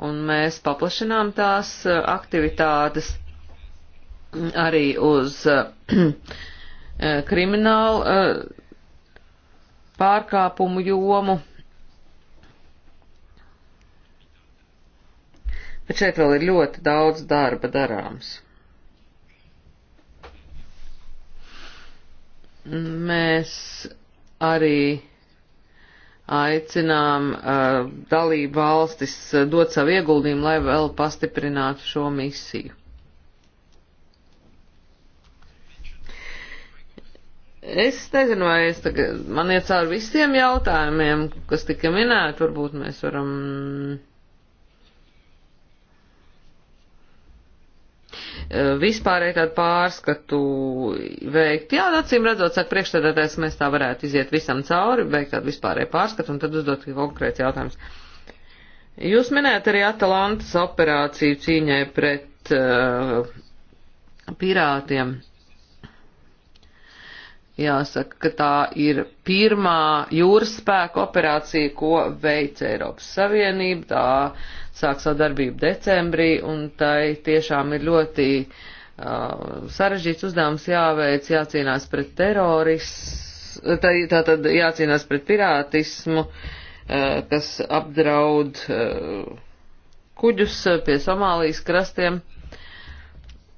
un mēs paplašinām tās uh, aktivitātes arī uz uh, uh, kriminālu pārkāpumu jomu bet šeit vēl ir ļoti daudz darba darāms. Mēs arī aicinām uh, dalību valstis uh, dot savu ieguldījumu, lai vēl pastiprinātu šo misiju. Es nezinu, vai es tagad, man iet cauri visiem jautājumiem, kas tika minēti, varbūt mēs varam Eh, vispārēji tādu pārskatu veikt. Jā, acīm redzot, saka priekšstādātājs, mēs tā varētu iziet visam cauri, veikt tādu vispārēju pārskatu un tad uzdot konkrēts jautājums. Jūs minējat arī Atalantas operāciju cīņai pret uh, pirātiem. Jāsaka, ka tā ir pirmā jūras spēka operācija, ko veica Eiropas Savienība. Tā uh, sāk savu darbību decembrī, un tai tiešām ir ļoti uh, sarežģīts uzdevums jāveic, jācīnās pret terorismu, tā, tā tad jācīnās pret pirātismu, uh, kas apdraud uh, kuģus uh, pie Somālijas krastiem.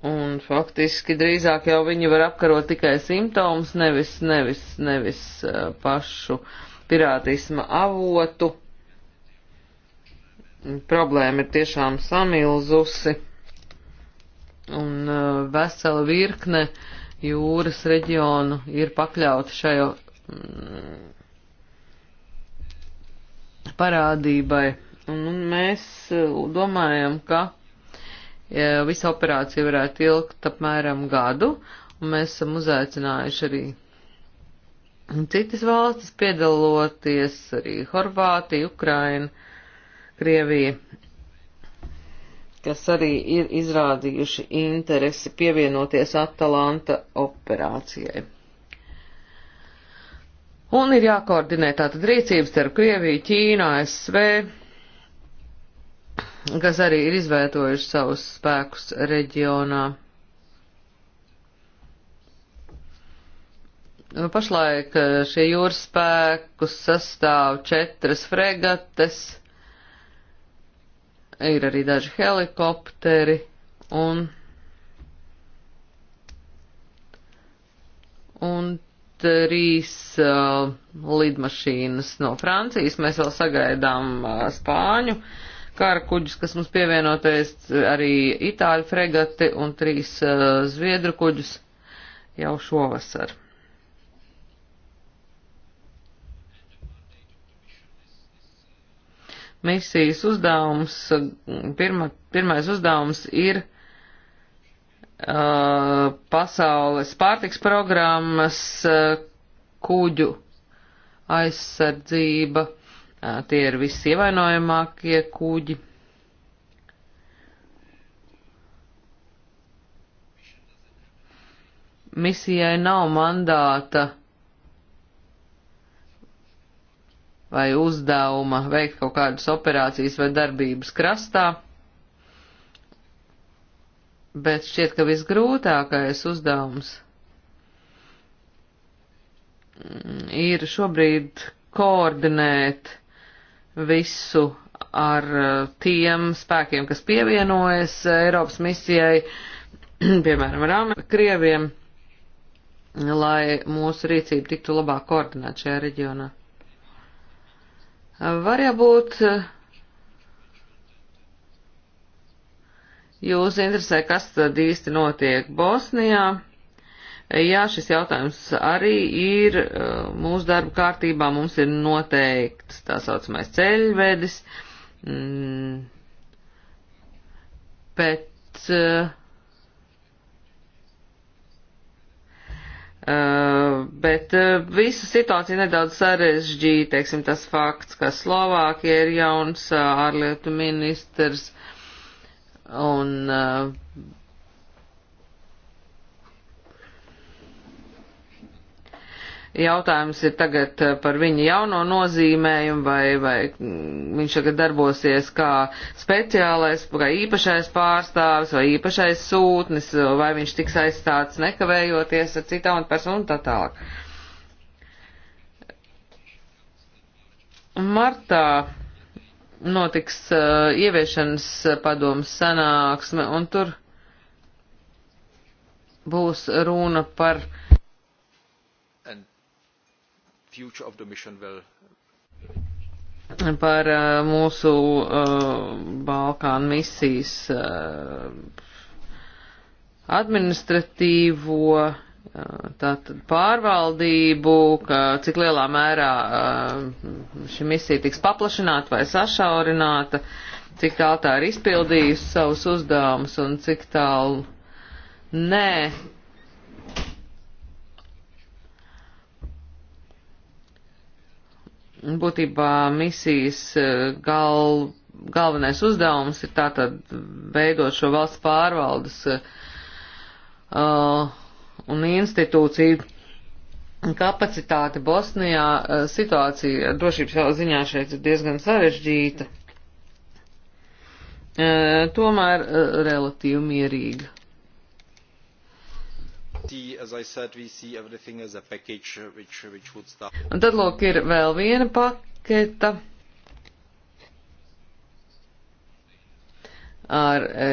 Un faktiski drīzāk jau viņi var apkarot tikai simptomus, nevis, nevis, nevis uh, pašu pirātisma avotu problēma ir tiešām samilzusi un uh, vesela virkne jūras reģionu ir pakļauti šajā mm, parādībai. Un mēs uh, domājam, ka visa operācija varētu ilgt apmēram gadu, un mēs esam uzaicinājuši arī citas valstis piedaloties, arī Horvātija, Ukraina Krievija, kas arī ir izrādījuši interesi pievienoties Atalanta operācijai. Un ir jākoordinē tātad rīcības starp Krieviju, Ķīnu, ASV, kas arī ir izvietojuši savus spēkus reģionā. Pašlaik eh, šie jūras spēkus sastāv četras fregates ir arī daži helikopteri un, un trīs uh, lidmašīnas no Francijas. Mēs vēl sagaidām uh, Spāņu kara kuģus, kas mums pievienoties, arī Itāļu fregati un trīs uh, Zviedru kuģus jau šovasar. Misijas uzdevums, pirma, pirmais uzdevums ir uh, pasaules pārtiks programmas uh, kuģu aizsardzība. Uh, tie ir visi ievainojamākie kuģi. misijai nav mandāta vai uzdevuma veikt kaut kādas operācijas vai darbības krastā. Bet šķiet, ka visgrūtākais uzdevums ir šobrīd koordinēt visu ar eh, tiem spēkiem, kas pievienojas eh, Eiropas misijai, piemēram, ar Amerikas krieviem, lai mūsu rīcība tiktu labāk koordinēt šajā reģionā. Var jābūt jūs interesē, kas tad īsti notiek Bosnijā. Jā, šis jautājums arī ir eh, mūsu darba kārtībā, mums ir noteikts tā saucamais ceļvedis, bet mm. Uh, bet uh, visu situāciju nedaudz sarežģīja, teiksim, tas fakts, ka Slovākija ir jauns uh, ārlietu ministrs un uh, Jautājums ir tagad eh, par viņa jauno nozīmējumu, vai, vai mm, viņš tagad darbosies kā speciālais, kā īpašais pārstāvis vai īpašais sūtnis, vai viņš tiks aizstāts nekavējoties ar citām un personu un tā tālāk. Martā notiks uh, ieviešanas padomas sanāksme, un tur būs runa par uh, future of the mission will par uh, mūsu uh, Balkānu misijas uh, administratīvo uh, tātad pārvaldību, ka cik lielā mērā uh, šī misija tiks paplašināta vai sašaurināta, cik tālu tā ir izpildījusi savus uzdevumus un cik tālu nē. būtībā misijas eh, gal, galvenais uzdevums ir tātad veidot šo valsts pārvaldes uh, un institūciju kapacitāti Bosnijā. Uh, situācija drošības ziņā šeit ir diezgan sarežģīta, uh, tomēr uh, relatīvi mierīga. Uh, uh, un tad, lūk, ir vēl viena paketa. ar e,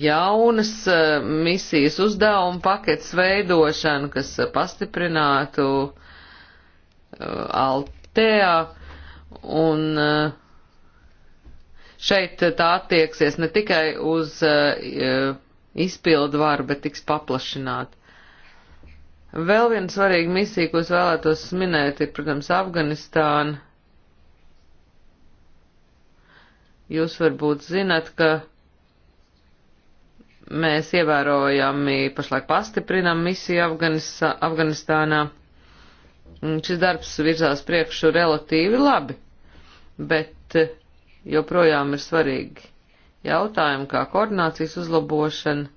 jaunas e, misijas uzdevumu paketes veidošanu, kas e, pastiprinātu Altea, un šeit tā attieksies ne tikai uz izpildu varu, bet tiks paplašināt. Vēl viena svarīga misija, ko es vēlētos minēt, ir, protams, Afganistāna. Jūs varbūt zinat, ka mēs ievērojami pašlaik pastiprinam misiju Afganistā, Afganistānā. Šis darbs virzās priekšu relatīvi labi, bet eh, joprojām ir svarīgi jautājumi kā koordinācijas uzlabošana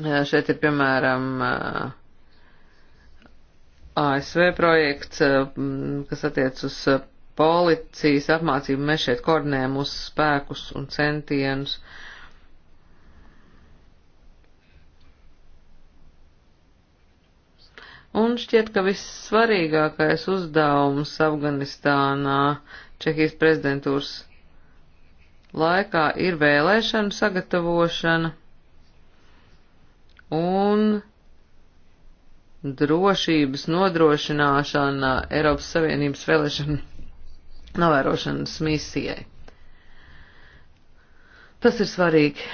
Šeit ir, piemēram, ASV projekts, kas attiec uz policijas apmācību. Mēs šeit koordinējam mūsu spēkus un centienus. Un šķiet, ka vissvarīgākais uzdevums Afganistānā Čehijas prezidentūras laikā ir vēlēšanu sagatavošana un drošības nodrošināšana Eiropas Savienības vēlēšanu novērošanas misijai. Tas ir svarīgi.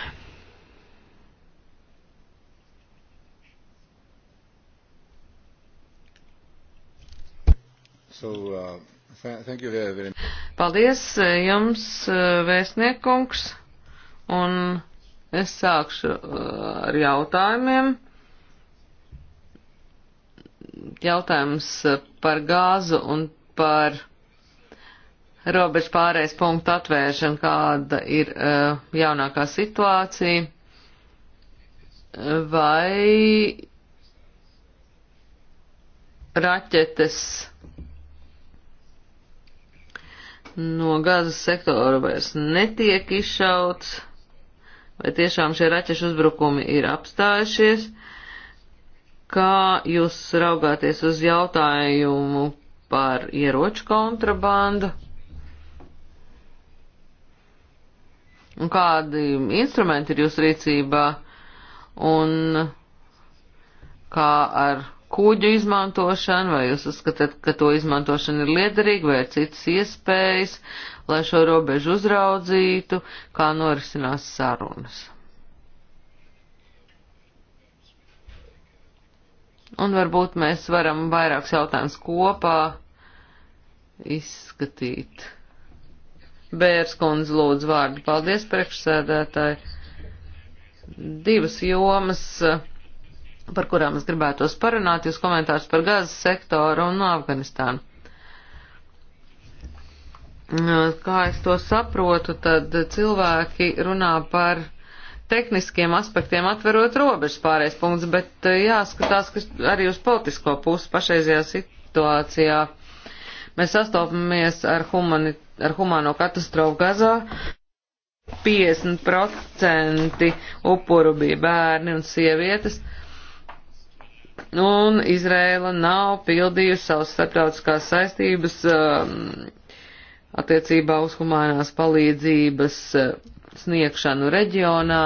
So, uh, thank you very, very much. Paldies uh, jums, uh, vēstniekungs, un Es sākšu uh, ar jautājumiem. Jautājums par gāzu un par robežu pārējais punktu atvēršanu, kāda ir uh, jaunākā situācija, vai raķetes no gazas sektora vairs netiek izšauts vai tiešām šie raķešu uzbrukumi ir apstājušies, kā jūs raugāties uz jautājumu par ieroču kontrabandu un kādi instrumenti ir jūsu rīcībā un kā ar kuģu izmantošanu, vai jūs uzskatāt, ka to izmantošana ir liederīga, vai ir citas iespējas, lai šo robežu uzraudzītu, kā norisinās sarunas. Un varbūt mēs varam vairākus jautājumus kopā izskatīt. Bērskundze lūdzu vārdu. Paldies, priekšsēdētāji. Divas jomas. Uh, par kurām es gribētos parunāt, jūs komentārs par gazas sektoru un Afganistānu. Nu, kā es to saprotu, tad cilvēki runā par tehniskiem aspektiem atverot robežas pārējais punkts, bet eh, jāskatās arī uz politisko pusi pašreizajā situācijā. Mēs sastopamies ar, humani, ar humano katastrofu Gazā. 50% upuru bija bērni un sievietes. Uh, un Izrēla nav pildījusi savas starptautiskās saistības um, attiecībā uz humanās palīdzības uh, sniegšanu reģionā.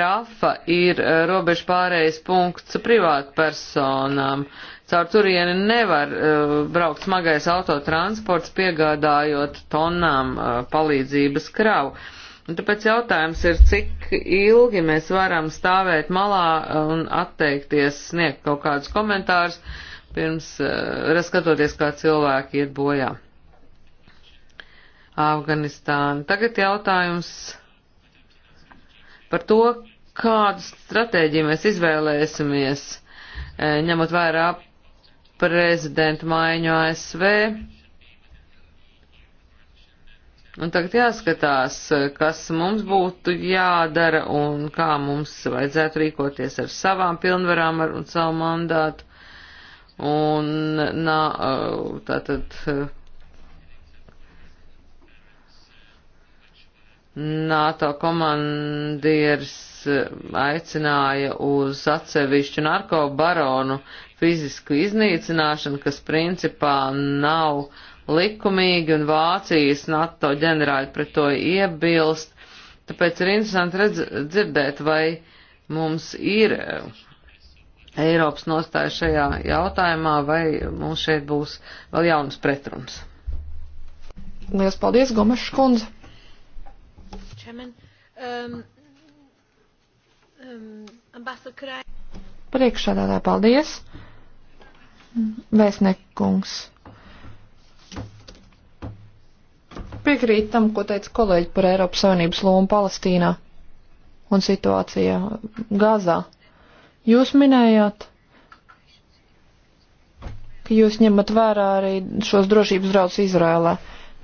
Rafa ir uh, robežu pārējais punkts privātpersonām. Caur turieni nevar uh, braukt smagais autotransports, piegādājot tonām uh, palīdzības kravu. Uh, Un tāpēc jautājums ir, cik ilgi mēs varam stāvēt malā un atteikties sniegt kaut kādus komentārus, pirms uh, eh, skatoties, kā cilvēki iet bojā. Afganistāna. Tagad jautājums par to, kādu stratēģiju mēs izvēlēsimies, eh, ņemot vērā prezidentu maiņu ASV Un tagad jāskatās, kas mums būtu jādara un kā mums vajadzētu rīkoties ar savām pilnvarām ar, un savu mandātu. Un nā, tātad NATO komandieris aicināja uz atsevišķu narkobaronu fizisku iznīcināšanu, kas principā nav likumīgi, un Vācijas NATO ģenerāļi pret to iebilst. Tāpēc ir interesanti redz, dzirdēt, vai mums ir eh, Eiropas nostāja šajā jautājumā, vai mums šeit būs vēl jaunas pretrunas. Lielas paldies, Gomeša kundze. Čemen, um, um, Priekšādātāji, paldies. Vēstniekungs. piekrīt tam, ko teica kolēģi par Eiropas Savienības lomu Palestīnā un situācijā Gazā. Jūs minējāt, ka jūs ņemat vērā arī šos drošības draudus Izrēlē.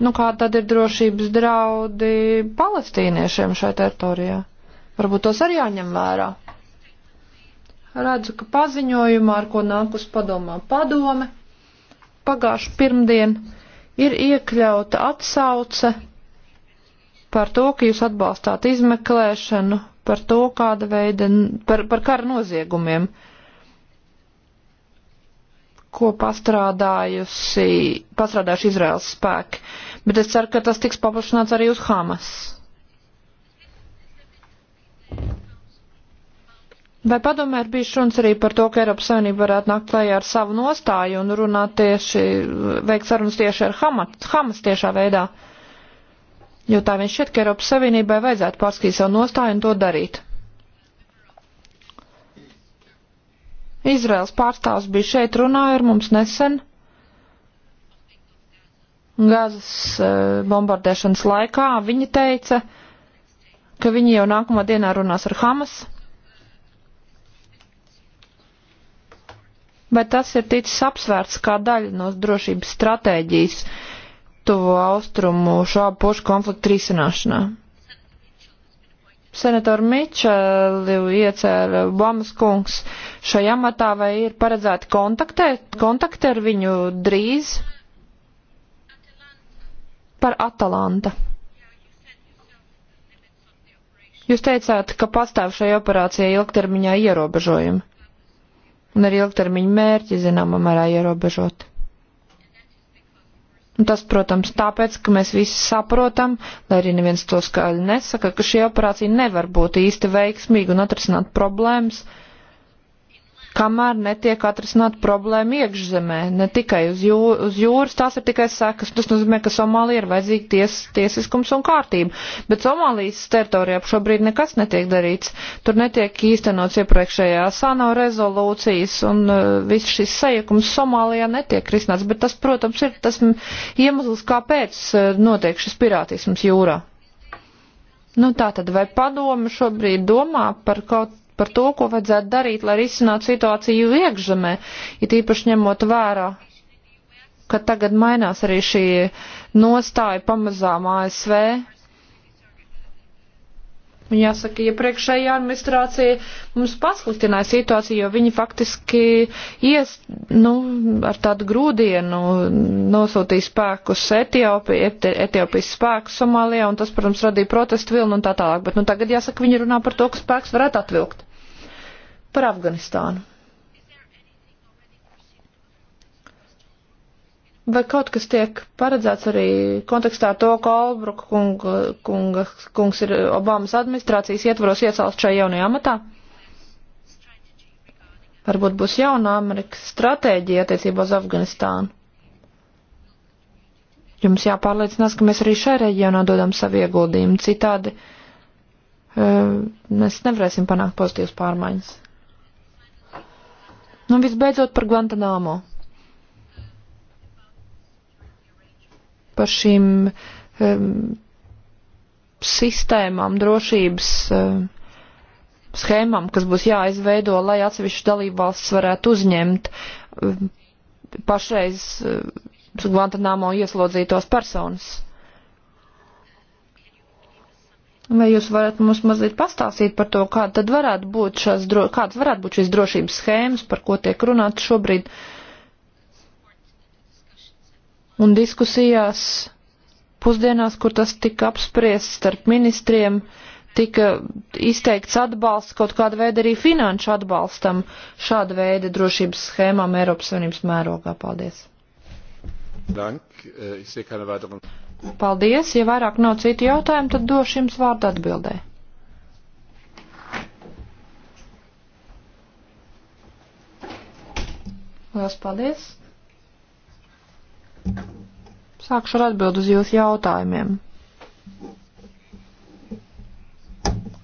Nu, kā tad ir drošības draudi palestīniešiem šajā teritorijā? Varbūt tos arī jāņem vērā. Redzu, ka paziņojumā, ar ko nākus padomā padome, pagājuši pirmdien ir iekļauta atsauce par to, ka jūs atbalstāt izmeklēšanu, par to, kāda veida, par, par kara noziegumiem, ko pastrādājusi, pastrādājuši Izraels spēki. Bet es ceru, ka tas tiks paplašināts arī uz Hamas. Vai padomē ir bijis runas arī par to, ka Eiropas Savienība varētu nākt klajā ar savu nostāju un runāt tieši, veikt sarunas tieši ar Hamas, Hamas tiešā veidā? Jo tā viņš šķiet, ka Eiropas Savienībai vajadzētu pārskatīt savu nostāju un to darīt. Izraels pārstāvs bija šeit runāja ar mums nesen gazas e, bombardēšanas laikā. Viņa teica, ka viņi jau nākamā dienā runās ar Hamas vai tas ir ticis apsvērts kā daļa no drošības stratēģijas tuvo austrumu šādu pušu konfliktu risināšanā? Senatoru Mičeli iecēra Obamas kungs šajā amatā, vai ir paredzēti kontakti ar viņu drīz par Atalanta? Jūs teicāt, ka pastāv šai operācijai ilgtermiņā ierobežojumi un arī ilgtermiņa mērķi, zināmā mērā, ierobežoti. Un tas, protams, tāpēc, ka mēs visi saprotam, lai arī neviens to skaļi nesaka, ka šī operācija nevar būt īsti veiksmīga un atrisināt problēmas, uh, kamēr netiek atrisināt problēma iekšzemē, ne tikai uz, jū, uz jūras, tās ir tikai sekas. Tas nozīmē, ka Somālija ir vajadzīga ties, tiesiskums un kārtība, bet Somālijas teritorijā šobrīd nekas netiek darīts. Tur netiek īstenots iepriekšējā sANO rezolūcijas un uh, viss šis sajukums Somālijā netiek risināts, bet tas, protams, ir tas iemesls, kāpēc uh, notiek šis pirātisms jūrā. Nu tā tad, vai padome šobrīd domā par kaut par to, ko vajadzētu darīt, lai risinātu situāciju iekšzemē, ja tīpaši ņemot vērā, ka tagad mainās arī šī nostāja pamazām ASV Jāsaka, iepriekšējā ja administrācija mums pasliktināja situāciju, jo viņi faktiski ies, nu, ar tādu grūdienu nosūtīja spēkus Etiopi, Eti, Etiopijas spēkus Somālijā, un tas, protams, radīja protestu vilnu un tā tālāk. Bet, nu, tagad jāsaka, viņi runā par to, ka spēks varētu atvilkt. Par Afganistānu. Vai kaut kas tiek paredzēts arī kontekstā ar to, ka Albruka kunga, kunga, kungs ir Obamas administrācijas ietvaros iecelts šajā jaunajā amatā? Varbūt būs jauna Amerikas stratēģija attiecībā uz Afganistānu. Jums jāpārliecinās, ka mēs arī šai reģionā dodam savu ieguldījumu. Citādi eh, mēs nevarēsim panākt pozitīvas pārmaiņas. Nu, visbeidzot par Guantanamo. par šīm um, sistēmām, drošības um, schēmām, kas būs jāizveido, lai atsevišķas dalībvalsts varētu uzņemt um, pašreiz um, Guantanamo ieslodzītos personas. Vai jūs varat mums mazliet pastāstīt par to, kāda tad varētu būt šās, kāds varētu būt šīs drošības schēmas, par ko tiek runāts šobrīd? Uh, un diskusijās pusdienās, kur tas tika apspriests starp ministriem, tika izteikts atbalsts kaut kāda veida arī finanšu atbalstam šāda veida drošības schēmām Eiropas Savienības mērogā. Paldies! Eh, paldies! Ja vairāk nav citu jautājumu, tad došu jums vārdu atbildē. Lielas paldies! Sākšu ar atbildu uz jūsu jautājumiem.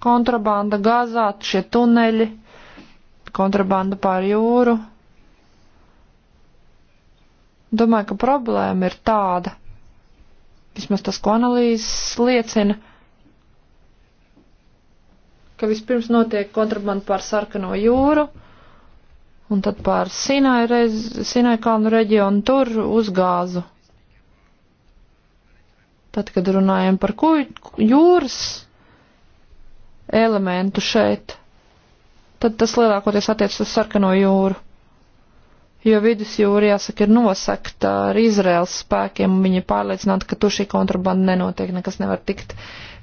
Kontrabanda gazā, šie tuneļi, kontrabanda pār jūru. Domāju, ka problēma ir tāda, vismaz tas, ko analīzes liecina, ka vispirms notiek kontrabanda pār sarkano jūru un tad pār Sinai, reiz, Sinai kalnu reģionu tur uz gāzu. Tad, kad runājam par kuj, jūras elementu šeit, tad tas lielākoties attiec uz sarkano jūru. Jo vidusjūra, jāsaka, ir nosekta ar Izraels spēkiem, un viņi ir pārliecināti, ka tur šī kontrabanda nenotiek, nekas nevar tikt,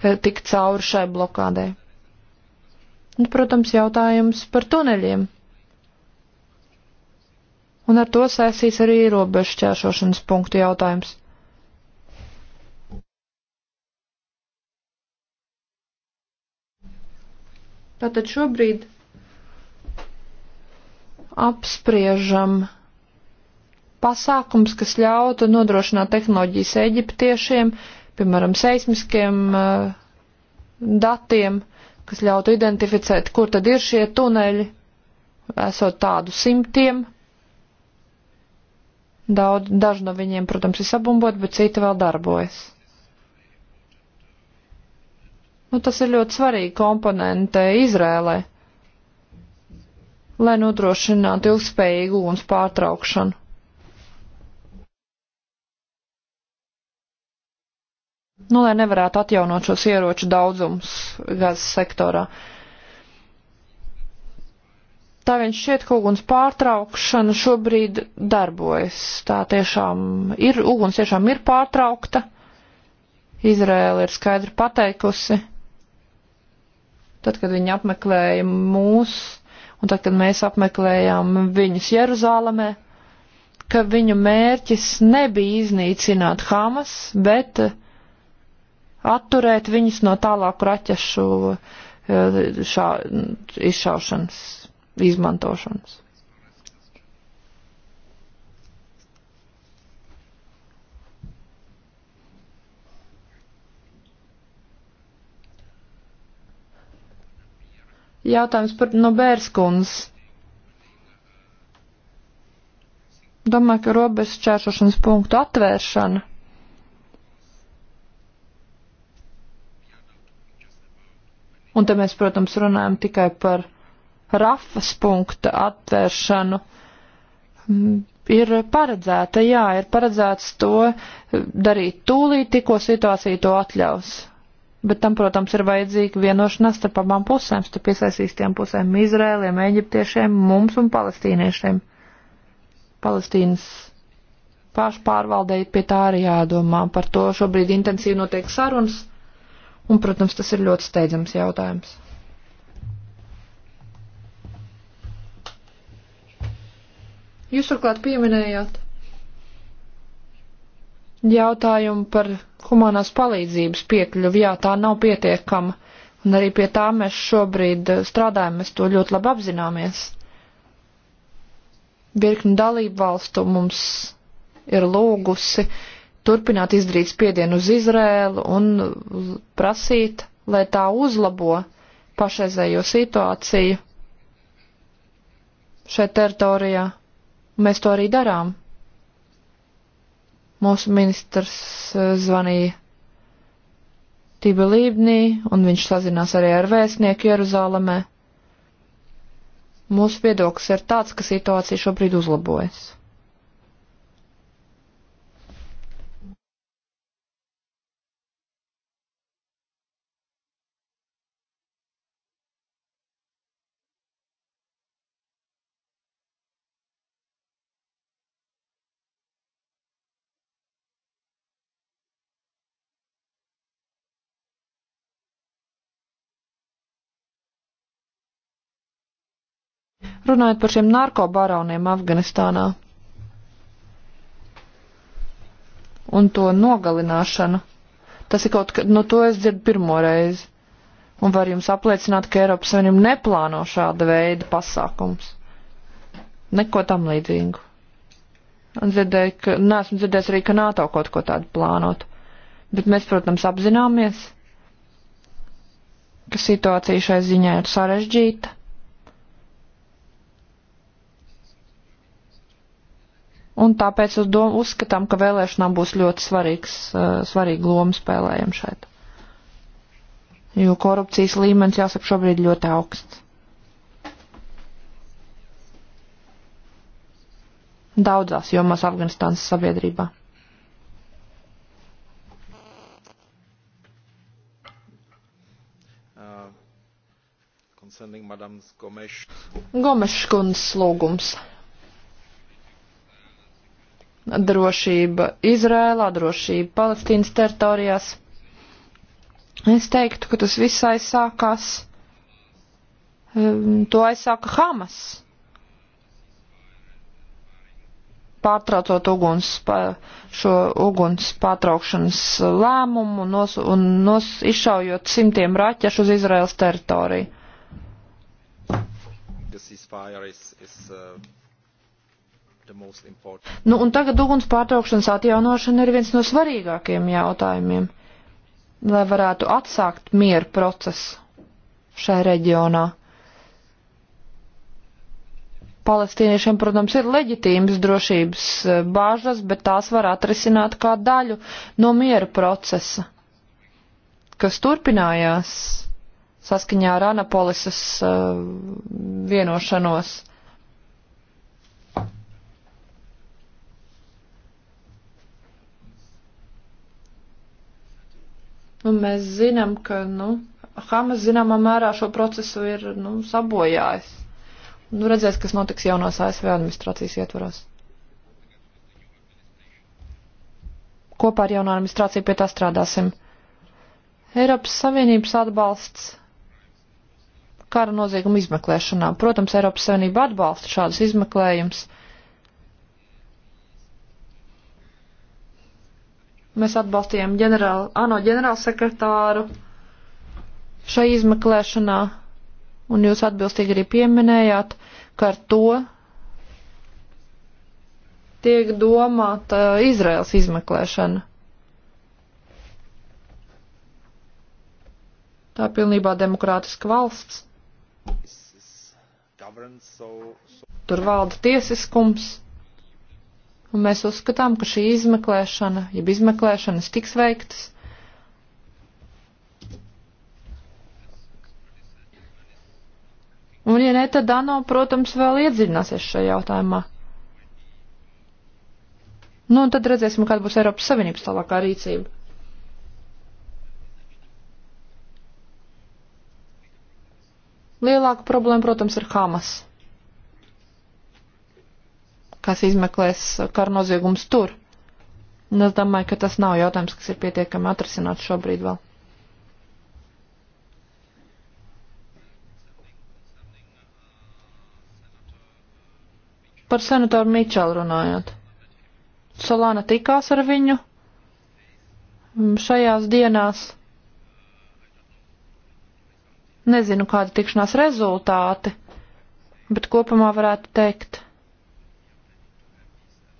eh, tikt cauri šai blokādē. Un, protams, jautājums par tuneļiem un ar to saistīs arī robežu šķēršošanas punktu jautājums. Tātad šobrīd apspriežam pasākums, kas ļautu nodrošināt tehnoloģijas eģiptiešiem, piemēram, seismiskiem uh, datiem, kas ļautu identificēt, kur tad ir šie tuneļi, esot tādu simtiem. Daudz, daži no viņiem, protams, ir sabumbot, bet citi vēl darbojas. Nu, tas ir ļoti svarīgi komponente Izrēlē, lai nodrošinātu ilgspējīgu uguns pārtraukšanu. Nu, lai nevarētu atjaunot šos ieroču daudzumus gazas sektorā. Uh, tā viņš šķiet, ka uguns pārtraukšana šobrīd darbojas. Tā tiešām ir, uguns tiešām ir pārtraukta. Izrēla ir skaidri pateikusi. Tad, kad viņi apmeklēja mūs, un tad, kad mēs apmeklējām viņus Jeruzālamē, ka viņu mērķis nebija iznīcināt Hamas, bet atturēt viņus no tālāku raķešu eh, šā, izšaušanas izmantošanas. Jautājums par no bērskundas. Domāju, ka robežas čēršošanas punktu atvēršana. Un te mēs, protams, runājam tikai par rafas punkta atvēršanu mm, ir paredzēta, jā, ir paredzēts to eh, darīt tūlīt, tikko situācija to atļaus. Bet tam, protams, ir vajadzīga vienošanās starp abām pusēm, starp piesaistītiem pusēm - Izrēliem, Eģiptiešiem, mums un palestīniešiem. Palestīnas pašpārvaldei pie tā arī jādomā. Par to šobrīd intensīvi notiek sarunas, un, protams, tas ir ļoti steidzams jautājums. Jūs turklāt pieminējāt jautājumu par humanās palīdzības piekļuvi. Jā, tā nav pietiekama. Un arī pie tā mēs šobrīd eh, strādājam, mēs to ļoti labi apzināmies. Virkni dalību valstu mums ir lūgusi turpināt izdarīt spiedienu uz Izrēlu un prasīt, lai tā uzlabo pašreizējo situāciju šai teritorijā. Mēs to arī darām. Mūsu ministrs eh, zvanīja Tibelībnī, un viņš sazinās arī ar vēstnieku Jeruzalemē. Mūsu viedoklis ir tāds, ka situācija šobrīd uzlabojas. Runājot par šiem narkobaroniem Afganistānā un to nogalināšanu, tas ir kaut kas, no nu, to es dzirdu pirmo reizi. Un var jums apliecināt, ka Eiropas Savienība neplāno šāda veida pasākums. Neko tam līdzīgu. Un dzirdēju, ka neesmu dzirdējis arī, ka NATO kaut ko tādu plānot. Bet mēs, protams, apzināmies, ka situācija šai ziņā ir sarežģīta. un tāpēc uz dom, uzskatām, ka vēlēšanām būs ļoti svarīgs, eh, svarīga loma spēlējama šeit. Jo korupcijas līmenis jāsaka šobrīd ļoti augsts. Daudzās jomās Afganistānas sabiedrībā. Uh, Gomešs kundzes lūgums drošība Izrēlā, drošība Palestīnas teritorijās. Es teiktu, ka tas viss aizsākās, um, to aizsāka Hamas, pārtraucot uguns, šo uguns pārtraukšanas lēmumu un, nos, un nos, izšaujot simtiem raķešu uz Izraels teritoriju. The ceasefire is, is uh, Nu, un tagad uguns pārtraukšanas atjaunošana ir viens no svarīgākajiem jautājumiem, lai varētu atsākt mieru procesu šai reģionā. Palestīniešiem, protams, ir leģitīmas drošības eh, bāžas, bet tās var atrisināt kā daļu no miera procesa, kas turpinājās saskaņā ar Anapolisas eh, vienošanos. Un nu, mēs zinām, ka, nu, Hamas zināmā mērā šo procesu ir, nu, sabojājis. Nu, redzēs, kas notiks jaunās ASV administrācijas ietvaros. Kopā ar jauno administrāciju pie tā strādāsim. Eiropas Savienības atbalsts kara noziegumu izmeklēšanā. Protams, Eiropas Savienība atbalsta šādus izmeklējumus Mēs atbalstījām ģenerāli, ANO ģenerālsekretāru šai izmeklēšanā, un jūs atbilstīgi arī pieminējāt, ka ar to tiek domāta Izraels izmeklēšana. Tā pilnībā demokrātiska valsts. Tur valda tiesiskums un mēs uzskatām, ka šī izmeklēšana, jeb izmeklēšanas tiks veiktas. Un, ja ne, tad ANO, protams, vēl iedziļināsies šajā jautājumā. Nu, un tad redzēsim, kāda būs Eiropas Savienības tālākā rīcība. Lielāka problēma, protams, ir Hamas kas izmeklēs karu noziegums tur. Un es domāju, ka tas nav jautājums, kas ir pietiekami atrasināts šobrīd vēl. Par senatoru Mičelu runājot. Solāna tikās ar viņu šajās dienās. Nezinu, kādi tikšanās rezultāti, bet kopumā varētu teikt,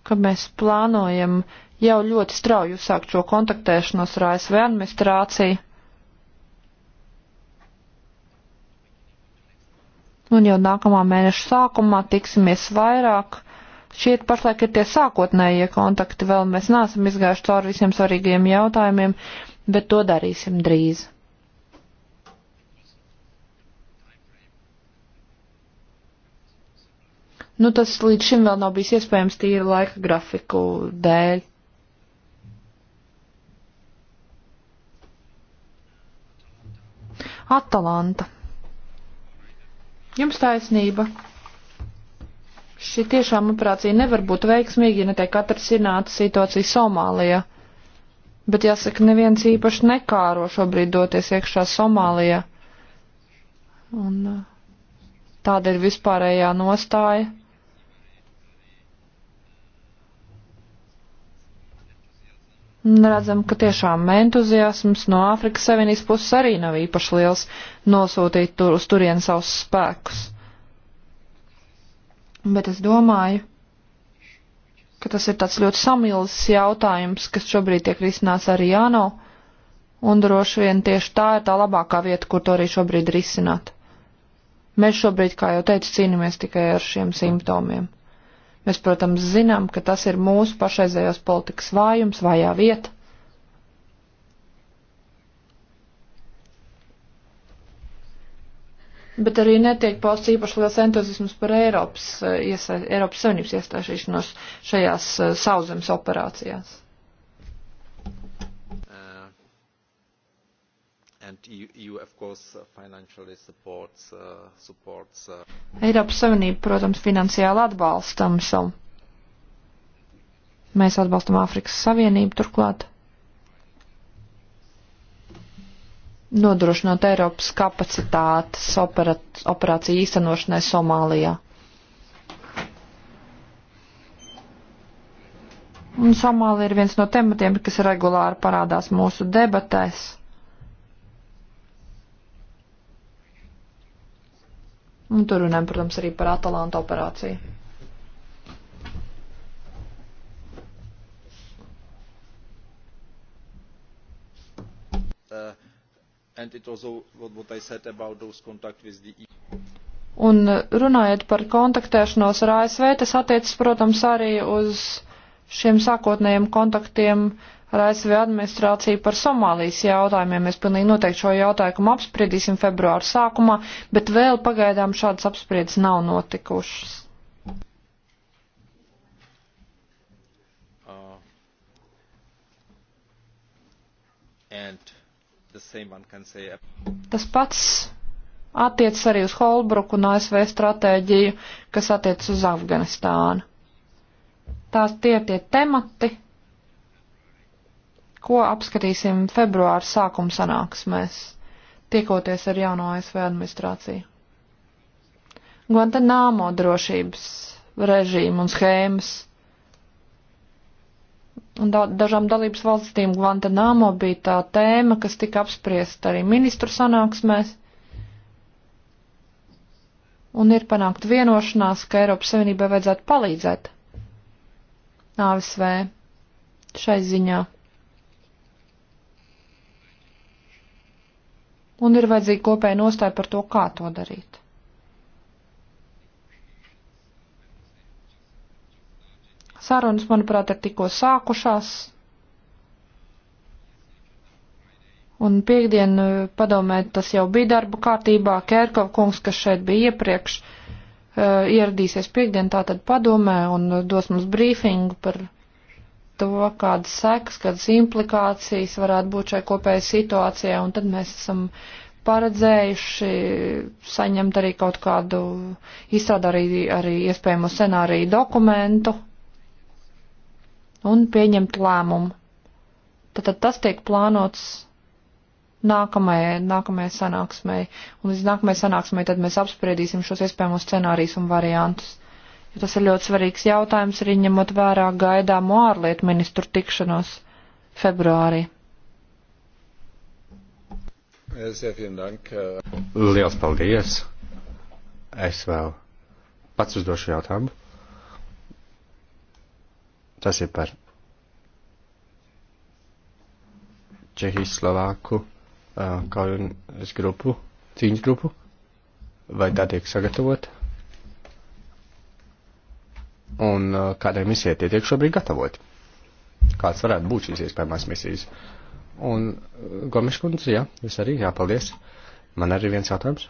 ka mēs plānojam jau ļoti strauji uzsākt šo kontaktēšanos ar ASV administrāciju. Un jau nākamā mēneša sākumā tiksimies vairāk. Šķiet, pašlaik ir tie sākotnējie kontakti, vēl mēs neesam izgājuši cauri visiem svarīgajiem jautājumiem, bet to darīsim drīz. Nu, tas līdz šim vēl nav bijis iespējams tīri laika grafiku dēļ. Atalanta. Jums taisnība. Šī tiešām operācija nevar būt veiksmīga, ja netiek atrasināta situācija Somālijā. Bet jāsaka, neviens īpaši nekāro šobrīd doties iekšā Somālijā. Un uh, tāda ir vispārējā nostāja. Redzam, ka tiešām entuziasms no Āfrikas Savienības puses arī nav īpaši liels nosūtīt tur, uz turienu savus spēkus. Bet es domāju, ka tas ir tāds ļoti samilzis jautājums, kas šobrīd tiek risināts arī Jāno, un droši vien tieši tā ir tā labākā vieta, kur to arī šobrīd risināt. Mēs šobrīd, kā jau teicu, cīnāmies tikai ar šiem simptomiem. Mēs, protams, zinām, ka tas ir mūsu pašreizējos politikas vājums, vājā vieta. Bet arī netiek pausts īpaši liels entuziasms par Eiropas, eh, iesa, Eiropas Savienības iestāšanos šajās eh, sauzemes operācijās. And EU, e of course, uh, financially supports, uh, supports, uh... Eiropas Savienība, protams, finansiāli atbalsta MSL. Mēs atbalstam Āfrikas Savienību turklāt. Nodrošinot Eiropas kapacitātes operat, operāciju īstenošanai Somālijā. Un Somālija ir viens no tematiem, kas regulāri parādās mūsu debatēs. Un tur runājam, protams, arī par Atalanta operāciju. Uh, also, what, what e Un uh, runājot par kontaktēšanos ar ASV, tas attiecas, protams, arī uz šiem sākotnējiem kontaktiem uh, ar ASV administrāciju par Somālijas jautājumiem. Mēs pilnīgi noteikti šo jautājumu apspriedīsim februāru sākumā, bet vēl pagaidām šādas apspriedas nav notikušas. Uh, Tas pats attiec arī uz Holbruku un ASV stratēģiju, kas attiec uz Afganistānu. Tās tie tie temati, ko apskatīsim februāra sākuma sanāksmēs, tiekoties ar jauno ASV administrāciju. Guantanamo drošības režīmu un schēmas. Un da dažām dalības valstīm Guantanamo bija tā tēma, kas tika apspriesta arī ministru sanāksmēs. Un ir panākt vienošanās, ka Eiropas Savienībai vajadzētu palīdzēt ASV šai ziņā. un ir vajadzīga kopēja nostāja par to, kā to darīt. Sarunas, manuprāt, ir tikko sākušās. Un piekdien eh, padomē, tas jau bija darba kārtībā, Kērkov kungs, kas šeit bija iepriekš, eh, ieradīsies piekdien tātad padomē un eh, dos mums brīfingu par to, kādas sekas, kādas implikācijas varētu būt šai kopējai situācijai, un tad mēs esam paredzējuši saņemt arī kaut kādu, izstrādāt arī, arī iespējamo scenāriju dokumentu un pieņemt lēmumu. Tātad tas tiek plānots nākamajai, nākamajai sanāksmai, un līdz nākamajai sanāksmai tad mēs apspriedīsim šos iespējamos scenārijus un variantus jo tas ir ļoti svarīgs jautājums arī ņemot vērā gaidāmo ārlietu ministru tikšanos februārī. Äh, Liels paldies! Es vēl pats uzdošu jautājumu. Tas ir par Čehijas Slovāku uh, äh, kaujas grupu, cīņas grupu. Vai tā tiek sagatavota? un uh, kādai misijai tie tiek šobrīd gatavoti. Kāds varētu būt šīs iespējamās misijas? Un uh, Gomiškundze, jā, es arī jāpaldies. Man arī viens jautājums.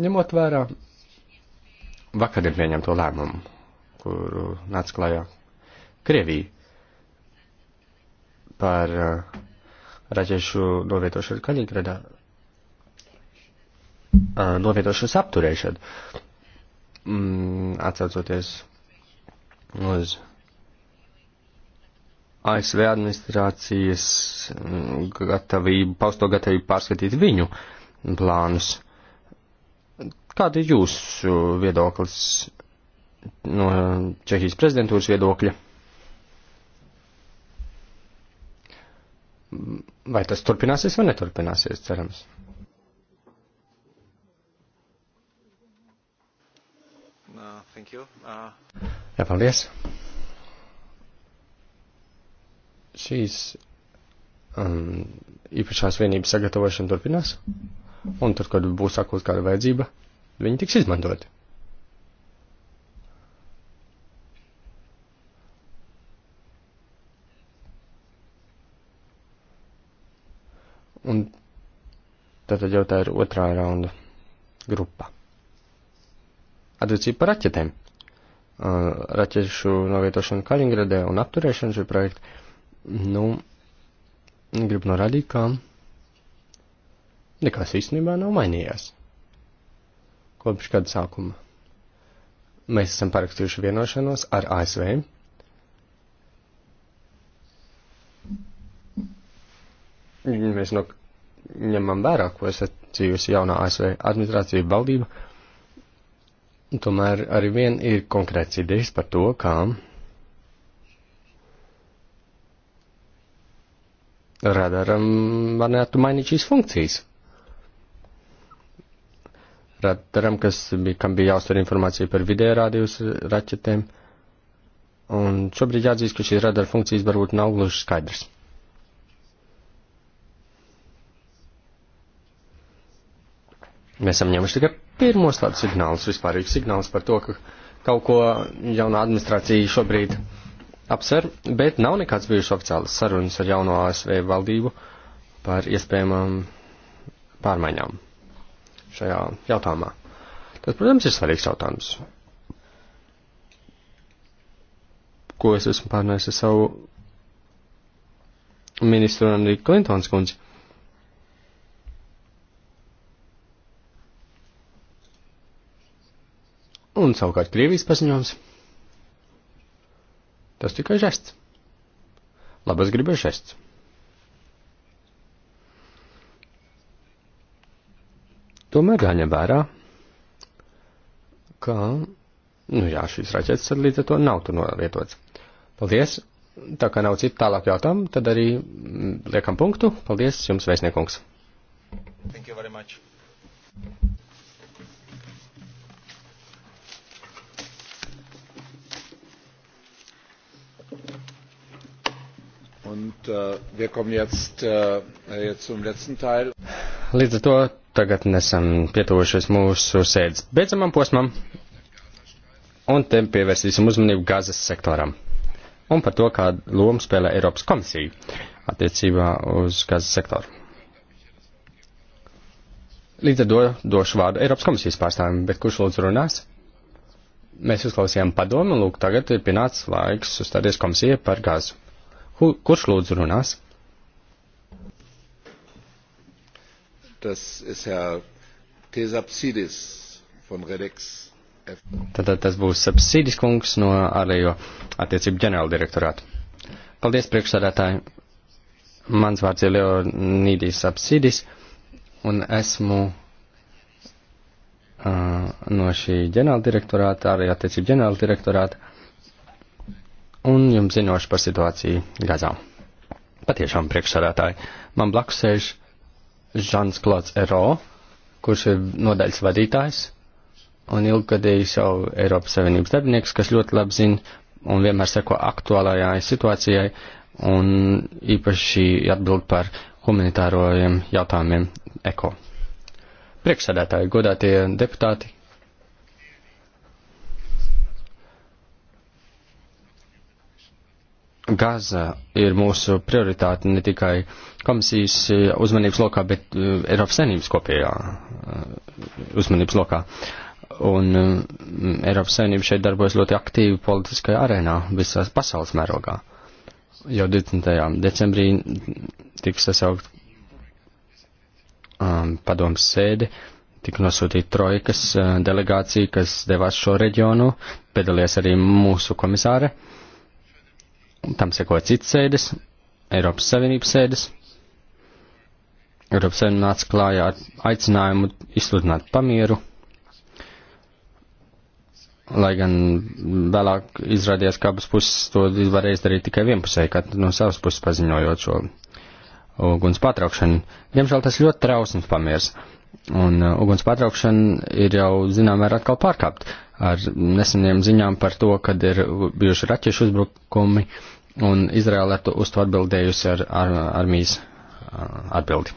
Ņemot vērā vakardien pieņemto lēmumu, kuru uh, nāca klajā Krievija par uh, raķešu novietošanu Kaļiņgradā, uh, novietošanas apturēšanu mm, atcaucoties uz ASV administrācijas mm, gatavību, pausto gatavību pārskatīt viņu plānus. Kāda ir jūsu viedoklis no Čehijas prezidentūras viedokļa? Vai tas turpināsies vai neturpināsies, cerams? Thank you. Uh... Jā, paldies. Šīs um, īpašās vienības sagatavošana turpinās, un tur, kad būs sākot kāda vajadzība, viņi tiks izmantoti. Un tātad jau tā ir otrā raunda grupa attiecību par raķetēm. Raķešu novietošanu Kaļingradē un apturēšanu šī projekta. Nu, gribu norādīt, ka nekas nu īstenībā nav mainījies kopš gada sākuma. Mēs esam parakstījuši vienošanos ar ASV. Mēs no nu, ņemam vērā, ko es atsījusi jaunā ASV administrācija valdība tomēr arī vien ir konkrēts idejas par to, kā radaram varētu mainīt šīs funkcijas. Radaram, kas bija, kam bija jāuztver informācija par vidē rādījus raķetēm, un šobrīd jāatzīst, ka šīs radara funkcijas varbūt nav gluži skaidrs. Mēs esam ņēmuši tikai pirmos tādus signālus, vispārīgs signāls par to, ka kaut ko jaunā administrācija šobrīd apsver, bet nav nekāds bijuši oficiāls sarunas ar jauno ASV valdību par iespējamām pārmaiņām šajā jautājumā. Tas, protams, ir svarīgs jautājums. Ko es esmu pārnājis ar savu ministru Andriju Klintons kundzi? Un savukārt Krievijas paziņojums. Tas tikai žests. Labas gribas žests. Tomēr jāņem vērā, ka, nu jā, šīs raķetes līdz ar to nav tur norietots. Paldies! Tā kā nav citu tālāk jautājumu, tad arī mm, liekam punktu. Paldies jums, vēstniekungs! Thank you very much. Und äh, wir kommen jetzt, äh, jetzt zum letzten Teil. Līdz ar to tagad nesam pietuvušies mūsu sēdes beidzamam posmam, un te pievērsīsim uzmanību gazas sektoram un par to, kādu lomu spēlē Eiropas komisija attiecībā uz gazas sektoru. Līdz ar to došu vārdu Eiropas komisijas pārstāvim, bet kurš lūdzu runās? Mēs uzklausījām padomu, lūk, tagad ir pienācis laiks uzstāties komisija par gāzu. Kurš lūdzu runās? Tas ir Herr Tesapsidis von Redex. Tātad tas būs Sapsidis kungs no ārējo attiecību ģenerāldirektorāta. Paldies, priekšsādātāji. Mans vārds ir Leonīdis Sapsidis un esmu Uh, no šī ģenerāldirektorāta, arī attiecību ģenerāldirektorāta, un jums zinoši par situāciju Gazā. Patiešām priekšsarētāji, man blakus sēž Žans Klods Ero, kurš ir nodaļas vadītājs un ilggadējis jau Eiropas Savienības darbinieks, kas ļoti labi zina un vienmēr seko aktuālajai situācijai un īpaši atbild par humanitārojiem jautājumiem eko. Priekšsēdētāji, godātie deputāti. Gaza ir mūsu prioritāte ne tikai komisijas eh, uzmanības lokā, bet eh, Eiropas Savienības kopējā eh, uzmanības lokā. Un Eiropas Savienība šeit darbojas ļoti aktīvi politiskajā arēnā visās pasaules mērogā. Jau 20. decembrī tiks sasaukt um, padoms sēdi, tika nosūtīta trojkas uh, delegācija, kas devās šo reģionu, piedalījās arī mūsu komisāre. Tam seko cits sēdes, Eiropas Savienības sēdes. Eiropas Savienība nāca klājā ar aicinājumu izsludināt pamieru, lai gan vēlāk izrādījās, ka abas puses to varēja izdarīt tikai vienpusēji, kad no savas puses paziņojot šo. Uh, uguns pārtraukšanu. Diemžēl tas ļoti trausms pamiers. Un uh, uguns pārtraukšana ir jau, zinām, ir atkal pārkāpt ar neseniem ziņām par to, kad ir bijuši raķešu uzbrukumi un Izraela to, uz to atbildējusi ar, ar armijas uh, atbildi.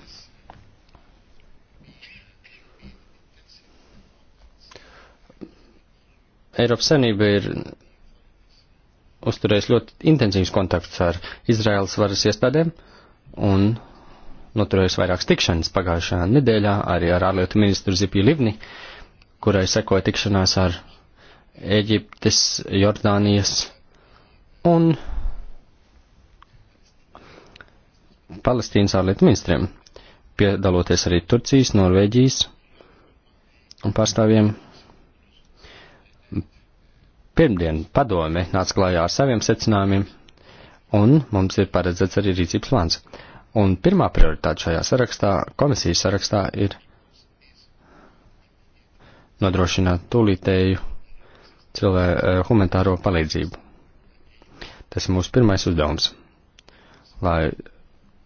Eiropas Savienība ir uzturējusi ļoti intensīvs kontakts ar Izraels varas iestādēm. Uh, un noturējusi vairākas tikšanas pagājušajā nedēļā arī ar ārlietu ministru Zipju Livni, kurai sekoja tikšanās ar Eģiptes, Jordānijas un Palestīnas ārlietu ministriem, piedaloties arī Turcijas, Norvēģijas un pārstāvjiem. Pirmdien padome nāca klājā ar saviem secinājumiem un mums ir paredzēts arī rīcības plāns. Un pirmā prioritāte šajā sarakstā, komisijas sarakstā, ir nodrošināt tūlītēju cilvēku e, humanitāro palīdzību. Tas ir mūsu pirmais uzdevums, lai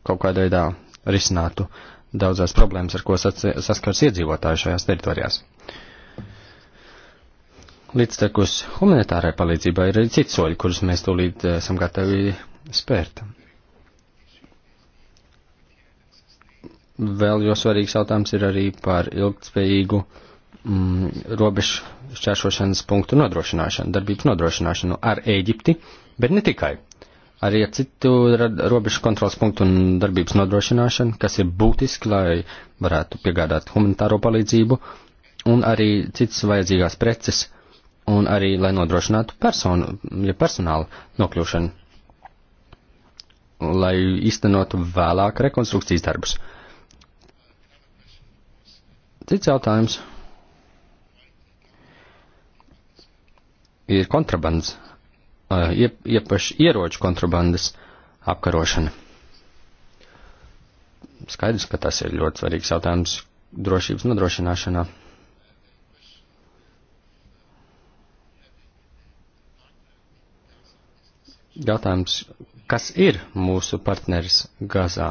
kaut kādā veidā risinātu daudzās problēmas, ar ko saskars iedzīvotāji šajās teritorijās. Līdztekus humanitārai palīdzībai ir arī citi soļi, kurus mēs tūlīt e, esam gatavi spērt. Vēl jo svarīgs jautājums ir arī par ilgtspējīgu mm, robežu šķēršošanas punktu nodrošināšanu, darbības nodrošināšanu ar Ēģipti, bet ne tikai. Arī ar citu robežu kontrols punktu un darbības nodrošināšanu, kas ir būtiski, lai varētu piegādāt humanitāro palīdzību un arī citas vajadzīgās preces un arī, lai nodrošinātu personu, ja personālu nokļūšanu lai īstenotu vēlāk rekonstrukcijas darbus. Cits jautājums ir kontrabandas, iep, iepaši ieroču kontrabandas apkarošana. Skaidrs, ka tas ir ļoti svarīgs jautājums drošības nodrošināšanā. jautājums, kas ir mūsu partneris Gazā,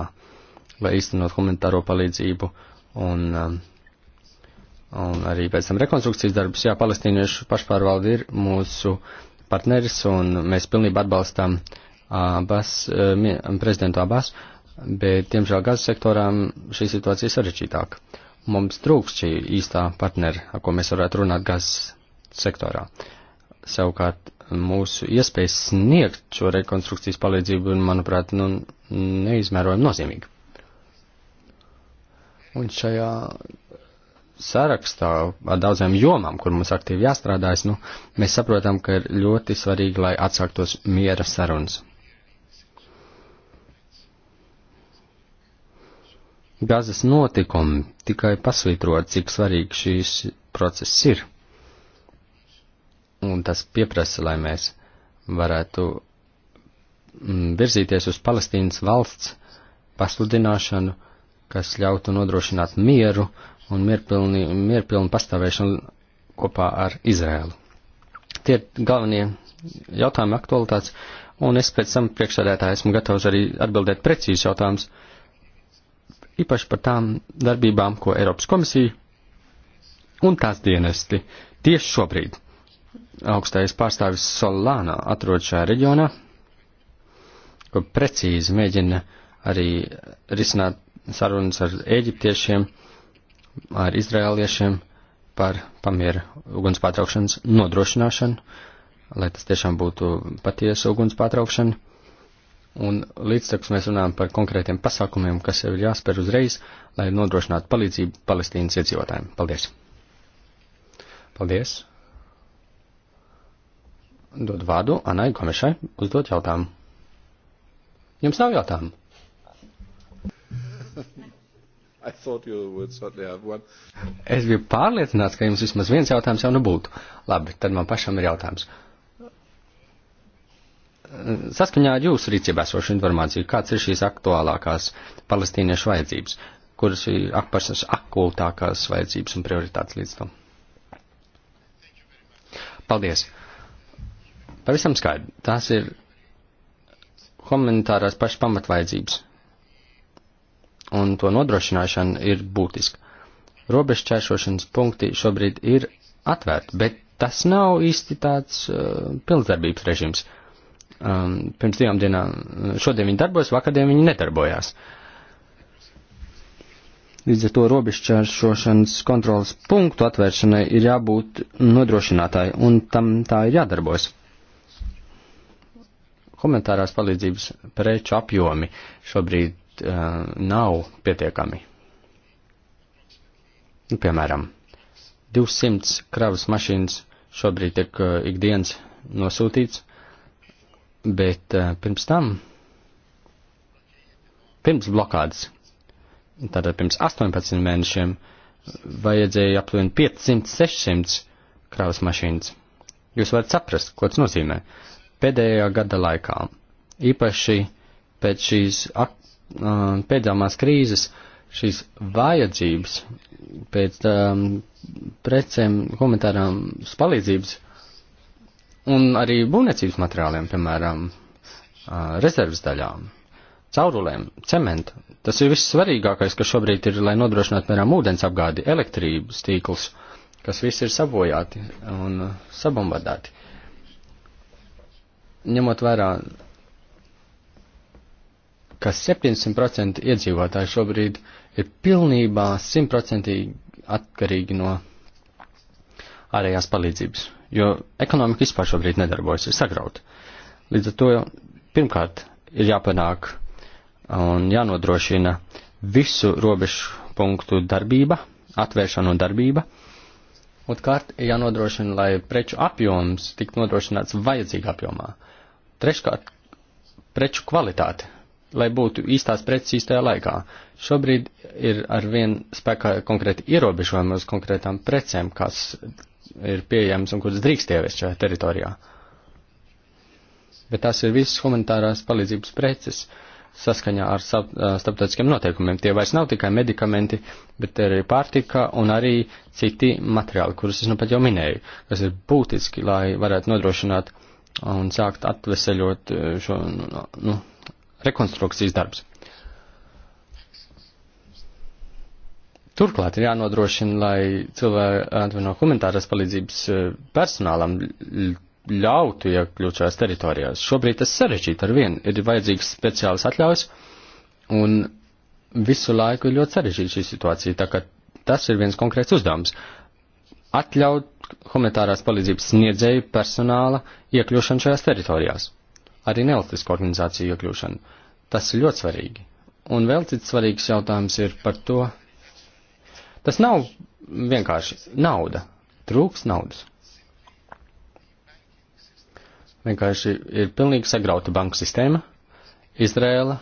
lai īstenot humanitāro palīdzību un, um, un arī pēc tam rekonstrukcijas darbus. Jā, palestīniešu pašpārvalde ir mūsu partneris un mēs pilnībā atbalstām Abas, eh, prezidentu Abas, bet, diemžēl, Gazas sektorām šī situācija sarežģītāka. Mums trūkst šī īstā partneri, ar ko mēs varētu runāt Gazas sektorā. Uh, savukārt mūsu iespējas sniegt šo rekonstrukcijas palīdzību, manuprāt, nu, neizmērojami nozīmīgi. Un šajā sarakstā ar daudzām jomām, kur mums aktīvi jāstrādājas, nu, mēs saprotam, ka ir ļoti svarīgi, lai atsāktos miera sarunas. Gazas notikumi tikai pasvītro, cik svarīgi šīs process ir un tas pieprasa, lai mēs varētu mm, virzīties uz Palestīnas valsts pasludināšanu, kas ļautu nodrošināt mieru un mierpilni, mierpilnu pastāvēšanu kopā ar Izrēlu. Tie ir galvenie jautājumi aktualitātes, un es pēc tam priekšsēdētā esmu gatavs arī atbildēt precīzi jautājumus, īpaši par tām darbībām, ko Eiropas komisija un tās dienesti tieši šobrīd augstais pārstāvis Solāna atrod šajā reģionā, kur precīzi mēģina arī risināt sarunas ar eģiptiešiem, ar izrēliešiem par pamieru uguns pārtraukšanas nodrošināšanu, lai tas tiešām būtu patiesa uguns pārtraukšana. Un līdztekus mēs runājam par konkrētiem pasākumiem, kas jau ir jāspēr uzreiz, lai nodrošinātu palīdzību Palestīnas iedzīvotājiem. Paldies! Paldies! dod vārdu Anai Gomešai uzdot jautājumu. Jums nav jautājumu? Es biju pārliecināts, ka jums vismaz viens jautājums jau nu būtu. Labi, tad man pašam ir jautājums. Saskaņā ar jūsu rīcībā esošu informāciju, kāds ir šīs aktuālākās palestīniešu vajadzības, kuras ir akpašas akūtākās vajadzības un prioritātes līdz tam? Paldies! Pavisam skaidri, tās ir humanitārās pašas pamatvaidzības. Un to nodrošināšana ir būtiska. Robežu čēršošanas punkti šobrīd ir atvērti, bet tas nav īsti tāds uh, pilsdarbības režīms. Um, pirms divām dienām, šodien viņi darbojas, vakardien viņi nedarbojās. Līdz ar to robežšķēršošanas kontrolas punktu atvēršanai ir jābūt nodrošinātāji, un tam tā ir jādarbojas humanitārās palīdzības preču apjomi šobrīd uh, nav pietiekami. Nu, piemēram, 200 kravas mašīnas šobrīd tiek uh, ikdienas nosūtīts, bet uh, pirms tam, pirms blokādes, tātad pirms 18 mēnešiem, vajadzēja aptuveni 500-600 kravas mašīnas. Jūs varat saprast, ko tas nozīmē. Uh, pēdējā gada laikā, īpaši pēc šīs ak, uh, pēdējās krīzes, šīs vajadzības pēc um, precēm, humanitārām palīdzības un arī būvniecības materiāliem, piemēram, uh, rezerves daļām, caurulēm, cementu. Tas ir viss svarīgākais, kas šobrīd ir, lai nodrošinātu, piemēram, ūdens apgādi, elektrības tīklus, kas viss ir sabojāti un uh, sabombardēti ņemot vērā, ka 700% iedzīvotāji šobrīd ir pilnībā 100% atkarīgi no ārējās palīdzības, jo ekonomika vispār šobrīd nedarbojas, ir sagrauta. Līdz ar to pirmkārt ir jāpanāk un jānodrošina visu robežu punktu darbība, atvēršana un darbība. Otkārt, jānodrošina, lai preču apjoms tiktu nodrošināts vajadzīgā apjomā. Treškārt, preču kvalitāte, lai būtu īstās preces īstajā laikā. Šobrīd ir ar vien spēkā konkrēti ierobežojumi uz konkrētām precēm, kas ir pieejams un kuras drīkst ievest šajā teritorijā. Bet tās ir visas humanitārās palīdzības preces saskaņā ar starptautiskiem noteikumiem. Tie vairs nav tikai medikamenti, bet arī pārtika un arī citi materiāli, kurus es nu pat jau minēju, kas ir būtiski, lai varētu nodrošināt uh, un sākt atveseļot eh, šo nu, rekonstrukcijas darbs. Turklāt ir jānodrošina, lai cilvēki atvino humanitārās palīdzības eh, personālam ļautu iekļūt šajās teritorijās. Šobrīd tas sarežģīti ar vienu. Ir vajadzīgs speciāls atļaujas, un visu laiku ir ļoti sarežģīta šī situācija, tā ka tas ir viens konkrēts uzdevums. Uh, atļaut humanitārās palīdzības sniedzēju personāla iekļūšanu šajās teritorijās, arī nevalstisko organizāciju iekļūšanu. Tas ir ļoti svarīgi. Un vēl cits svarīgs jautājums ir par to, tas nav vienkārši nauda, trūks naudas. Vienkārši ir pilnīgi sagrauta banku sistēma, Izrēla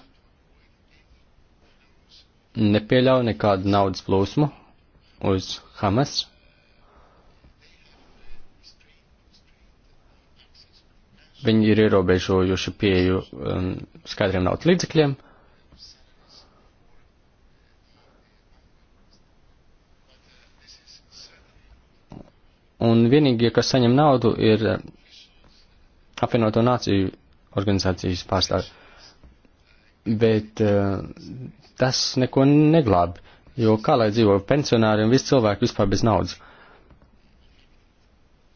nepieļauj nekādu naudas plūsmu uz Hamas Viņi ir ierobežojuši pieju um, skaidriem naudas līdzekļiem. Un vienīgie, kas saņem naudu, ir um, apvienoto nāciju organizācijas pārstāvji. Bet uh, tas neko neglābi, jo kā lai dzīvo pensionāri un visi cilvēki vispār bez naudas?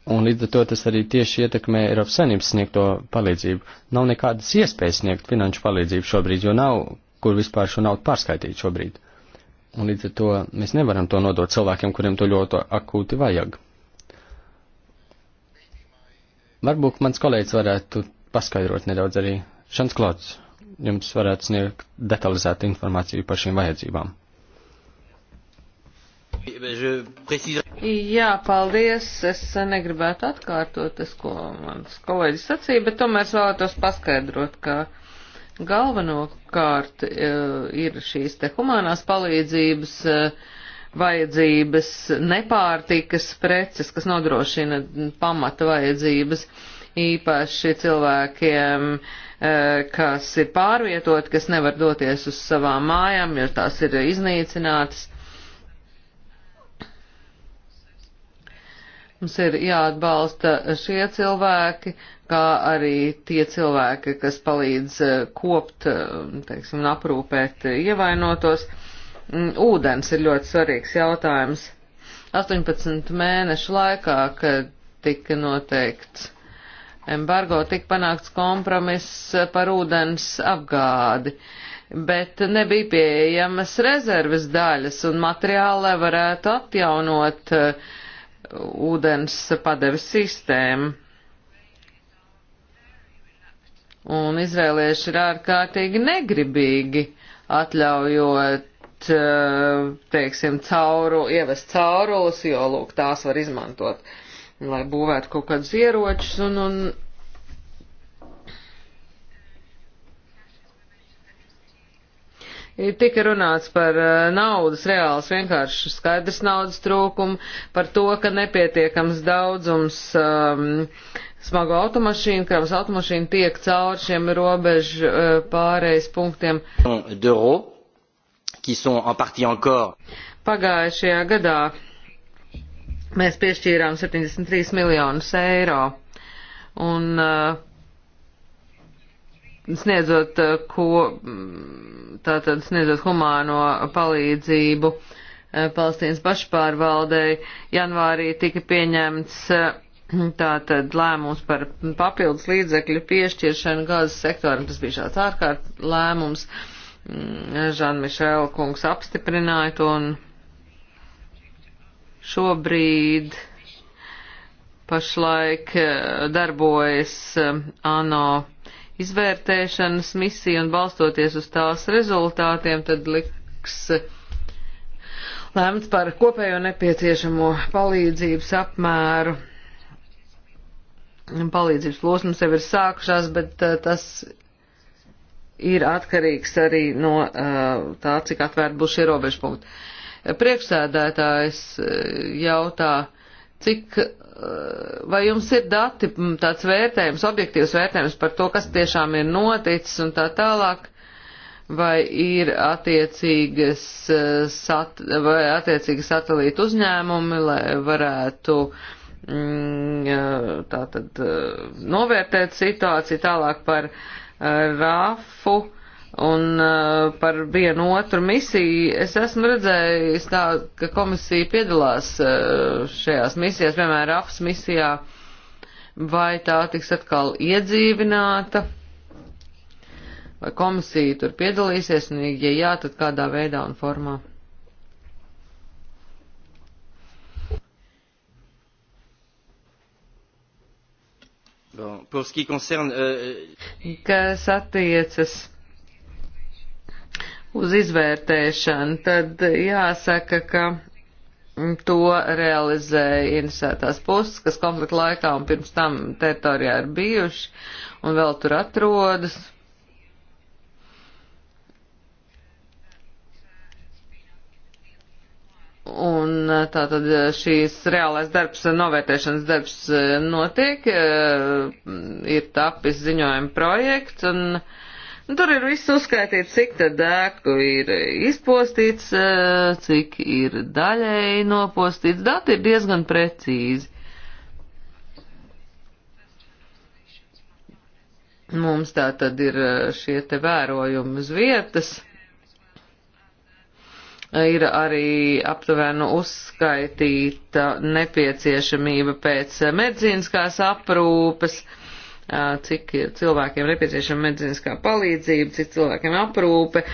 Un līdz ar to tas arī tieši ietekmē Eiropas saimnības sniegto palīdzību. Nav nekādas iespējas sniegt finanšu palīdzību šobrīd, jo nav, kur vispār šo naudu pārskaitīt šobrīd. Un līdz ar to mēs nevaram to nodot cilvēkiem, kuriem to ļoti akūti vajag. Varbūt mans kolēģis varētu paskaidrot nedaudz arī. Šans Klots, jums varētu sniegt detalizētu informāciju par šīm vajadzībām. Jā, paldies. Es negribētu atkārtot tas, ko mans kolēģis sacīja, bet tomēr es vēlētos paskaidrot, ka galvenokārt e, ir šīs te humanās palīdzības e, vajadzības, nepārtikas preces, kas nodrošina pamata vajadzības īpaši cilvēkiem, e, kas ir pārvietoti, kas nevar doties uz savām mājām, jo tās ir iznīcinātas. Mums ir jāatbalsta šie cilvēki, kā arī tie cilvēki, kas palīdz eh, kopt, eh, teiksim, aprūpēt eh, ievainotos. Mm, ūdens ir ļoti svarīgs jautājums. 18 mēnešu laikā, kad tika noteikts embargo, tika panākts kompromiss par ūdens apgādi, bet nebija pieejamas rezerves daļas un materiāli varētu atjaunot uh, ūdens padeves sistēmu. Un izrēlieši ir ārkārtīgi negribīgi atļaujot, eh, teiksim, cauru, ievest caurules, jo, lūk, tās var izmantot, lai būvētu kaut kādus ieročus un, un Tika runāts par eh, naudas reāls vienkārši skaidrs naudas trūkumu, par to, ka nepietiekams daudzums um, smagu automašīnu, kravas automašīnu tiek cauri šiem robežu uh, eh, pārējais punktiem. Pagājušajā gadā mēs piešķīrām 73 miljonus eiro. Un uh, sniedzot, eh, ko, mm, tātad sniedzot humāno palīdzību eh, Palestīnas pašpārvaldei, janvārī tika pieņemts eh, tātad lēmums par papildus līdzekļu piešķiršanu gazas sektoram. Tas bija šāds ārkārt lēmums. Mm, Žanmišēla kungs apstiprināja to un šobrīd pašlaik darbojas ANO izvērtēšanas misiju un balstoties uz tās rezultātiem, tad liks lēmts par kopējo nepieciešamo palīdzības apmēru. Palīdzības plūsmas jau ir sākušās, bet uh, tas ir atkarīgs arī no uh, tā, cik atvērt būs šie robežpunkti. Priekšsēdētājs uh, jautā, cik, eh, vai jums ir dati, tāds vērtējums, objektīvs vērtējums par to, kas tiešām ir noticis un tā tālāk, vai ir attiecīgas, eh, sat, vai attiecīgi satelīta uzņēmumi, lai varētu mm, eh, tātad novērtēt situāciju tālāk par RAFu Un uh, par vienu otru misiju es esmu redzējis tā, ka komisija piedalās uh, šajās misijās, piemēram, AFS misijā, vai tā tiks atkal iedzīvināta, vai komisija tur piedalīsies, un ja jā, tad kādā veidā un formā. Bon, pour ce qui concerne, euh... Kas attiecas uz izvērtēšanu, tad jāsaka, ka to realizēja interesētās puses, kas konflikta laikā un pirms tam teritorijā ir bijuši un vēl tur atrodas. Un e, tā tad e, šīs reālais darbs, e, novērtēšanas darbs notiek, ir tapis ziņojuma projekts un uh, Un nu, tur ir viss uzskaitīts, cik tad dēku ir izpostīts, eh, cik ir daļēji nopostīts. Dati ir diezgan precīzi. Mums tā tad ir eh, šie te vērojumi uz vietas. Ir arī aptuvenu uzskaitīta nepieciešamība pēc medicīniskās aprūpes. Uh, cik cilvēkiem nepieciešama medicīniskā palīdzība, cik cilvēkiem aprūpe.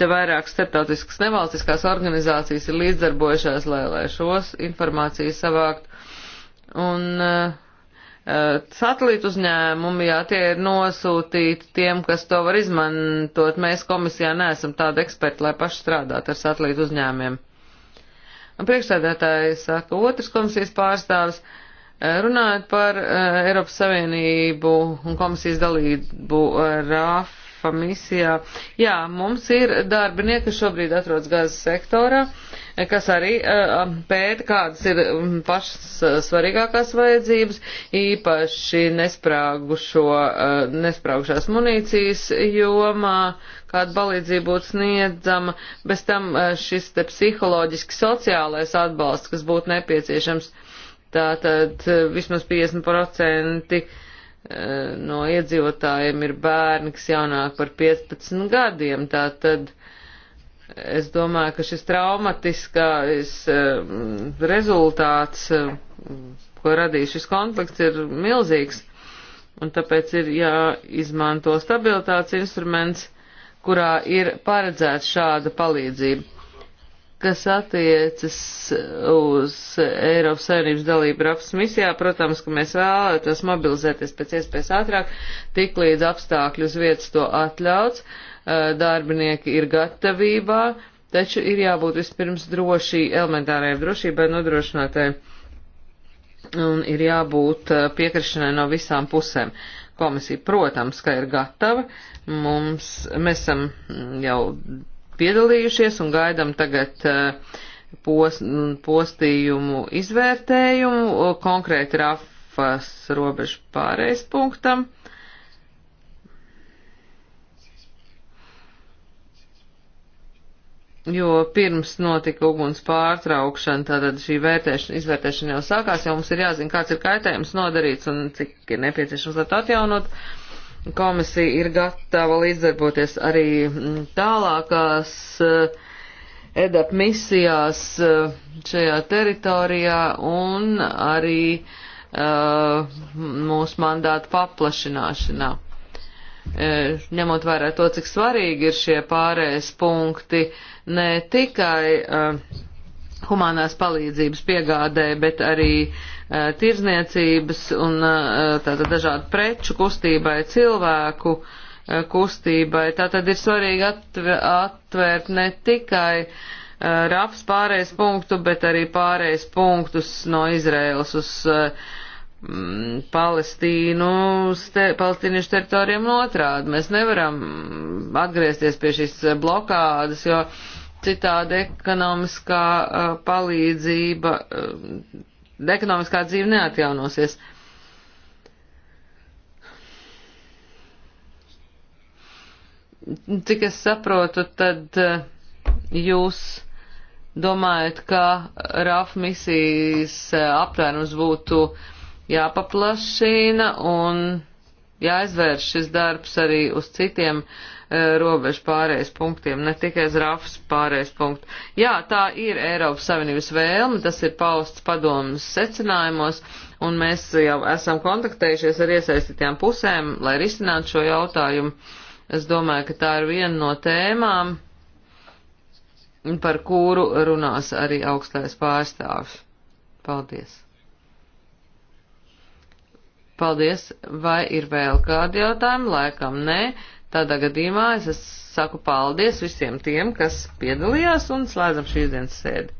Te vairāk starptautiskas nevalstiskās organizācijas ir līdzdarbojušās, lai, lai šos informācijas savākt. Un uh, satelītu uzņēmumi, jā, tie ir nosūtīti tiem, kas to var izmantot. Mēs komisijā neesam tādi eksperti, lai paši strādātu ar satelītu uzņēmiem. Un priekšsēdētāji saka, otrs komisijas pārstāvis. Uh, Runājot par uh, Eiropas Savienību un komisijas dalību uh, RAFA misijā, jā, mums ir darbinieki, kas šobrīd atrodas gazas sektorā, eh, kas arī uh, pēta, kādas ir mm, pašas svarīgākās vajadzības, īpaši nesprāgušo, uh, nesprāgušās munīcijas jomā, kāda palīdzība būtu sniedzama, bez tam uh, šis te psiholoģiski sociālais atbalsts, kas būtu nepieciešams. Uh, Tātad eh, vismaz 50% eh, no iedzīvotājiem ir bērni, kas jaunāk par 15 gadiem. Tātad es domāju, ka šis traumatiskais eh, rezultāts, ko radīs šis konflikts, ir milzīgs. Un tāpēc ir jāizmanto stabilitātes instruments, kurā ir paredzēts šāda palīdzība kas attiecas uz Eiropas Savienības dalību RAPS misijā, protams, ka mēs vēlētos mobilizēties pēc iespējas ātrāk, tik līdz apstākļu uz vietas to atļauts, eh, darbinieki ir gatavībā, taču ir jābūt vispirms droši, elementārajai drošībai nodrošinātai un ir jābūt eh, piekrišanai no visām pusēm. Komisija, protams, ka ir gatava, mums, mēs esam mm, jau piedalījušies un gaidam tagad eh, post, postījumu izvērtējumu konkrēti Rafas robežu pārējais punktam. jo pirms notika uguns pārtraukšana, tātad šī vērtēšana, izvērtēšana jau sākās, jau mums ir jāzina, kāds ir kaitējums nodarīts un cik ir nepieciešams, lai to atjaunot. Komisija ir gatava līdzdarboties arī mm, tālākās eh, EDAP misijās eh, šajā teritorijā un arī uh, mūsu mandātu paplašināšanā ņemot vērā to, cik svarīgi ir šie pārējais punkti ne tikai uh, humanās palīdzības piegādē, bet arī Eh, tirzniecības un eh, tātad dažādu preču kustībai, cilvēku eh, kustībai. Tātad ir svarīgi atvērt ne tikai raps pārējais punktu, bet arī pārējais punktus no Izraēlas uz Palestīnu, te, palestīniešu teritorijām otrādi. Mēs nevaram atgriezties pie šīs blokādas, jo citādi ekonomiskā palīdzība ekonomiskā dzīve neatjaunosies. Cik es saprotu, tad eh, jūs domājat, ka RAF misijas eh, aptvērums būtu jāpaplašina un jāizvērš šis darbs arī uz citiem uh, Eh, robežu pārējais punktiem, ne tikai uz rafas pārējais punktu. Jā, tā ir Eiropas Savienības vēlme, tas ir pausts padomas secinājumos, un mēs jau esam kontaktējušies ar iesaistītajām pusēm, lai risinātu šo jautājumu. Es domāju, ka tā ir viena no tēmām, par kuru runās arī augstais pārstāvs. Paldies! Paldies! Vai ir vēl kādi jautājumi? Laikam nē. Tādā gadījumā es saku paldies visiem tiem, kas piedalījās un slēdzam šīs dienas sēdi.